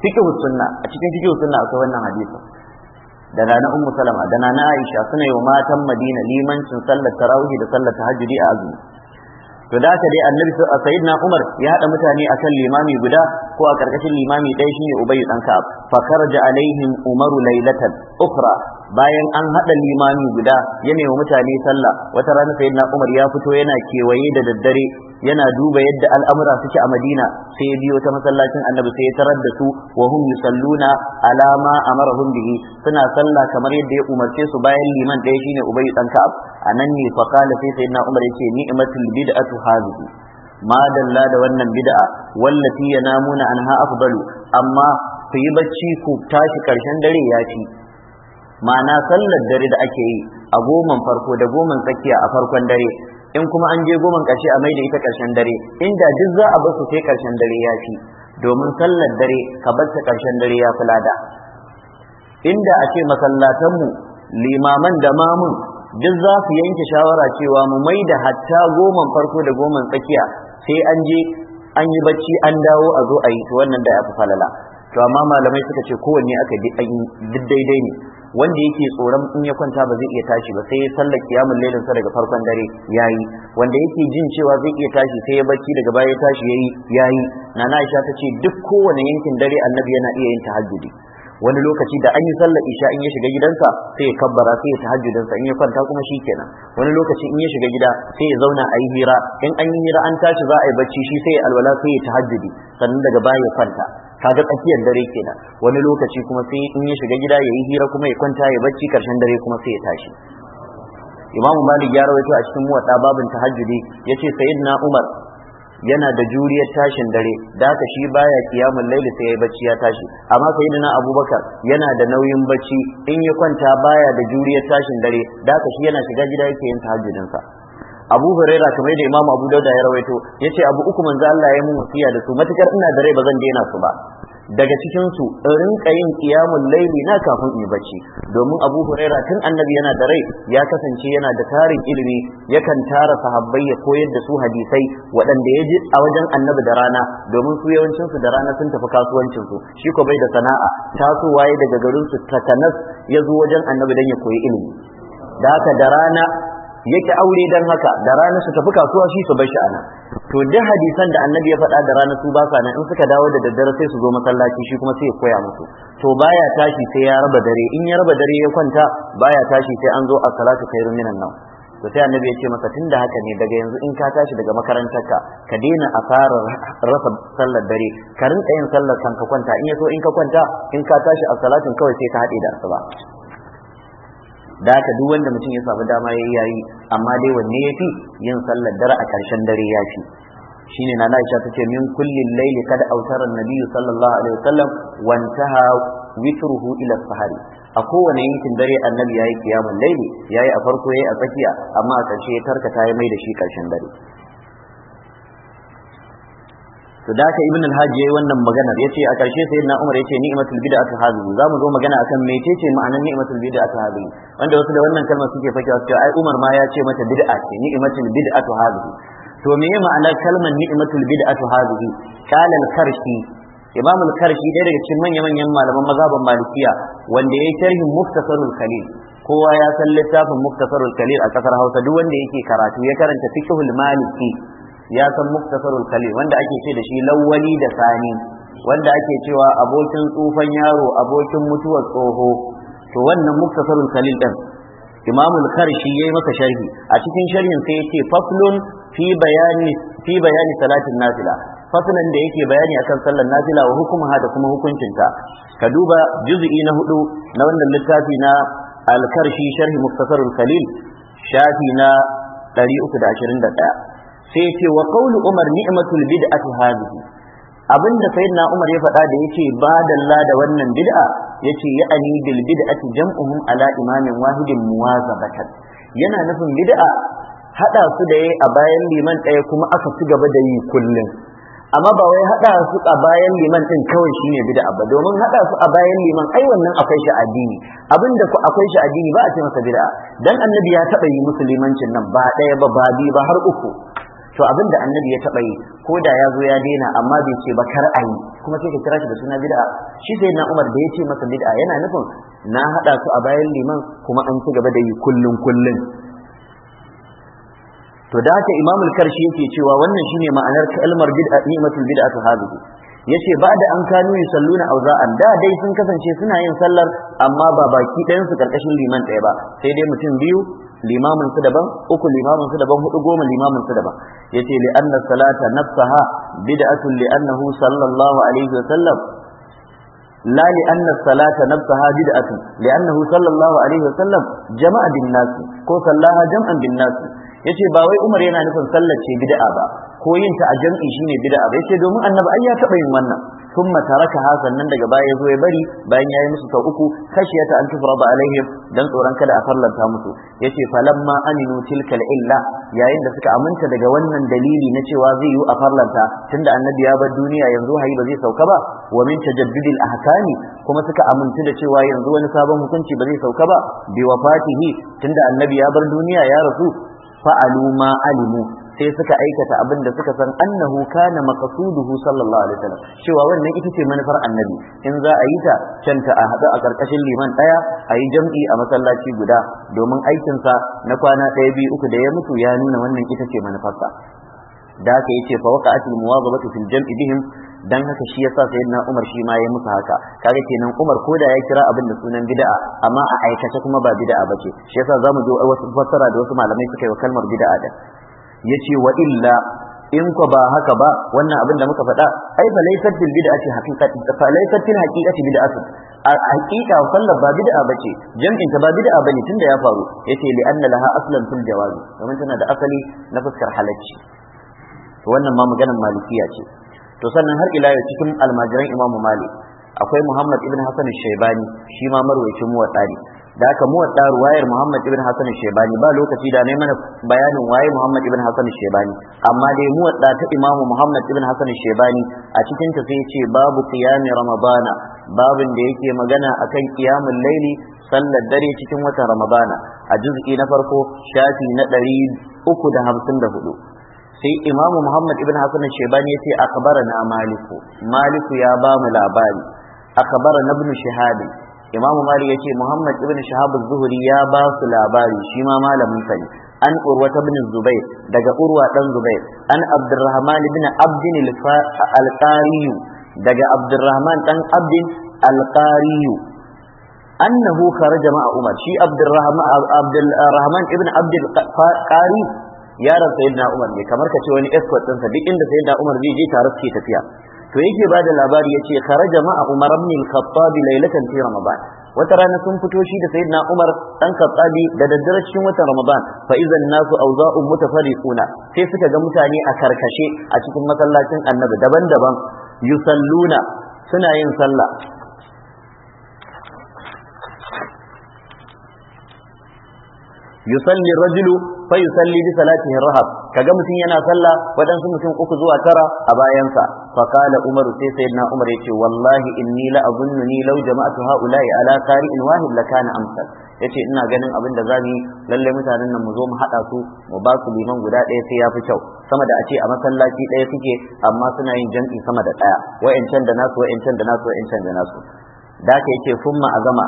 fiqh sunna a cikin fiqh sunna akwai wannan hadisin da nana ummu salama da nana aisha suna yi wa matan madina limancin sallar tarawih da sallar tahajjudi a azumi to da ka dai annabi sayyidina Umar ya hada mutane akan limami guda ko a karkashin limami ɗaya shine Ubay dan Ka'ab fa kharaja alaihim Umaru laylatan ukhra bayan an hada limami guda ya nemi mutane sallah wata rana sayyidina Umar ya fito yana kewaye da daddare yana duba yadda al'amura suke a Madina sai biyo ta masallacin Annabi sai ya tarar da su wa hum yusalluna ala ma bihi suna sallah kamar yadda ya umarce su bayan liman ɗaya shine Ubay dan Ka'ab anan ne fa qala sai sayyidina Umar yace ni'matul bid'atu hadhihi ma dalla da wannan bid'a wallati yanamuna anha afdalu amma ku yi bacci ku tashi karshen dare ya ci. ma'ana sallar dare da ake yi a goman farko da goman tsakiya a farkon dare in kuma an je goman ƙarshe a mai ita ƙarshen dare inda duk za a basu sai ƙarshen dare ya fi domin sallar dare ka bar ta ƙarshen dare ya kula da, inda a ce masallatanmu limaman da mamun duk za su yanke shawara cewa mu mai da hatta goman farko da goman tsakiya sai an je an yi bacci an dawo a zo a yi wannan da ya fi falala to amma malamai suka ce kowanne aka duk daidai ne wanda yake tsoron in ya kwanta ba zai iya tashi ba sai ya sallar kiyamun lailin sa daga farkon dare yayi wanda yake jin cewa zai iya tashi sai ya barci daga baya ya tashi ya yayi yayi nana Aisha ta ce duk kowane yankin dare annabi yana iya yin tahajjudi wani lokaci da an yi sallar isha in ya shiga gidansa sai ya kabbara sai ya tahajjudin in ya kwanta kuma shi kenan wani lokaci in ya shiga gida sai ya zauna a yi hira in an yi hira an tashi za a yi bacci shi sai ya alwala sai ya tahajjudi sannan daga baya ya kwanta kaga tsakiyar dare kenan wani lokaci kuma sai in ya shiga gida ya yi hira kuma ya kwanta ya bacci karshen dare kuma sai ya tashi imamu malik ya rawaito a cikin muwadda babin tahajjudi yace sayyidina umar yana da juriyar tashin dare da haka shi baya kiyamul laili sai ya bacci ya tashi amma sayyidina abubakar yana da nauyin bacci in ya kwanta baya da juriyar tashin dare da haka shi yana shiga gida yake yin tahajjudin sa abu huraira kamar da imamu abu dauda ya rawaito ya ce abu uku manzo Allah ya mun wasiya da su matukar ina da rai ba zan daina su ba daga cikin su in kayin yin qiyamul laili na kafin in bacci domin abu huraira tun annabi yana da rai ya kasance yana da tarin ilimi yakan tara sahabbai ya koyar da su hadisai waɗanda ya ji a wajen annabi da rana domin su yawancin su da rana sun tafi kasuwancin su shi ko bai da sana'a tasowa ya daga garin su takanas ya zo wajen annabi dan ya koyi ilimi da haka da rana yake aure dan haka da ranar su tafi kasuwa shi su bar shi ana to duk hadisan da annabi ya faɗa da ranar su ba sa nan in suka dawo da daddare sai su zo masallaci shi kuma sai ya koya musu to baya tashi sai ya raba dare in ya raba dare ya kwanta baya tashi sai an zo a salatu khairun minan nan to sai annabi ya ce masa tunda haka ne daga yanzu in ka tashi daga makarantar ka ka daina asarar rasa sallar dare ka rinka yin sallar kanka kwanta in ya so in ka kwanta in ka tashi a salatin kawai sai ka haɗe da asuba da haka duk wanda mutum ya samu dama ya yi yayi amma dai wanne ya fi? yin sallar dare a ƙarshen dare ya yafi shine na ta tace min kullin layli kad awtara an-nabiy sallallahu alaihi wasallam witruhu ila sahari a kowane yankin dare annabi yayi kiyamul layli yayi a farko yayi a tsakiya amma a ƙarshe ya tarkata ya mai da shi ƙarshen dare to da haka ibn al-hajj yayi wannan magana yace a karshe sayyidina umar yace ni'matul bid'atu hadhihi zamu zo magana akan mecece ma'anar ni'matul bid'atu hadhihi wanda wasu da wannan kalmar suke fake suke ai umar ma ya ce mata bid'a ce ni'matul bid'atu hadhihi to me ma'anar kalmar ni'matul bid'atu hadhihi qala al-karshi imam al-karshi ɗaya daga cikin manyan manyan malaman mazhaban malikiya wanda yayi tarihin muftasarul khalil kowa ya san littafin muftasarul khalil a kasar Hausa duk wanda yake karatu ya karanta fiqhul maliki ya san muktasarul kalim wanda ake ce da shi lawwali da sani wanda ake cewa abokin tsufan yaro abokin mutuwar tsoho to wannan muktasarul kalim din imamul karshi yayi maka sharhi a cikin sharhin sai yace faslun fi bayani fi bayani salatin nafila faslan da yake bayani akan sallar nafila wa hukumaha da kuma hukuncinta ka duba juz'i na hudu na wannan littafi na al-karshi sharhi muktasarul kalil shafi na 321 sai ya ce wa qawlu umar ni'matul bid'atu hadhihi abinda sayyidina umar ya faɗa da yake ba dalla da wannan bid'a yace ya'ani bil bid'ati jam'uhum ala imamin wahidin muwazabatan yana nufin bid'a hada su da yayi a bayan liman ɗaya kuma aka ci gaba da yi kullum amma ba wai hada su a bayan liman din kawai shine bid'a ba domin hada su a bayan liman ai wannan akwai shi addini abinda ku akwai shi addini ba a ce masa bid'a dan annabi ya taba yi musulmancin nan ba ɗaya ba ba biyu ba har uku to abin da annabi ya taɓa yi ko da ya zo ya daina amma bai ce ba kar a yi kuma sai ka kira shi da suna bid'a shi sai na umar da ya ce masa bid'a yana nufin na haɗa su a bayan liman kuma an ci gaba da yi kullum kullum to da haka imamul karshi yake cewa wannan shine ma'anar kalmar bid'a ni'matul ta hadhihi yace ba da an kanu yusalluna awza'an da dai sun kasance suna yin sallar amma ba baki ɗayan su karkashin liman ɗaya ba sai dai mutum biyu limamin su daban uku limamin su daban hudu goma limamin su daban yace li anna salata nafsaha bid'atun li annahu sallallahu alaihi wa sallam la li anna salata nafsaha bid'atun li annahu sallallahu alaihi wa sallam jama'a bin nas ko sallaha jam'an bin nas yace ba wai Umar yana nufin sallace gida'a bid'a ba ko yin ta a jam'i shine bid'a ba yace domin annabi ai ya taba yin wannan thumma taraka Hassan nan daga baya yazo ya bari bayan yayi musu ta uku khashiyata an tufrada alaihim dan tsoron kada a farlanta musu yace falamma aminu tilkal illa yayin da suka aminta daga wannan dalili na cewa zai yi a farlanta tunda annabi ya bar duniya yanzu hayi ba zai sauka ba wa min tajaddudil ahkami kuma suka amintu da cewa yanzu wani sabon hukunci ba zai sauka ba bi wafatihi tunda annabi ya bar duniya ya rasu fa'alu ma alimu sai suka aikata abin da suka san annahu kana maqsuduhu sallallahu alaihi wasallam cewa wannan ita ce manufar annabi in za a yi ta canta a hada a karkashin liman daya a yi jam'i a masallaci guda domin aikinsa na kwana ɗaya biyu uku da ya mutu ya nuna wannan ita ce manufarsa da aka ce fa waqa'atil muwazabatu fil jam'i bihim dan haka shi yasa sayyidina Umar shi ma yayi musu haka kaga kenan Umar ko da ya kira abin da sunan bid'a amma a aikace kuma ba bid'a bace shi yasa zamu ji wasu fassara da wasu malamai suka yi wa kalmar bid'a da yace wa illa in ko ba haka ba wannan abin da muka faɗa ai fa laysat bil bid'ati haqiqatan fa laysat bil haqiqati bid'atun a haqiqa sallar ba bid'a bace jam'in ta ba bid'a bane tunda ya faru yace li anna laha aslan fil jawazi domin tana da asali na fuskar halacci wannan ma maganar malikiya ce to sannan har ila yau cikin almajiran Imam Malik akwai Muhammad ibn Hassan Shaibani shi ma marwayacin muwatsari da aka muwatta ruwayar Muhammad ibn Hassan Shaibani ba lokaci da ne mana bayanin waye Muhammad ibn Hassan Shaibani amma dai muwatta ta Imam Muhammad ibn Hassan Shaibani a cikin ta sai ce babu kiyamin ramadana babin da yake magana akan qiyamul laili sallar dare cikin watan ramadana a juz'i na farko shafi na ɗari uku da hamsin da hudu sai imamu muhammad ibn hasan shebani ya ce na maliku maliku ya ba mu labari na ibn shahabi imamu Malik ya ce muhammad ibn shahab zuhuri ya ba su labari shi ma malamin sani. ne an urwa ibn zubair daga urwa dan zubair an abdurrahman ibn abdin al-qariyu daga abdurrahman dan abdin al-qariyu annahu kharaja ma'a umar shi abdurrahman Rahman ibn abd al-qari yaron sayyidina Umar ne kamar ka ce wani escort din sa duk inda sayyidina Umar zai je tare suke tafiya to yake ba da labari yace kharaja ma'a Umar ibn al-Khattab laylatan fi Ramadan wata rana sun fito shi da sayyidina Umar dan Khattabi da daddare cikin watan Ramadan fa idan nasu awza'un mutafariquna sai suka ga mutane a karkashe a cikin masallacin Annabi daban-daban yusalluna suna yin sallah yusalli rajulu fa yusalli bi salatihi rahab kaga mutum yana sallah waɗansu mutum uku zuwa tara a bayansa fa qala umaru sai sayyidina umar yace wallahi inni la azunnuni law jama'tu haula'i ala qari'in wahid lakana amsal yace ina ganin abin da zamu lalle mutanen nan mu zo mu hada su mu ba su liman guda ɗaya sai yafi kyau sama da a ce a masallaci ɗaya suke amma suna yin jam'i sama da ɗaya wa'ancan da nasu wa'ancan da nasu wa'ancan da nasu da ka yake summa azama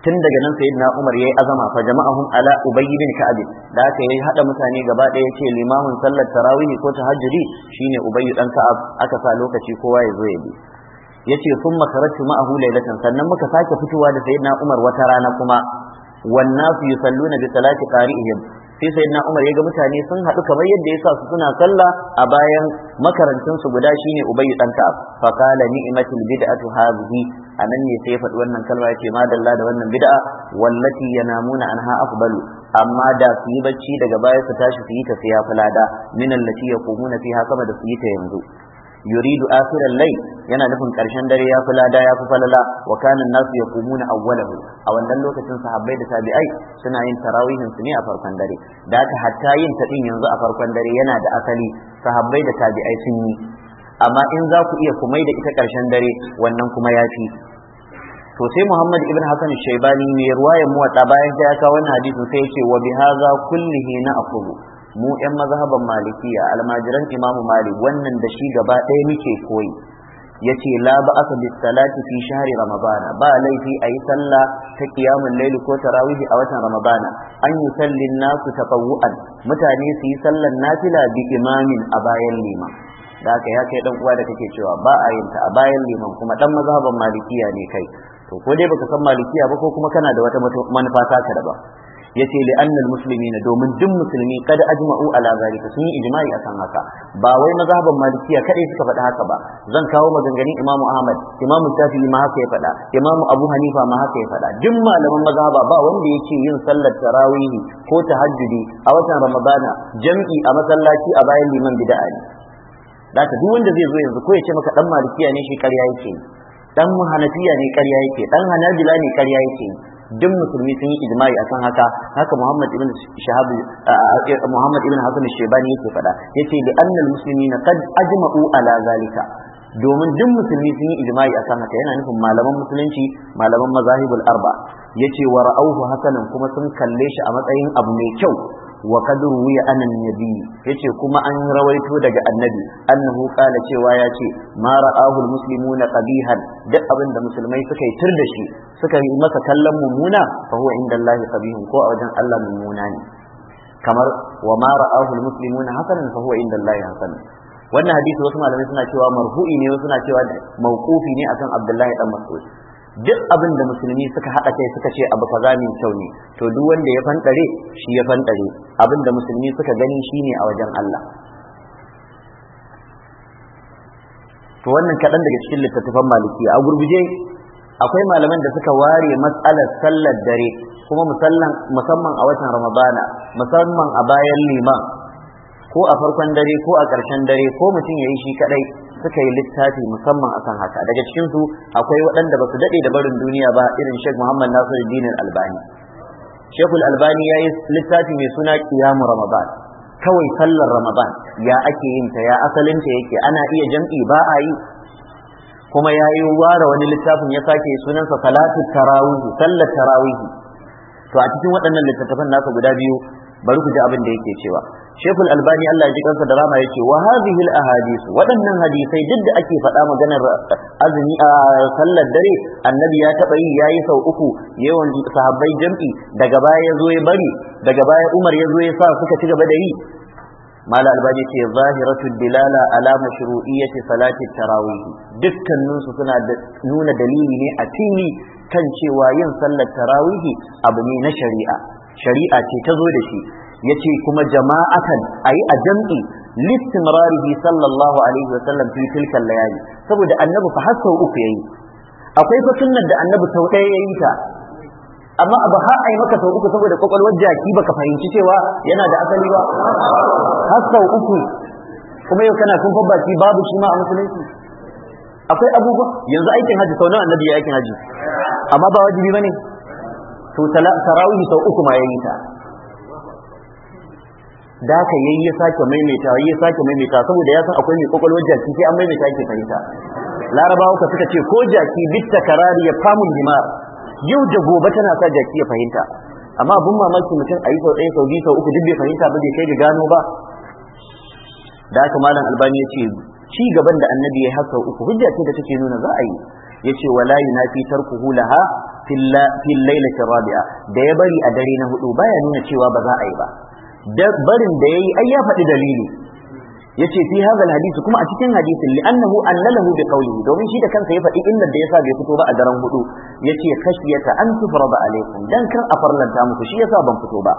tun daga nan sayyidina Umar yayi azama fa jama'ahum ala Ubay bin Ka'ab da aka yi hada mutane gaba ɗaya yace limamin sallar tarawih ko tahajjudi shine Ubay dan Ka'ab aka sa lokaci kowa ya zo ya bi yace thumma kharajtu ma'ahu laylatan sannan muka sake fitowa da sayyidina Umar wata rana kuma wan nasu yusalluna bi salati qari'ihim sai sayyidina Umar ya ga mutane sun haɗu kamar yadda ya sa su suna sallah a bayan makarantun su guda shine Ubayy dan Ka'ab fa qala ni'matul bid'atu hadhihi anan ne sai ya faɗi wannan kalma yace madalla da wannan bid'a wallati yanamuna anha afdalu amma da su yi bacci daga baya su tashi su yi ta sai ya fulada min allati yaqumuna fiha kama da su yi ta yanzu yuridu akhiral lay yana nufin karshen dare ya fi lada ya fi falala wa kanin nasu na awwalahu a wannan lokacin sahabbai da tabi'ai suna yin tarawihin su ne a farkon dare da haka hatta yin ta din yanzu a farkon dare yana da asali sahabbai da tabi'ai sun yi amma in za ku iya kumai da ita karshen dare wannan kuma ya fi to sai Muhammad ibn Hassan Shaibani ne ruwayar muwatta bayan ta ya kawo wannan hadisin sai ya ce wa bihaza kullihi na akubu mu yan mazhaban malikiya almajiran imamu malik wannan da shi gaba ɗaya muke koyi yace la ba'asa bis salati fi shahri ramadana ba laifi a yi sallah ta qiyamul layl ko tarawih a watan ramadana an yi sallin nasu tafawu'an mutane su yi sallan nafila bi imamin a bayan lima da aka ya kai dan uwa da kake cewa ba a yin ta a bayan liman kuma dan mazhaban malikiya ne kai to ko dai baka san malikiya ba ko kuma kana da wata manufa ta ba. yace li annal muslimina domin duk musulmi kada ajma'u ala zalika sun yi ijma'i akan haka ba wai mazhaban malikiya kadai suka faɗi haka ba zan kawo maganganun imamu ahmad imamu shafi'i ma haka ya faɗa imamu abu hanifa ma haka ya faɗa duk malaman mazhaba ba wanda yake yin sallar tarawih ko tahajjudi a watan ramadana jam'i a masallaci a bayan liman bid'a ne da duk wanda zai zo yanzu ko ya ce maka dan malikiya ne shi ƙarya yake dan hanafiya ne karya yake dan hanabila ne karya yake duk musulmi sun yi ijma'i akan haka haka Muhammad ibn Shahab Muhammad ibn Hasan Shaybani yake faɗa yace li annal muslimina qad ajma'u ala zalika domin duk musulmi sun yi ijma'i akan haka yana nufin malaman musulunci malaman mazahibul arba yace wa ra'awhu hasanan kuma sun kalle shi a matsayin abu mai kyau wa wuya ruwiya an annabi yace kuma an rawaito daga annabi annahu qala cewa yace ma ra'ahu na qabihan duk abin da musulmai suka yi tur da shi suka yi masa kallon mummuna fa huwa inda Allah qabihun ko a wajen Allah mummuna ne kamar wa ma ra'ahu almuslimuna hasanan fa huwa inda Allah hasan wannan hadisi wasu malamai suna cewa marfu'i ne wasu suna cewa mauqufi ne akan Abdullahi dan Mas'ud duk abin da musulmi suka haɗa kai suka ce abu kaza mai kyau ne to duk wanda ya fanɗare shi ya fanɗare abin da musulmi suka gani shine a wajen Allah to wannan kaɗan daga cikin littattafan maliki a gurguje akwai malaman da suka ware matsalar sallar dare kuma musamman a watan ramadana musamman a bayan liman ko a farkon dare ko a ƙarshen dare ko mutum ya yi shi kaɗai suka yi littafi musamman akan haka daga cikin su akwai waɗanda ba su daɗe da barin duniya ba irin Sheikh Muhammad Nasiruddin Albani Sheikh Albani ya yi littafi mai suna Qiyamu Ramadan kawai sallar Ramadan ya ake yin ta ya asalin ta yake ana iya jam'i ba a yi kuma ya yi ware wani littafin ya sake sunansa salatu tarawih sallar tarawih to a cikin waɗannan littattafan nasa guda biyu bari ku ji abin da yake cewa shekul albani Allah ya ji kansa da rama yace wa hadhihi ahadith waɗannan hadisai duk da ake faɗa maganar ah, azumi a ah, sallar dare annabi ya taɓa yi yayi sau uku yawan sahabbai jam'i daga baya ya zo ya bari daga baya Umar ya zo ya sa suka ci gaba da yi mala albani ce zahiratu dilala ala mashru'iyyati salati tarawih dukkanin su suna nuna dalili ne a fili kan cewa yin sallar tarawih abu ne na shari'a shari'a ce ta zo da shi yace kuma jama'atan ayi a jam'i listimrarihi sallallahu alaihi wa sallam fi tilka layali saboda annabi fa har uku yayi akwai fa sunnar da annabi sau ɗaya yayi ta amma abu har ai maka sau uku saboda kwakwalwar jaki baka fahimci cewa yana da asali ba har uku kuma yau kana kun baki babu shi ma a musulunci akwai abubuwa yanzu aikin haji sau nawa annabi ya aikin haji amma ba wajibi bane to tarawih sau uku ma yayi ta da haka yayi ya sake maimaita ya sake maimaita saboda ya san akwai mai kokolwar jaki sai an maimaita yake fahimta larabawa ka suka ce ko jaki bitta karari ya famu himar yau da gobe tana sa jaki ya fahimta amma abun mamaki mutum a yi sau ɗaya sau biyu sau uku duk bai fahimta ba bai kai da gano ba da haka malam albani ya ce ci gaban da annabi ya sau uku hujja ce da take nuna za a yi ya ce wala yunafi tarkuhu laha fil lailatin rabi'a da ya bari a dare na hudu baya nuna cewa ba za a yi ba barin da yayi ai ya faɗi dalili yace fi hadha alhadith kuma a cikin hadisin li annahu allalahu bi qawlihi domin shi da kansa ya faɗi illar da yasa bai fito ba a daren hudu yace ta, an tufrada alaikum dan kan a farlanta muku shi yasa ban fito ba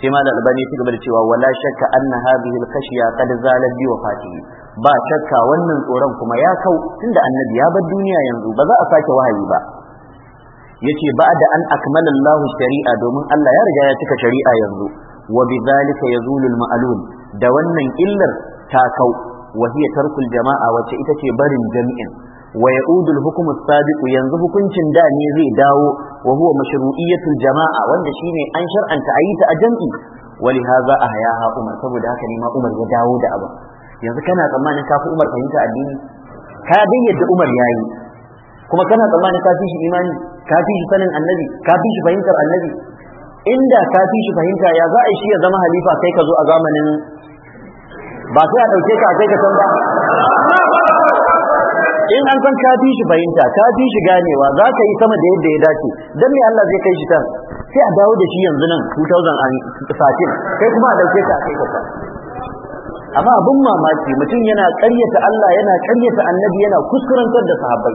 sai ma da albani ya gaba da cewa wala shakka anna hadhihi alkhashiya qad zalat bi wafatihi ba shakka wannan tsoron kuma ya kau tunda annabi ya bar duniya yanzu ba za a sake wahayi ba yace ba da an Akmalallahu shari'a domin Allah ya riga ya cika shari'a yanzu wa bidhalika yazulul ma'lum da wannan illar ta kau wa hiya tarkul jama'a wacce ita ce barin jami'in wa ya'udul hukmu sabiqu yanzu hukuncin da ne zai dawo wa huwa jama'a wanda shine an shar'anta ayi a jam'i wali hadha ahyaha umar saboda haka ne ma umar ya dawo da yanzu kana tsammanin ka fi umar fahimta addini ka dai yadda umar yayi kuma kana tsammanin ka fi shi imani ka fi shi sanin annabi ka fi shi fahimtar annabi inda ka fi shi fahimta ya za a shi ya zama halifa kai ka zo a zamanin ba sai a ɗauke ka kai ka san ba in an san ka fi shi fahimta ka fi shi ganewa za ka yi sama da yadda ya dace don me Allah zai kai shi tan? sai a dawo da shi yanzu nan 2013 kai kuma a ɗauke ka kai ka san amma abin mamaki mutum yana ƙaryata Allah yana ƙaryata annabi yana kuskurantar da sahabbai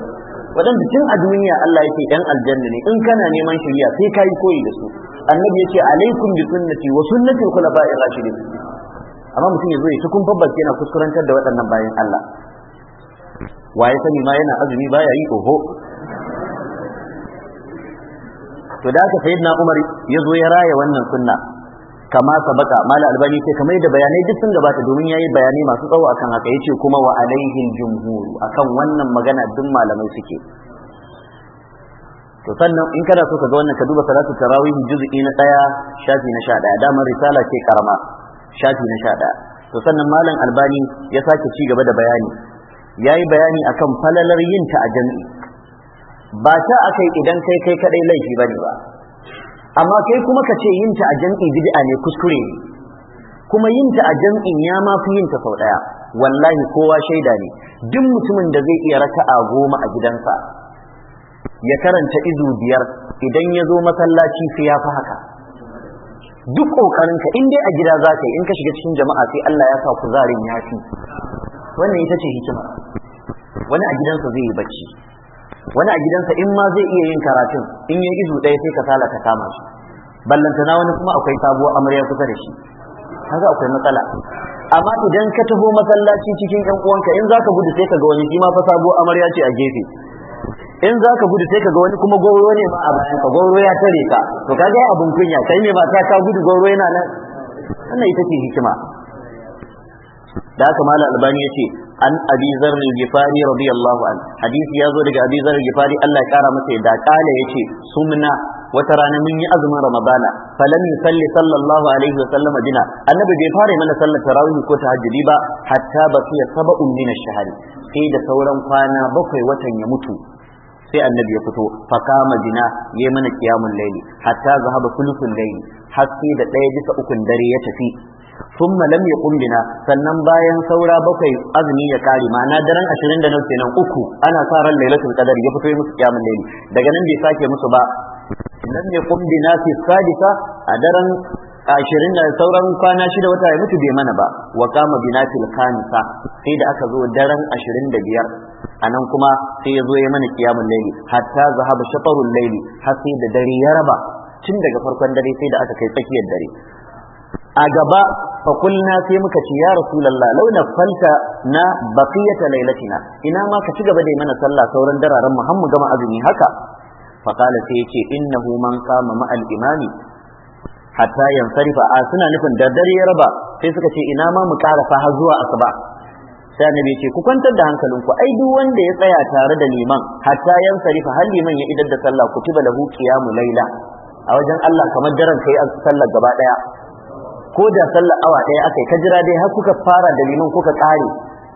waɗanda tun a duniya Allah yake ɗan aljanna ne in kana neman shirya sai ka yi koyi da su annabi ya ce alaikum bi sunnati wa sunnati khulafa'ir rashidin amma mutum ya zo ya tukun fabbas yana kuskurantar da waɗannan bayan Allah Waye sani ma yana azumi baya yi oho to da aka sayyidina Umar ya zo ya raya wannan sunna kama sabaka mala albani sai kamar da bayanai duk sun gabata domin yayi bayanai masu tsawo akan haka yace kuma wa alaihi jumhur akan wannan magana duk malamai suke to sannan in kana so ka ga wannan ka duba salatu tarawih juz'i na daya shafi na 11 damar risala ce karama shafi na daya to sannan malam albani ya sake ci gaba da bayani yayi bayani akan falalar yin ta a jami'i ba ta akai idan kai kai kadai laifi bane ba amma kai kuma ka ce yin ta a jami'i bid'a ne kuskure ne kuma yin ta a jami'i ya ma fi yin ta sau daya wallahi kowa shaida ne duk mutumin da zai iya raka'a goma a gidansa ya karanta izu biyar idan ya zo masallaci sai ya fi haka duk ƙoƙarinka in dai a gida za ka yi in ka shiga cikin jama'a sai Allah ya sa kuzarin ya fi wannan ita ce hikima wani a gidansa zai yi bacci wani a gidansa in ma zai iya yin karatun in yi izu ɗaya sai ka sala ka kama shi ballantana wani kuma akwai sabuwar amarya kusa da shi haka akwai matsala amma idan ka taho masallaci cikin ƴan uwanka in zaka gudu sai ka ga wani shi ma fa sabuwar amarya ce a gefe in za ka gudu sai ka ga wani kuma goro ne ma a bayan ka goro ya tare ka to ka ga abun kunya kai ne ba ta ka gudu goro yana nan wannan ita ce hikima da haka malam albani ya ce an abi zar al-gifari radiyallahu an hadisi ya zo daga abi zar al-gifari Allah ya kara masa da kala ce sumna wata rana mun yi azumin ramadana falam yusalli sallallahu alaihi wa sallama bina annabi bai fara mana sallar tarawih ko tahajjudi ba hatta baqiya sab'un min ash-shahr sai da sauran kwana bakwai watan ya mutu sai annabi ya fito fa kama bina yayi mana qiyamul laili hatta zahaba kulufin laili har da ɗaya bisa ukun dare ya tafi thumma lam ya bina sannan bayan saura bakwai azumi ya kare ma'ana daren ashirin da nan kenan uku ana sa ran lailatul qadar ya fito musu qiyamul layli daga nan bai sake musu ba lam ya bina fi sadisa a daren ashirin da sauran kwana shida wata ya mutu bai mana ba wa kama binatil kanisa sai da aka zo daren ashirin da biyar anan kuma sai ya zo ya mana kiyamun laili hatta zahaba shatarul laili har sai da dare ya raba tun daga farkon dare sai da aka kai tsakiyar dare a gaba fa kulna sai muka ce ya rasulullah law falta na baqiyata lailatina ina ma ka ci gaba da mana sallah sauran dararen mu har mu gama azumi haka fa qala sai yace innahu man qama ma'al imami hatta yansarifa a suna nufin da dare ya raba sai suka ce ina ma mu karasa har zuwa asuba sai annabi ce ku kwantar da hankalinku ai duk wanda ya tsaya tare da liman hatta yan sarifa har liman ya idar da sallah kutiba lahu qiyamu laila a wajen Allah kamar daren kai sallar gaba daya ko da sallar awa daya akai ka jira dai har kuka fara da liman kuka tsare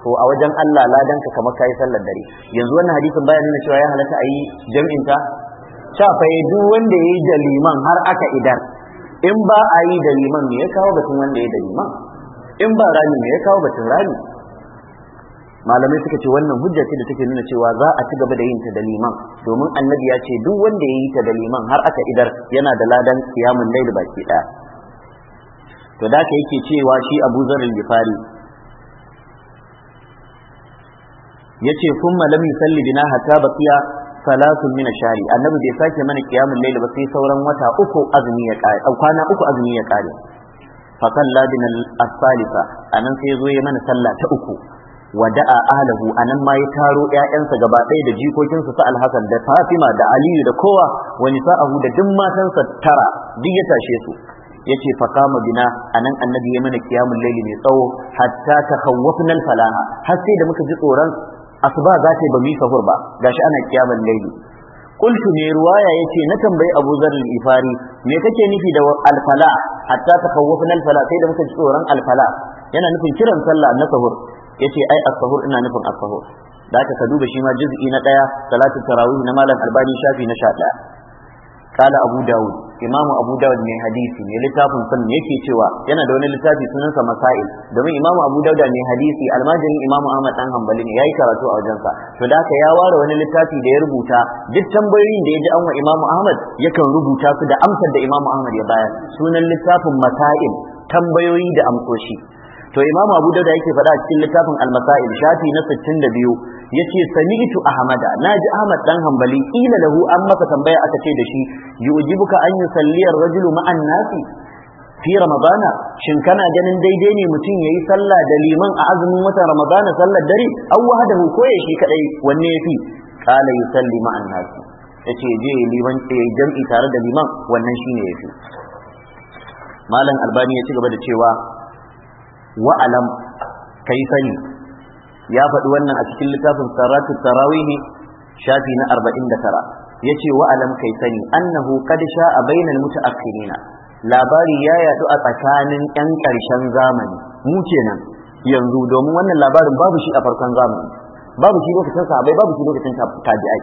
to a wajen Allah ladan ka kamar kai sallar dare yanzu wannan hadisin bayan nuna cewa ya halatta ayi jam'in ta ta fa eh, duk wanda yayi da liman har aka idar in ba a yi da liman me ya kawo batun wanda ya da liman in ba rami me ya kawo batun rami malamai suka ce wannan hujja ce da take nuna cewa za a ci gaba da yin ta da liman domin annabi ya ce duk wanda ya yi ta da liman har aka idar yana da ladan kiyamun laili baki daya to da yake cewa shi Abu Zar al-Ghifari yace kuma lam salli bina hatta baqiya salatun min shari annabi bai sake mana qiyamul layl ba sai sauran wata uku azumi ya kare kwana uku azumi ya kare fa salla bin al anan sai yazo ya mana sallah ta uku wada'a ahlahu anan ma ya taro ƴaƴansa gaba ɗaya da jikokinsa sa alhasan da fatima da aliyu da kowa wani nisa'ahu da duk matansa tara duk ya tashe su yace fa qama bina anan annabi ya mana qiyamul layli mai tsawo hatta takhawwafna al-falaha har da muka ji tsoron asuba zata ta bamu yi sahur ba gashi ana qiyamul layli qultu ne ruwaya ce na tambayi Abu Zar al-Ifari me kake nufi da al-fala hatta takhawwafna al-fala sai da muka ji tsoron al yana nufin kiran sallah na sahur yace ai as-sahur ina nufin as-sahur da aka ka duba shi ma juz'i na daya salatu tarawih na malam albani shafi na 11 kala abu dawud imamu abu dawud mai hadisi mai littafin sun yake cewa yana da wani littafi sunansa masail domin imamu abu dawud mai hadisi almajirin imamu ahmad dan hanbali ne yayi karatu a wajensa to da aka ya ware wani littafi da ya rubuta duk tambayoyin da ya ji an wa imamu ahmad yakan rubuta su da amsar da imamu ahmad ya bayar sunan littafin masail tambayoyi da amsoshi to imamu abu dauda yake faɗa a cikin littafin al-masail shafi na 62 yace sami'tu ahmada naji ahmad dan hanbali ila lahu an masa tambaya aka ce da shi yujibuka an yusalli ar-rajulu ma'an nasi fi ramadana shin kana ganin daidai ne mutum yayi sallah da liman a azumin watan ramadana sallar dare aw wahdahu ko ya shi kadai wanne yafi qala yusalli ma'an nasi yace je liman yayi jam'i tare da liman wannan shine yafi malam albani ya ci gaba da cewa wa'alam kai sani ya faɗi wannan a cikin littafin saratu tarawihi shafi na 49 ce wa'alam kai sani annahu qad sha'a Mutu, mutaakhirina labari ya yadu a tsakanin yan ƙarshen zamani mu kenan yanzu domin wannan labarin babu shi a farkon zamani babu shi lokacin sahabbai babu shi lokacin tabi'ai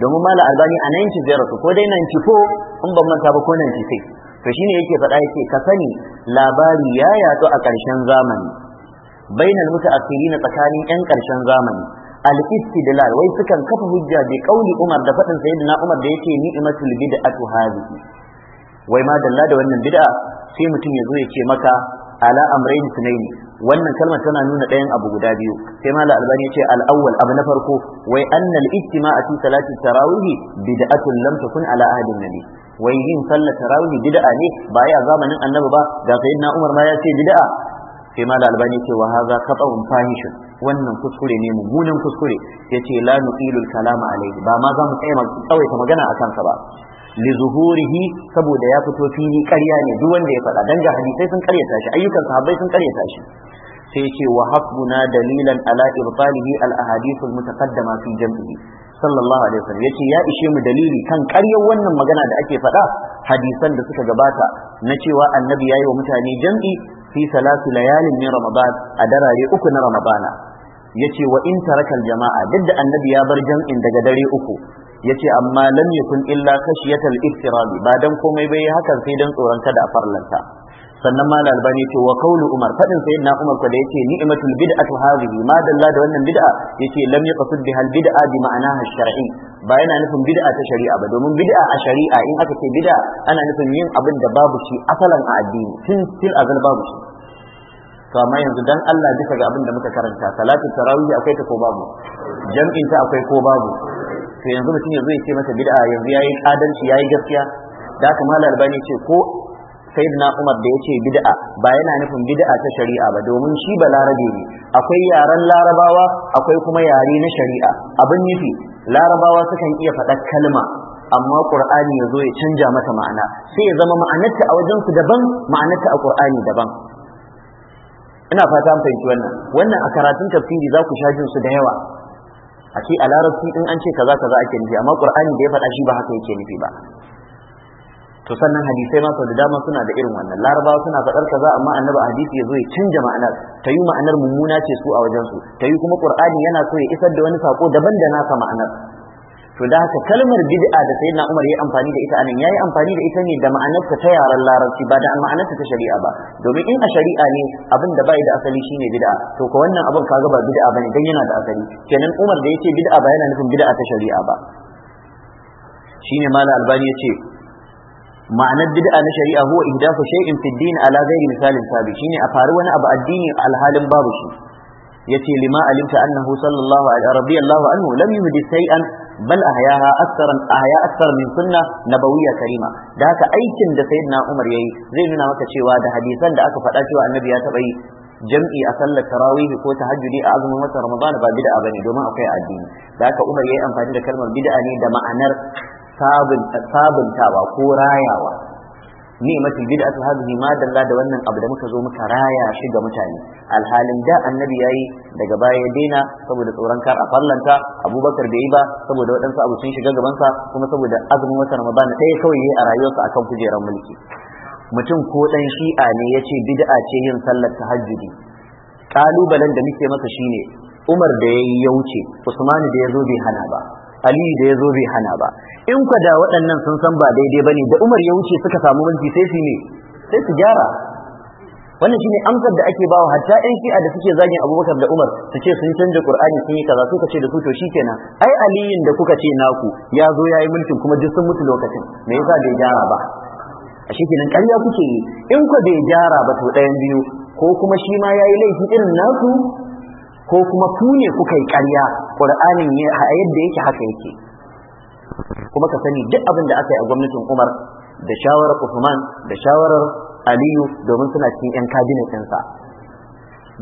domin mala albani a 95 ko dai 94 in ban manta ba ko 96 to ne yake faɗa yake ka sani labari ya yatsu a ƙarshen zamani bainal na tsakanin yan ƙarshen zamani al-istidlal wai sukan kafa hujja bi qauli Umar da faɗin sayyidina Umar da yake imatul bid'atu hadhihi wai ma dalla da wannan bid'a sai mutum ya zo ya ce maka ala amrayn sunaini wannan kalmar tana nuna ɗayan abu guda biyu sai mala albani ya ce al-awwal abu na farko wai annal ijtima'a fi salati tarawih bid'atun lam takun ala ahadin nabi wai yin sallar tarawih bid'a ne ba ya zamanin annabi ba da na Umar ma ya ce bid'a sai ma da albani ce wa haza qata'un fahishun wannan kuskure ne mummunan kuskure yace la nuqilu kalama alayhi ba ma za mu tsaya ta magana akan sa ba li zuhurihi saboda ya fito fili ƙarya ne duk wanda ya faɗa dan ga hadisai sun ƙaryata shi ayyukan sahabbai sun ƙaryata shi sai yace wa habbuna dalilan ala ibtalihi al ahadith al mutaqaddama fi jam'i sallallahu alaihi wasallam yace ya ishe mu dalili kan karyar wannan magana da ake faɗa hadisan da suka gabata na cewa annabi yayi wa mutane jam'i fi salatu layalin min ramadan a darare uku na ramadana yace wa in tarakal jama'a duk da annabi ya bar jam'in daga dare uku yace amma lam yakun illa khashiyatal iftirali ba dan komai bai hakan sai dan tsoron kada a farlanta sannan ma albani ce wa kaulu umar fadin na umar ko da yake ni'matul bid'atu hadhihi ma dalla da wannan bid'a yace lam yaqsud biha al bid'a bi ma'anaha shar'i ba yana nufin bid'a ta shari'a ba domin bid'a a shari'a in aka ce bid'a ana nufin yin abin da babu shi asalan a addini tun tun azal babu shi to amma yanzu dan Allah bisa ga abin da muka karanta salatu tarawih akwai ta ko babu jam'in ta akwai ko babu to yanzu mutum ya zo ya ce masa bid'a yanzu yayi adalci yayi gaskiya da haka malam albani ce ko sayyidina Umar da yace bid'a ba yana nufin bid'a ta shari'a ba domin shi balarabe ne akwai yaren larabawa akwai kuma yare na shari'a abin nufi larabawa sukan iya faɗa kalma amma qur'ani ya zo ya canja mata ma'ana sai ya zama ma'anarta a wajen su daban ma'anarta a qur'ani daban ina fata an fahimci wannan wannan a karatun tafsiri za ku sha jin su da yawa a ce a larabci in an ce kaza kaza ake nufi amma qur'ani da ya faɗa shi ba haka yake nufi ba to sannan hadisai ma sau da dama suna da irin wannan larabawa suna faɗar kaza amma annabi a hadisi ya zo ya canja ma'anar ta yi ma'anar mummuna ce su a wajen su ta yi kuma Al-ƙur'ani yana so ya isar da wani sako daban da nasa ma'anar to da haka kalmar bid'a da sayyidina Umar ya amfani da ita anan yayi amfani da ita ne da ma'anarta ta yaran larabci ba da ma'anarta ta shari'a ba domin in a shari'a ne abin da bai da asali shine bid'a to ko wannan abin kaga ba bid'a bane dan yana da asali kenan Umar da ce bid'a ba yana nufin bid'a ta shari'a ba shine mala albani yace ma'anar bid'a na shari'a huwa ihdathu shay'in fi din ala ghairi misalin sabi shine a faru wani abu addini alhalin babu shi yace lima alimta annahu sallallahu alaihi radiyallahu anhu lam yuhdi shay'an bal ahyaha akthar ahya akthar min sunna nabawiyya karima da haka aikin da sayyidina Umar yayi zai nuna maka cewa da hadisan da aka faɗa cewa annabi ya taɓa yi jam'i a sallar tarawih ko tahajjudi a azumin watan Ramadan ba bid'a bane domin akwai addini da haka Umar yayi amfani da kalmar bid'a ne da ma'anar sabuntawa ko rayawa ni mace ta hadhihi ma dalla da wannan abu da muka zo muka raya shi ga mutane alhalin da annabi yayi daga baya ya daina saboda tsoron kar a fallanta abubakar bai yi ba saboda waɗansu abu sun shiga gaban sa kuma saboda azumin wata ramadan ɗaya kawai yi a rayuwarsa akan kujerar mulki mutum ko dan shi'a ne ya ce bid'a ce yin sallar tahajjudi kalubalen da muke masa shine umar da ya yi ya wuce usmanu da ya zo bai hana ba ali da ya zo bai hana ba in kwa da waɗannan sun san ba daidai ba ne da umar ya wuce suka samu mulki sai su ne sai su gyara wannan shine amsar da ake bawa hatta ɗan shi'a da suke zagin abubakar da umar su ce sun canja qur'ani sun yi kaza suka ce da su to shikenan ai aliyin da kuka ce naku ya zo ya yi mulkin kuma duk sun mutu lokacin me yasa bai gyara ba a shikenan ƙarya kuke yi in ku bai gyara ba to ɗayan biyu ko kuma shi ma ya yi laifi irin naku ko kuma ku ne kuka yi ƙarya ƙur'anin yadda yake haka yake kuma ka sani duk abin da aka yi a gwamnatin Umar da shawarar Usman da shawarar Aliyu domin suna cikin 'yan kabinet ɗinsa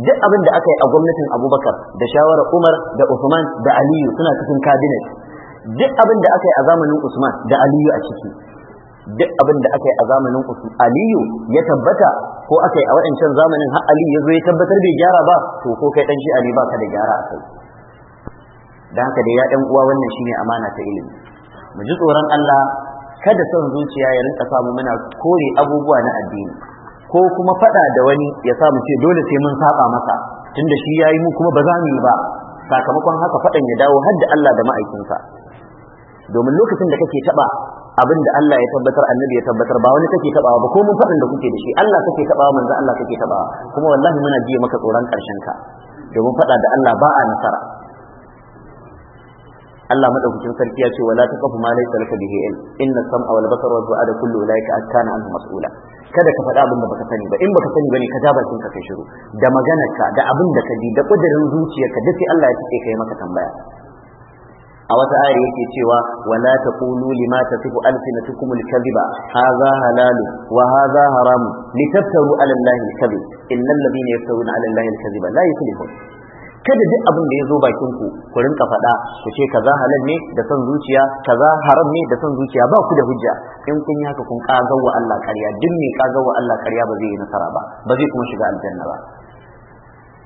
duk abin da aka yi a gwamnatin Abubakar da shawarar Umar da Usman da Aliyu suna cikin kabinet duk abin da aka yi a zamanin Usman da Aliyu a ciki duk abin da aka yi a zamanin aliyu ya tabbata ko aka yi a waɗancan zamanin har aliyu ya zo ya tabbatar bai gyara ba to ko kai ɗan shi'a ne ba ka da gyara a kai dan haka dai ya ɗan uwa wannan shine amana ta ilimi mu ji tsoron Allah kada son zuciya ya rinka samu muna kore abubuwa na addini ko kuma faɗa da wani ya samu ce dole sai mun saba masa tunda shi yayi mu kuma ba za mu yi ba sakamakon haka faɗan ya dawo har da Allah da ma'aikinsa domin lokacin da kake taba abin da Allah ya tabbatar annabi ya tabbatar ba wani kake tabawa ba ko mun faɗin da kuke da shi Allah kake tabawa manzo Allah kake tabawa kuma wallahi muna jiya maka tsoron karshen ka domin faɗa da Allah ba a nasara Allah madaukakin sarki ya ce wala taqafu ma laysa laka bihi ilm inna sam'a wal basara wal fu'ada kullu ulaika kana anhu mas'ula kada ka faɗa abin da baka sani ba in baka sani bane ka ja bakin ka kai shiru da maganarka da abin da ka ji da kudirin zuciyarka da sai Allah ya tike kai maka tambaya a wata aya yake cewa wala taqulu lima tasifu alsinatukum alkadhiba hadha halalu wa hadha haramu litaftaru ala allahi alkadhib innal ladhina yaftaruna ala allahi alkadhiba la yuflihun kada duk abin da ya zo bakin ku ku rinka faɗa ku ce kaza halal ne da son zuciya kaza haram ne da son zuciya ba ku da hujja in kun yi haka kun kagawa Allah ƙarya duk mai kagawa Allah ƙarya ba zai yi nasara ba ba zai kuma shiga aljanna ba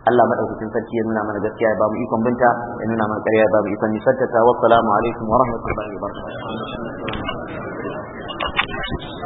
Allah madaukakin sarki ya nuna mana gaskiya ya ba ikon binta ya nuna mana ƙarya ya ba ikon nisantarta wassalamu alaikum wa rahmatullahi wa barakatuh